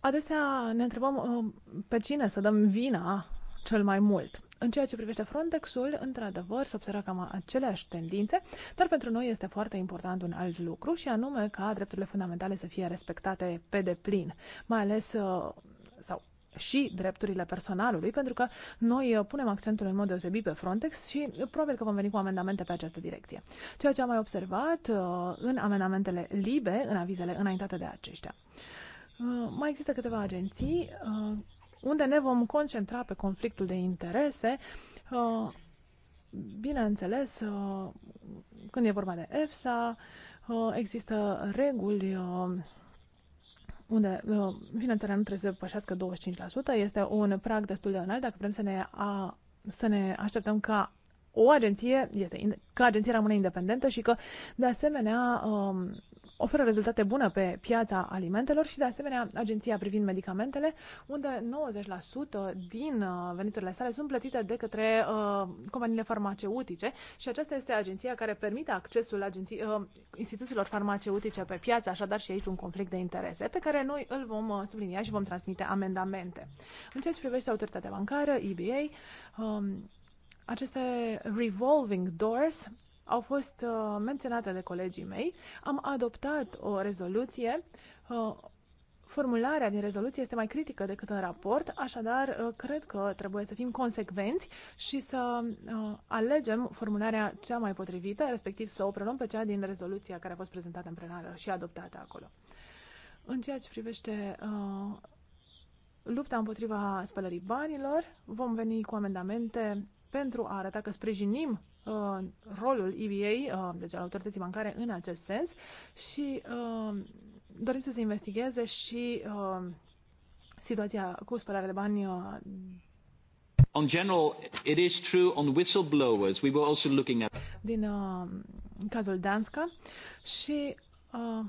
Adesea ne întrebăm uh, pe cine să dăm vina cel mai mult. În ceea ce privește frontex într-adevăr, se observă cam aceleași tendințe, dar pentru noi este foarte important un alt lucru și anume ca drepturile fundamentale să fie respectate pe deplin, mai ales uh, sau și drepturile personalului, pentru că noi uh, punem accentul în mod deosebit pe Frontex și probabil că vom veni cu amendamente pe această direcție. Ceea ce am mai observat uh, în amendamentele libe, în avizele înaintate de aceștia. Mai există câteva agenții unde ne vom concentra pe conflictul de interese, uh, bineînțeles, uh, când e vorba de EFSA, uh, există reguli unde finanțarea nu trebuie să pășească 25%, este un prag destul de înalt, dacă vrem să ne, a, să ne așteptăm ca o agenție, este, că agenția rămâne independentă și că, de asemenea, um, oferă rezultate bune pe piața alimentelor și, de asemenea, Agenția privind medicamentele, unde 90% din uh, veniturile sale sunt plătite de către uh, companiile farmaceutice și aceasta este agenția care permite accesul agenții, uh, instituțiilor farmaceutice pe piață, așadar și aici un conflict de interese pe care noi îl vom uh, sublinia și vom transmite amendamente. În ceea ce privește autoritatea bancară, EBA, um, aceste revolving doors au fost uh, menționate de colegii mei. Am adoptat o rezoluție. Uh, formularea din rezoluție este mai critică decât în raport, așadar uh, cred că trebuie să fim consecvenți și să uh, alegem formularea cea mai potrivită, respectiv să o preluăm pe cea din rezoluția care a fost prezentată în plenară și adoptată acolo. În ceea ce privește uh, lupta împotriva spălării banilor, vom veni cu amendamente pentru a arăta că sprijinim Uh, rolul EBA, uh, deci al autorității bancare, în acest sens și uh, dorim să se investigheze și uh, situația cu spălarea de bani uh, On general, it is true on whistleblowers. We were also looking at din uh, cazul Danska și uh,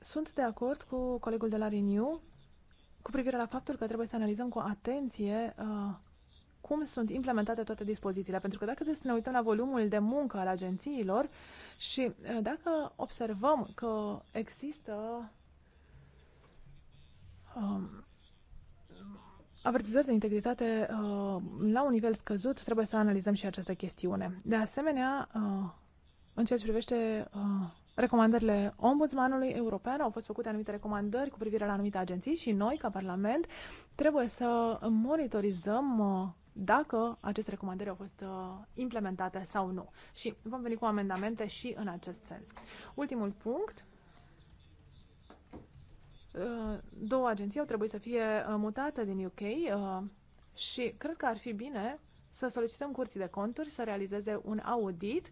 sunt de acord cu colegul de la Renew cu privire la faptul că trebuie să analizăm cu atenție uh, cum sunt implementate toate dispozițiile. Pentru că dacă să ne uităm la volumul de muncă al agențiilor și eh, dacă observăm că există um, avertizări de integritate uh, la un nivel scăzut, trebuie să analizăm și această chestiune. De asemenea, uh, în ceea ce privește uh, recomandările Ombudsmanului European, au fost făcute anumite recomandări cu privire la anumite agenții și noi, ca Parlament, trebuie să monitorizăm uh, dacă aceste recomandări au fost uh, implementate sau nu. Și vom veni cu amendamente și în acest sens. Ultimul punct. Uh, două agenții au trebuit să fie uh, mutate din UK și cred că ar fi bine să solicităm curții de conturi să realizeze un audit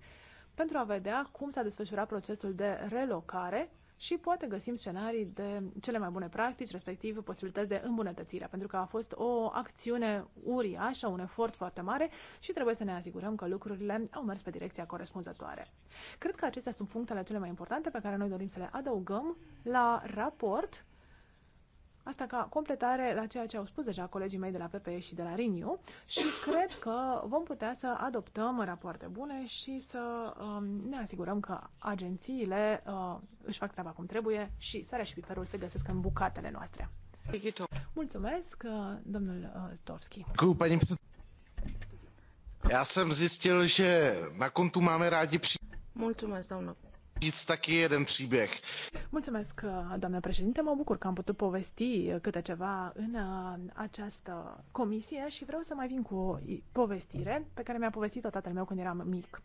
pentru a vedea cum s-a desfășurat procesul de relocare și poate găsim scenarii de cele mai bune practici, respectiv posibilități de îmbunătățire, pentru că a fost o acțiune uriașă, un efort foarte mare și trebuie să ne asigurăm că lucrurile au mers pe direcția corespunzătoare. Cred că acestea sunt punctele cele mai importante pe care noi dorim să le adăugăm la raport Asta ca completare la ceea ce au spus deja colegii mei de la PPE și de la Riniu și cred că vom putea să adoptăm rapoarte bune și să um, ne asigurăm că agențiile uh, își fac treaba cum trebuie și sarea și piperul se găsesc în bucatele noastre. Mulțumesc, uh, domnul Stovski. Uh, Já jsem zjistil, že na kontu máme rádi při... Mulțumesc, doamnă Mulțumesc, doamnă președinte. Mă bucur că am putut povesti câte ceva în uh, această comisie și vreau să mai vin cu o povestire pe care mi-a povestit-o tatăl meu când eram mic.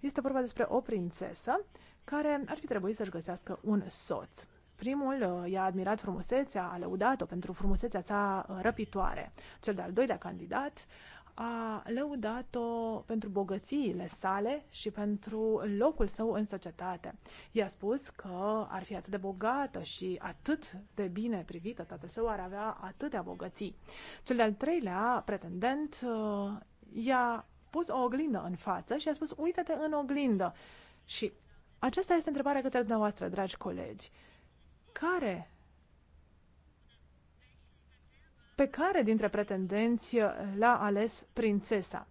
Este vorba despre o prințesă care ar fi trebuit să-și găsească un soț. Primul uh, i-a admirat frumusețea, a lăudat-o pentru frumusețea sa uh, răpitoare. Cel de-al doilea candidat a lăudat-o pentru bogățiile sale și pentru locul său în societate. I-a spus că ar fi atât de bogată și atât de bine privită, tatăl său ar avea atâtea bogății. Cel de-al treilea pretendent uh, i-a pus o oglindă în față și a spus, uite-te în oglindă. Și aceasta este întrebarea către dumneavoastră, dragi colegi. Care pe care dintre pretendenți l-a ales prințesa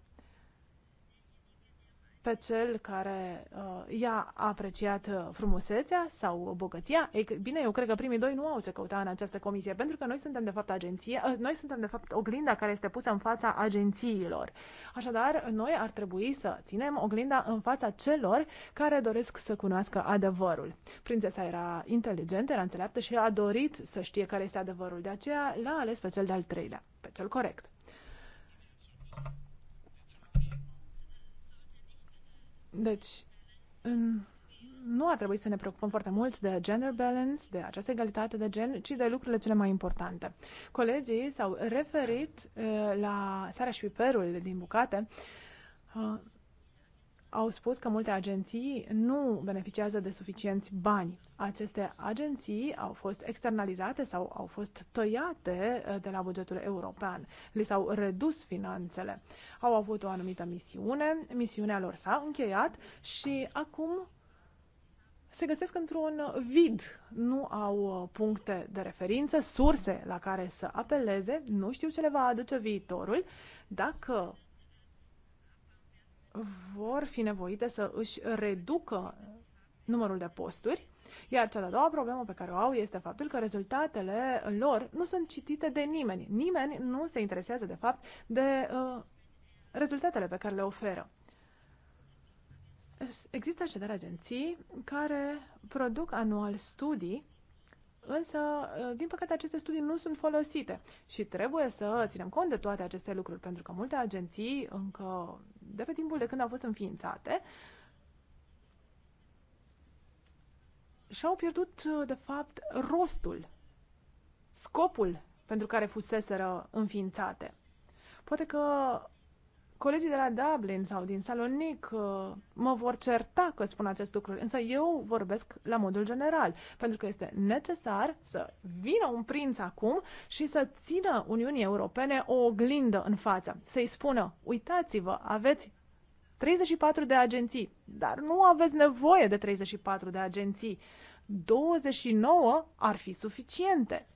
pe cel care uh, i-a apreciat uh, frumusețea sau bogăția. Ei, bine, eu cred că primii doi nu au ce căuta în această comisie, pentru că noi suntem de fapt agenție, uh, noi suntem de fapt oglinda care este pusă în fața agențiilor. Așadar, noi ar trebui să ținem oglinda în fața celor care doresc să cunoască adevărul. Prințesa era inteligentă, era înțeleaptă și a dorit să știe care este adevărul, de aceea l-a ales pe cel de-al treilea, pe cel corect. Deci, în nu ar trebui să ne preocupăm foarte mult de gender balance, de această egalitate de gen, ci de lucrurile cele mai importante. Colegii s-au referit uh, la sarea și piperul din bucate. Uh, au spus că multe agenții nu beneficiază de suficienți bani. Aceste agenții au fost externalizate sau au fost tăiate eh, de la bugetul european. Li s-au redus finanțele. Au avut o anumită misiune, misiunea lor s-a încheiat și acum se găsesc într-un vid. Nu au eh, puncte de referință, surse la care să apeleze, nu știu ce le va aduce viitorul. Dacă vor fi nevoite să își reducă numărul de posturi, iar cea de-a doua problemă pe care o au este faptul că rezultatele lor nu sunt citite de nimeni. Nimeni nu se interesează, de fapt, de uh, rezultatele pe care le oferă. Există așadar agenții care produc anual studii Însă, ă, din păcate, aceste studii nu sunt folosite și trebuie să ținem cont de toate aceste lucruri, pentru că multe agenții, încă de pe timpul de când au fost înființate, și-au pierdut, ă, de fapt, rostul, scopul pentru care fuseseră înființate. Poate că Colegii de la Dublin sau din Salonic uh, mă vor certa că spun acest lucru, însă eu vorbesc la modul general, pentru că este necesar să vină un prinț acum și să țină Uniunii Europene o oglindă în față, să-i spună, uitați-vă, aveți 34 de agenții, dar nu aveți nevoie de 34 de agenții. 29 ar fi suficiente.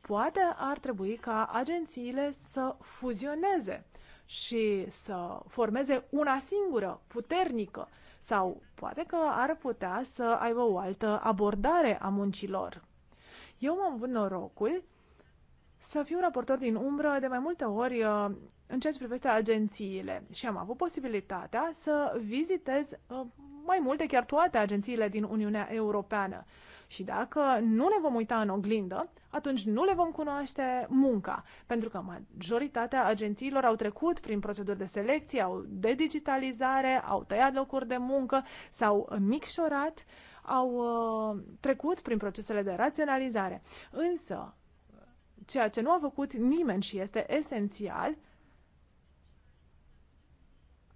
Poate ar trebui ca agențiile să fuzioneze și să formeze una singură, puternică, sau poate că ar putea să aibă o altă abordare a muncilor. Eu am avut norocul să fiu raportor din umbră de mai multe ori uh, în ceea ce privește agențiile și am avut posibilitatea să vizitez uh, mai multe, chiar toate agențiile din Uniunea Europeană și dacă nu ne vom uita în oglindă, atunci nu le vom cunoaște munca, pentru că majoritatea agențiilor au trecut prin proceduri de selecție, au de digitalizare, au tăiat locuri de muncă, s-au micșorat, au uh, trecut prin procesele de raționalizare. Însă, ceea ce nu a făcut nimeni și este esențial,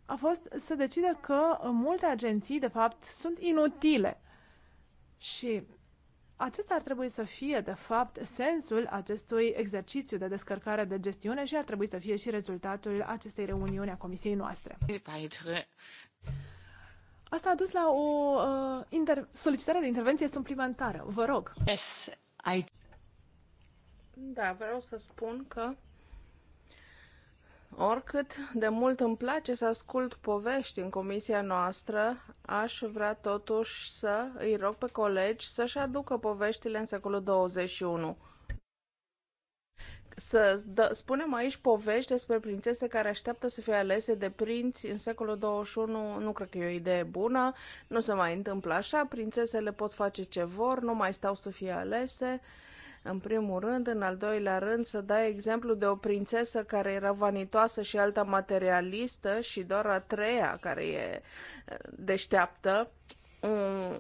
a fost să decidă că multe agenții, de fapt, sunt inutile. Și acesta ar trebui să fie, de fapt, sensul acestui exercițiu de descărcare de gestiune și ar trebui să fie și rezultatul acestei reuniuni a comisiei noastre. Asta a dus la o uh, inter- solicitare de intervenție suplimentară. Vă rog. Da, vreau să spun că Oricât de mult îmi place să ascult povești în comisia noastră, aș vrea totuși să îi rog pe colegi să-și aducă poveștile în secolul 21. Să spunem aici povești despre prințese care așteaptă să fie alese de prinți în secolul 21, nu cred că e o idee bună, nu se mai întâmplă așa, prințesele pot face ce vor, nu mai stau să fie alese. Uh, în primul rând, în al doilea rând, să dai exemplu de o prințesă care era vanitoasă și alta materialistă și doar a treia care e eh, deșteaptă.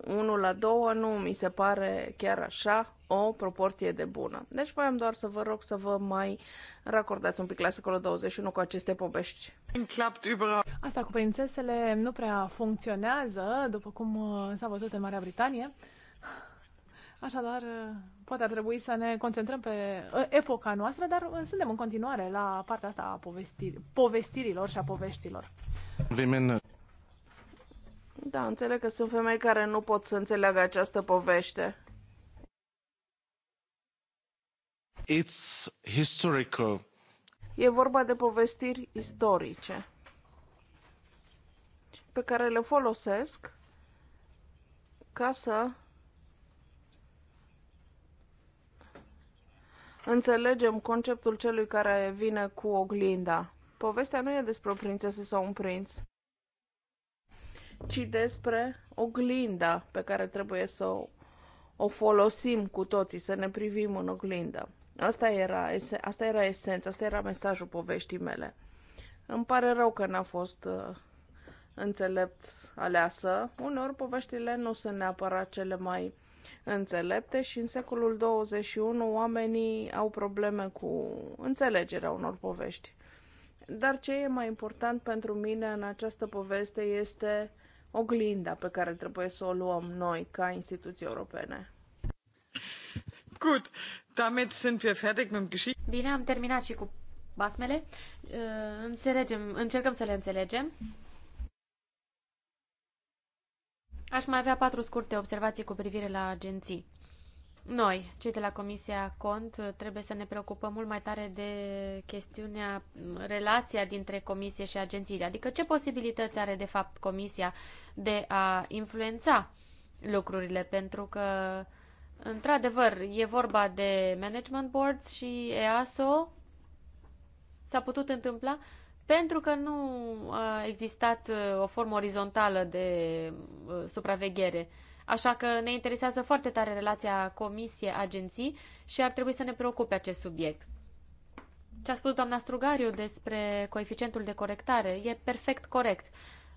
Unul la două nu mi se pare chiar așa o proporție de bună. Deci voiam doar să vă rog să vă mai racordați un pic la secolul 21 cu aceste povești. Asta cu prințesele nu prea funcționează, după cum eh, s-a văzut în Marea Britanie. Așadar, uh, poate ar trebui să ne concentrăm pe uh, epoca noastră, dar uh, suntem în continuare la partea asta a povestir- povestirilor și a poveștilor. Da, înțeleg că sunt femei care nu pot să înțeleagă această poveste. It's historical. E vorba de povestiri istorice pe care le folosesc ca să înțelegem conceptul celui care vine cu oglinda. Povestea nu e despre o prințesă sau un prinț, ci despre oglinda pe care trebuie să o, o folosim cu toții, să ne privim în oglindă. Asta era, asta era esența, asta era mesajul poveștii mele. Îmi pare rău că n-a fost uh, înțelept aleasă. Uneori poveștile nu sunt neapărat cele mai înțelepte și în secolul 21 oamenii au probleme cu înțelegerea unor povești. Dar ce e mai important pentru mine în această poveste este oglinda pe care trebuie să o luăm noi ca instituții europene. Gut, damit sind wir fertig mit dem Geschichte. Bine, am terminat și cu basmele. Înțelegem, încercăm să le înțelegem. Aș mai avea patru scurte observații cu privire la agenții. Noi, cei de la Comisia Cont, trebuie să ne preocupăm mult mai tare de chestiunea, relația dintre comisie și agențiile, adică ce posibilități are de fapt comisia de a influența lucrurile, pentru că, într-adevăr, e vorba de management boards și EASO, s-a putut întâmpla pentru că nu a existat uh, o formă orizontală de uh, supraveghere. Așa că ne interesează foarte tare relația comisie-agenții și ar trebui să ne preocupe acest subiect. Ce a spus doamna Strugariu despre coeficientul de corectare e perfect corect.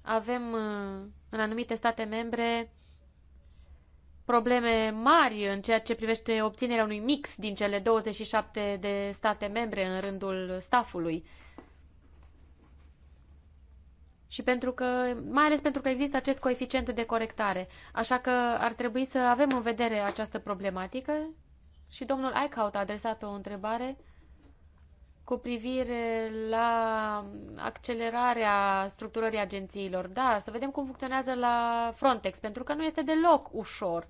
Avem uh, în anumite state membre probleme mari în ceea ce privește obținerea unui mix din cele 27 de state membre în rândul stafului și pentru că, mai ales pentru că există acest coeficient de corectare. Așa că ar trebui să avem în vedere această problematică și domnul Eichhout a adresat o întrebare cu privire la accelerarea structurării agențiilor. Da, să vedem cum funcționează la Frontex, pentru că nu este deloc ușor.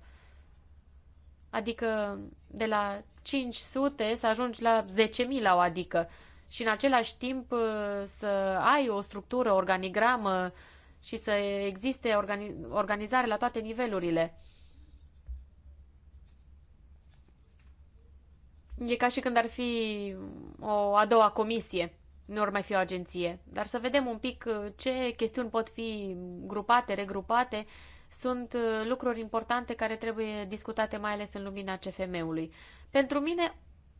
Adică de la 500 să ajungi la 10.000 la o adică și în același timp uh, să ai o structură, organigramă și să existe organizare la toate nivelurile. E ca și când ar fi o a doua comisie, nu ar mai fi o agenție. Dar să vedem un pic uh, ce chestiuni pot fi grupate, regrupate. Sunt uh, lucruri importante care trebuie discutate mai ales în lumina CFM-ului. Pentru mine,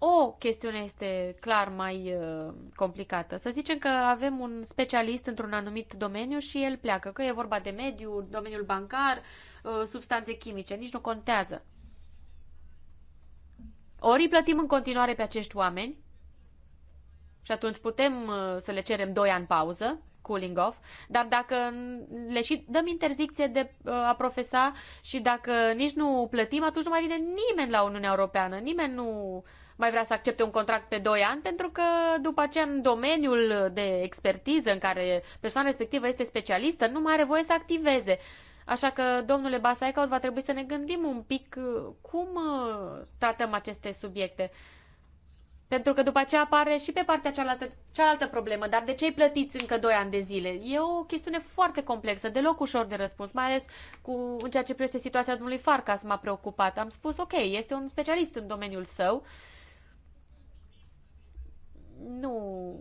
o chestiune este clar mai uh, complicată. Să zicem că avem un specialist într-un anumit domeniu și el pleacă, că e vorba de mediu, domeniul bancar, uh, substanțe chimice, nici nu contează. Ori îi plătim în continuare pe acești oameni și atunci putem uh, să le cerem 2 ani pauză, cooling off, dar dacă le și dăm interzicție de a profesa și dacă nici nu plătim, atunci nu mai vine nimeni la Uniunea Europeană, nimeni nu uh, mai vrea să accepte un contract pe 2 ani, pentru că după aceea în domeniul de expertiză în care persoana respectivă este specialistă, nu mai are voie să activeze. Așa că, domnule Basaicaut, va trebui să ne gândim un pic uh, cum uh, tratăm aceste subiecte. Pentru că după aceea apare și pe partea cealaltă, cealaltă problemă. Dar de ce îi plătiți încă 2 ani de zile? E o chestiune foarte complexă, deloc ușor de răspuns, mai ales cu, în ceea ce privește situația domnului Farcas m-a preocupat. Am spus, ok, este un specialist în domeniul său, uh, nu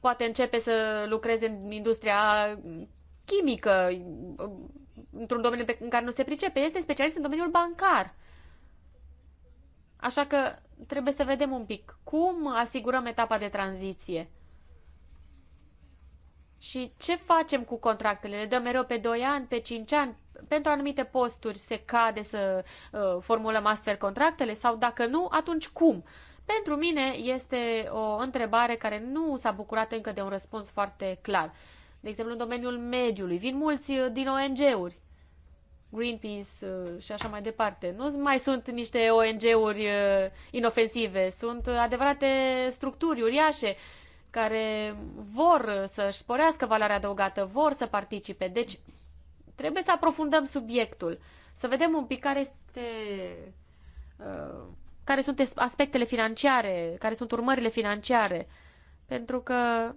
poate începe să lucreze în industria chimică, într-un domeniu pe, în care nu se pricepe. Este specialist în domeniul bancar. Așa că trebuie să vedem un pic cum asigurăm etapa de tranziție. Și ce facem cu contractele? Le dăm mereu pe 2 ani, pe 5 ani? Pentru anumite posturi se cade să uh, formulăm astfel contractele? Sau dacă nu, atunci cum? Uh, pentru mine este o întrebare care nu s-a bucurat încă de un răspuns foarte clar. De exemplu, în domeniul mediului. Vin mulți uh, din ONG-uri, Greenpeace uh, și așa mai departe. Nu mai sunt niște ONG-uri uh, inofensive, sunt adevărate structuri uriașe care vor să-și sporească valoarea adăugată, vor să participe. Deci, trebuie să aprofundăm subiectul, să vedem un pic care este uh, care sunt aspectele financiare, care sunt urmările financiare. Pentru că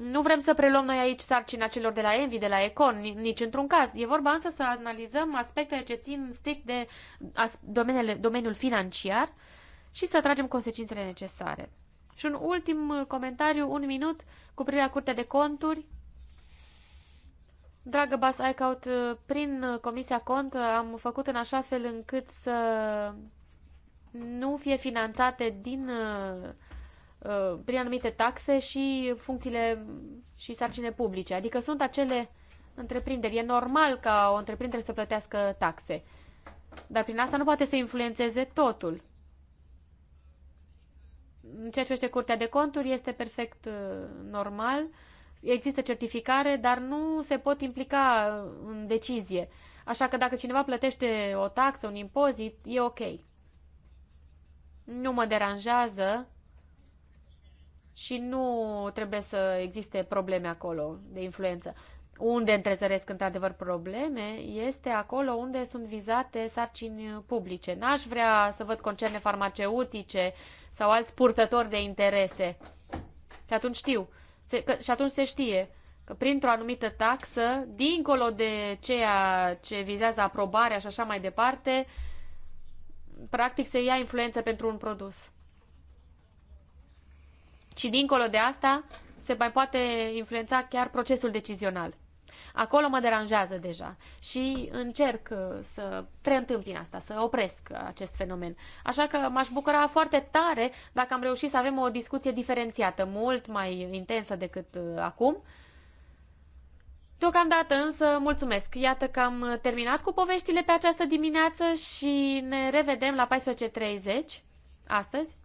nu vrem să preluăm noi aici sarcina celor de la Envi, de la Econ, nici într-un caz. E vorba însă să analizăm aspectele ce țin strict de domeniul, domeniul financiar și să tragem consecințele necesare. Și un ultim comentariu, un minut, cu privire la Curtea de Conturi. Dragă Bas Aicaut, prin Comisia Cont am făcut în așa fel încât să nu fie finanțate din, uh, uh, prin anumite taxe și funcțiile și sarcine publice. Adică sunt acele întreprinderi. E normal ca o întreprindere să plătească taxe, dar prin asta nu poate să influențeze totul. În ceea ce este Curtea de Conturi este perfect uh, normal. Există certificare, dar nu se pot implica în decizie. Așa că dacă cineva plătește o taxă, un impozit, e ok nu mă deranjează și nu trebuie să existe probleme acolo de influență. Unde întrezăresc într-adevăr probleme este acolo unde sunt vizate sarcini publice. N-aș vrea să văd concerne farmaceutice sau alți purtători de interese. Și atunci știu. Se, că, și atunci se știe că printr-o anumită taxă, dincolo de ceea ce vizează aprobarea și așa mai departe, uh, practic se ia influență pentru un produs. Și dincolo de asta, se mai poate influența chiar procesul decizional. Acolo mă deranjează deja și încerc uh, să preîntâmpin asta, să opresc uh, acest fenomen. Așa că m-aș bucura foarte tare dacă am reușit să avem o discuție diferențiată, mult mai intensă decât uh, acum, Deocamdată însă, mulțumesc. Iată că am terminat cu poveștile pe această dimineață și ne revedem la 14.30 astăzi.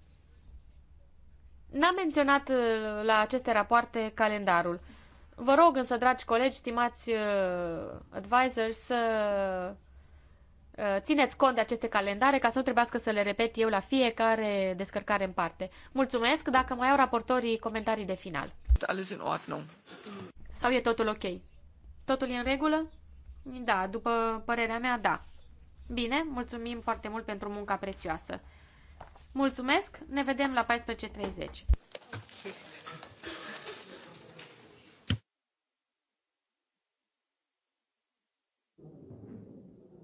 N-am menționat uh, la aceste rapoarte calendarul. Vă rog însă, dragi colegi, stimați uh, advisors, să uh, țineți cont de aceste calendare ca să nu trebuiască să le repet eu la fiecare descărcare în parte. Mulțumesc dacă mai au raportorii comentarii de final. Sau e totul ok? Totul e în regulă? Da, după părerea mea, da. Bine, mulțumim foarte mult pentru munca prețioasă. Mulțumesc, ne vedem la 14.30.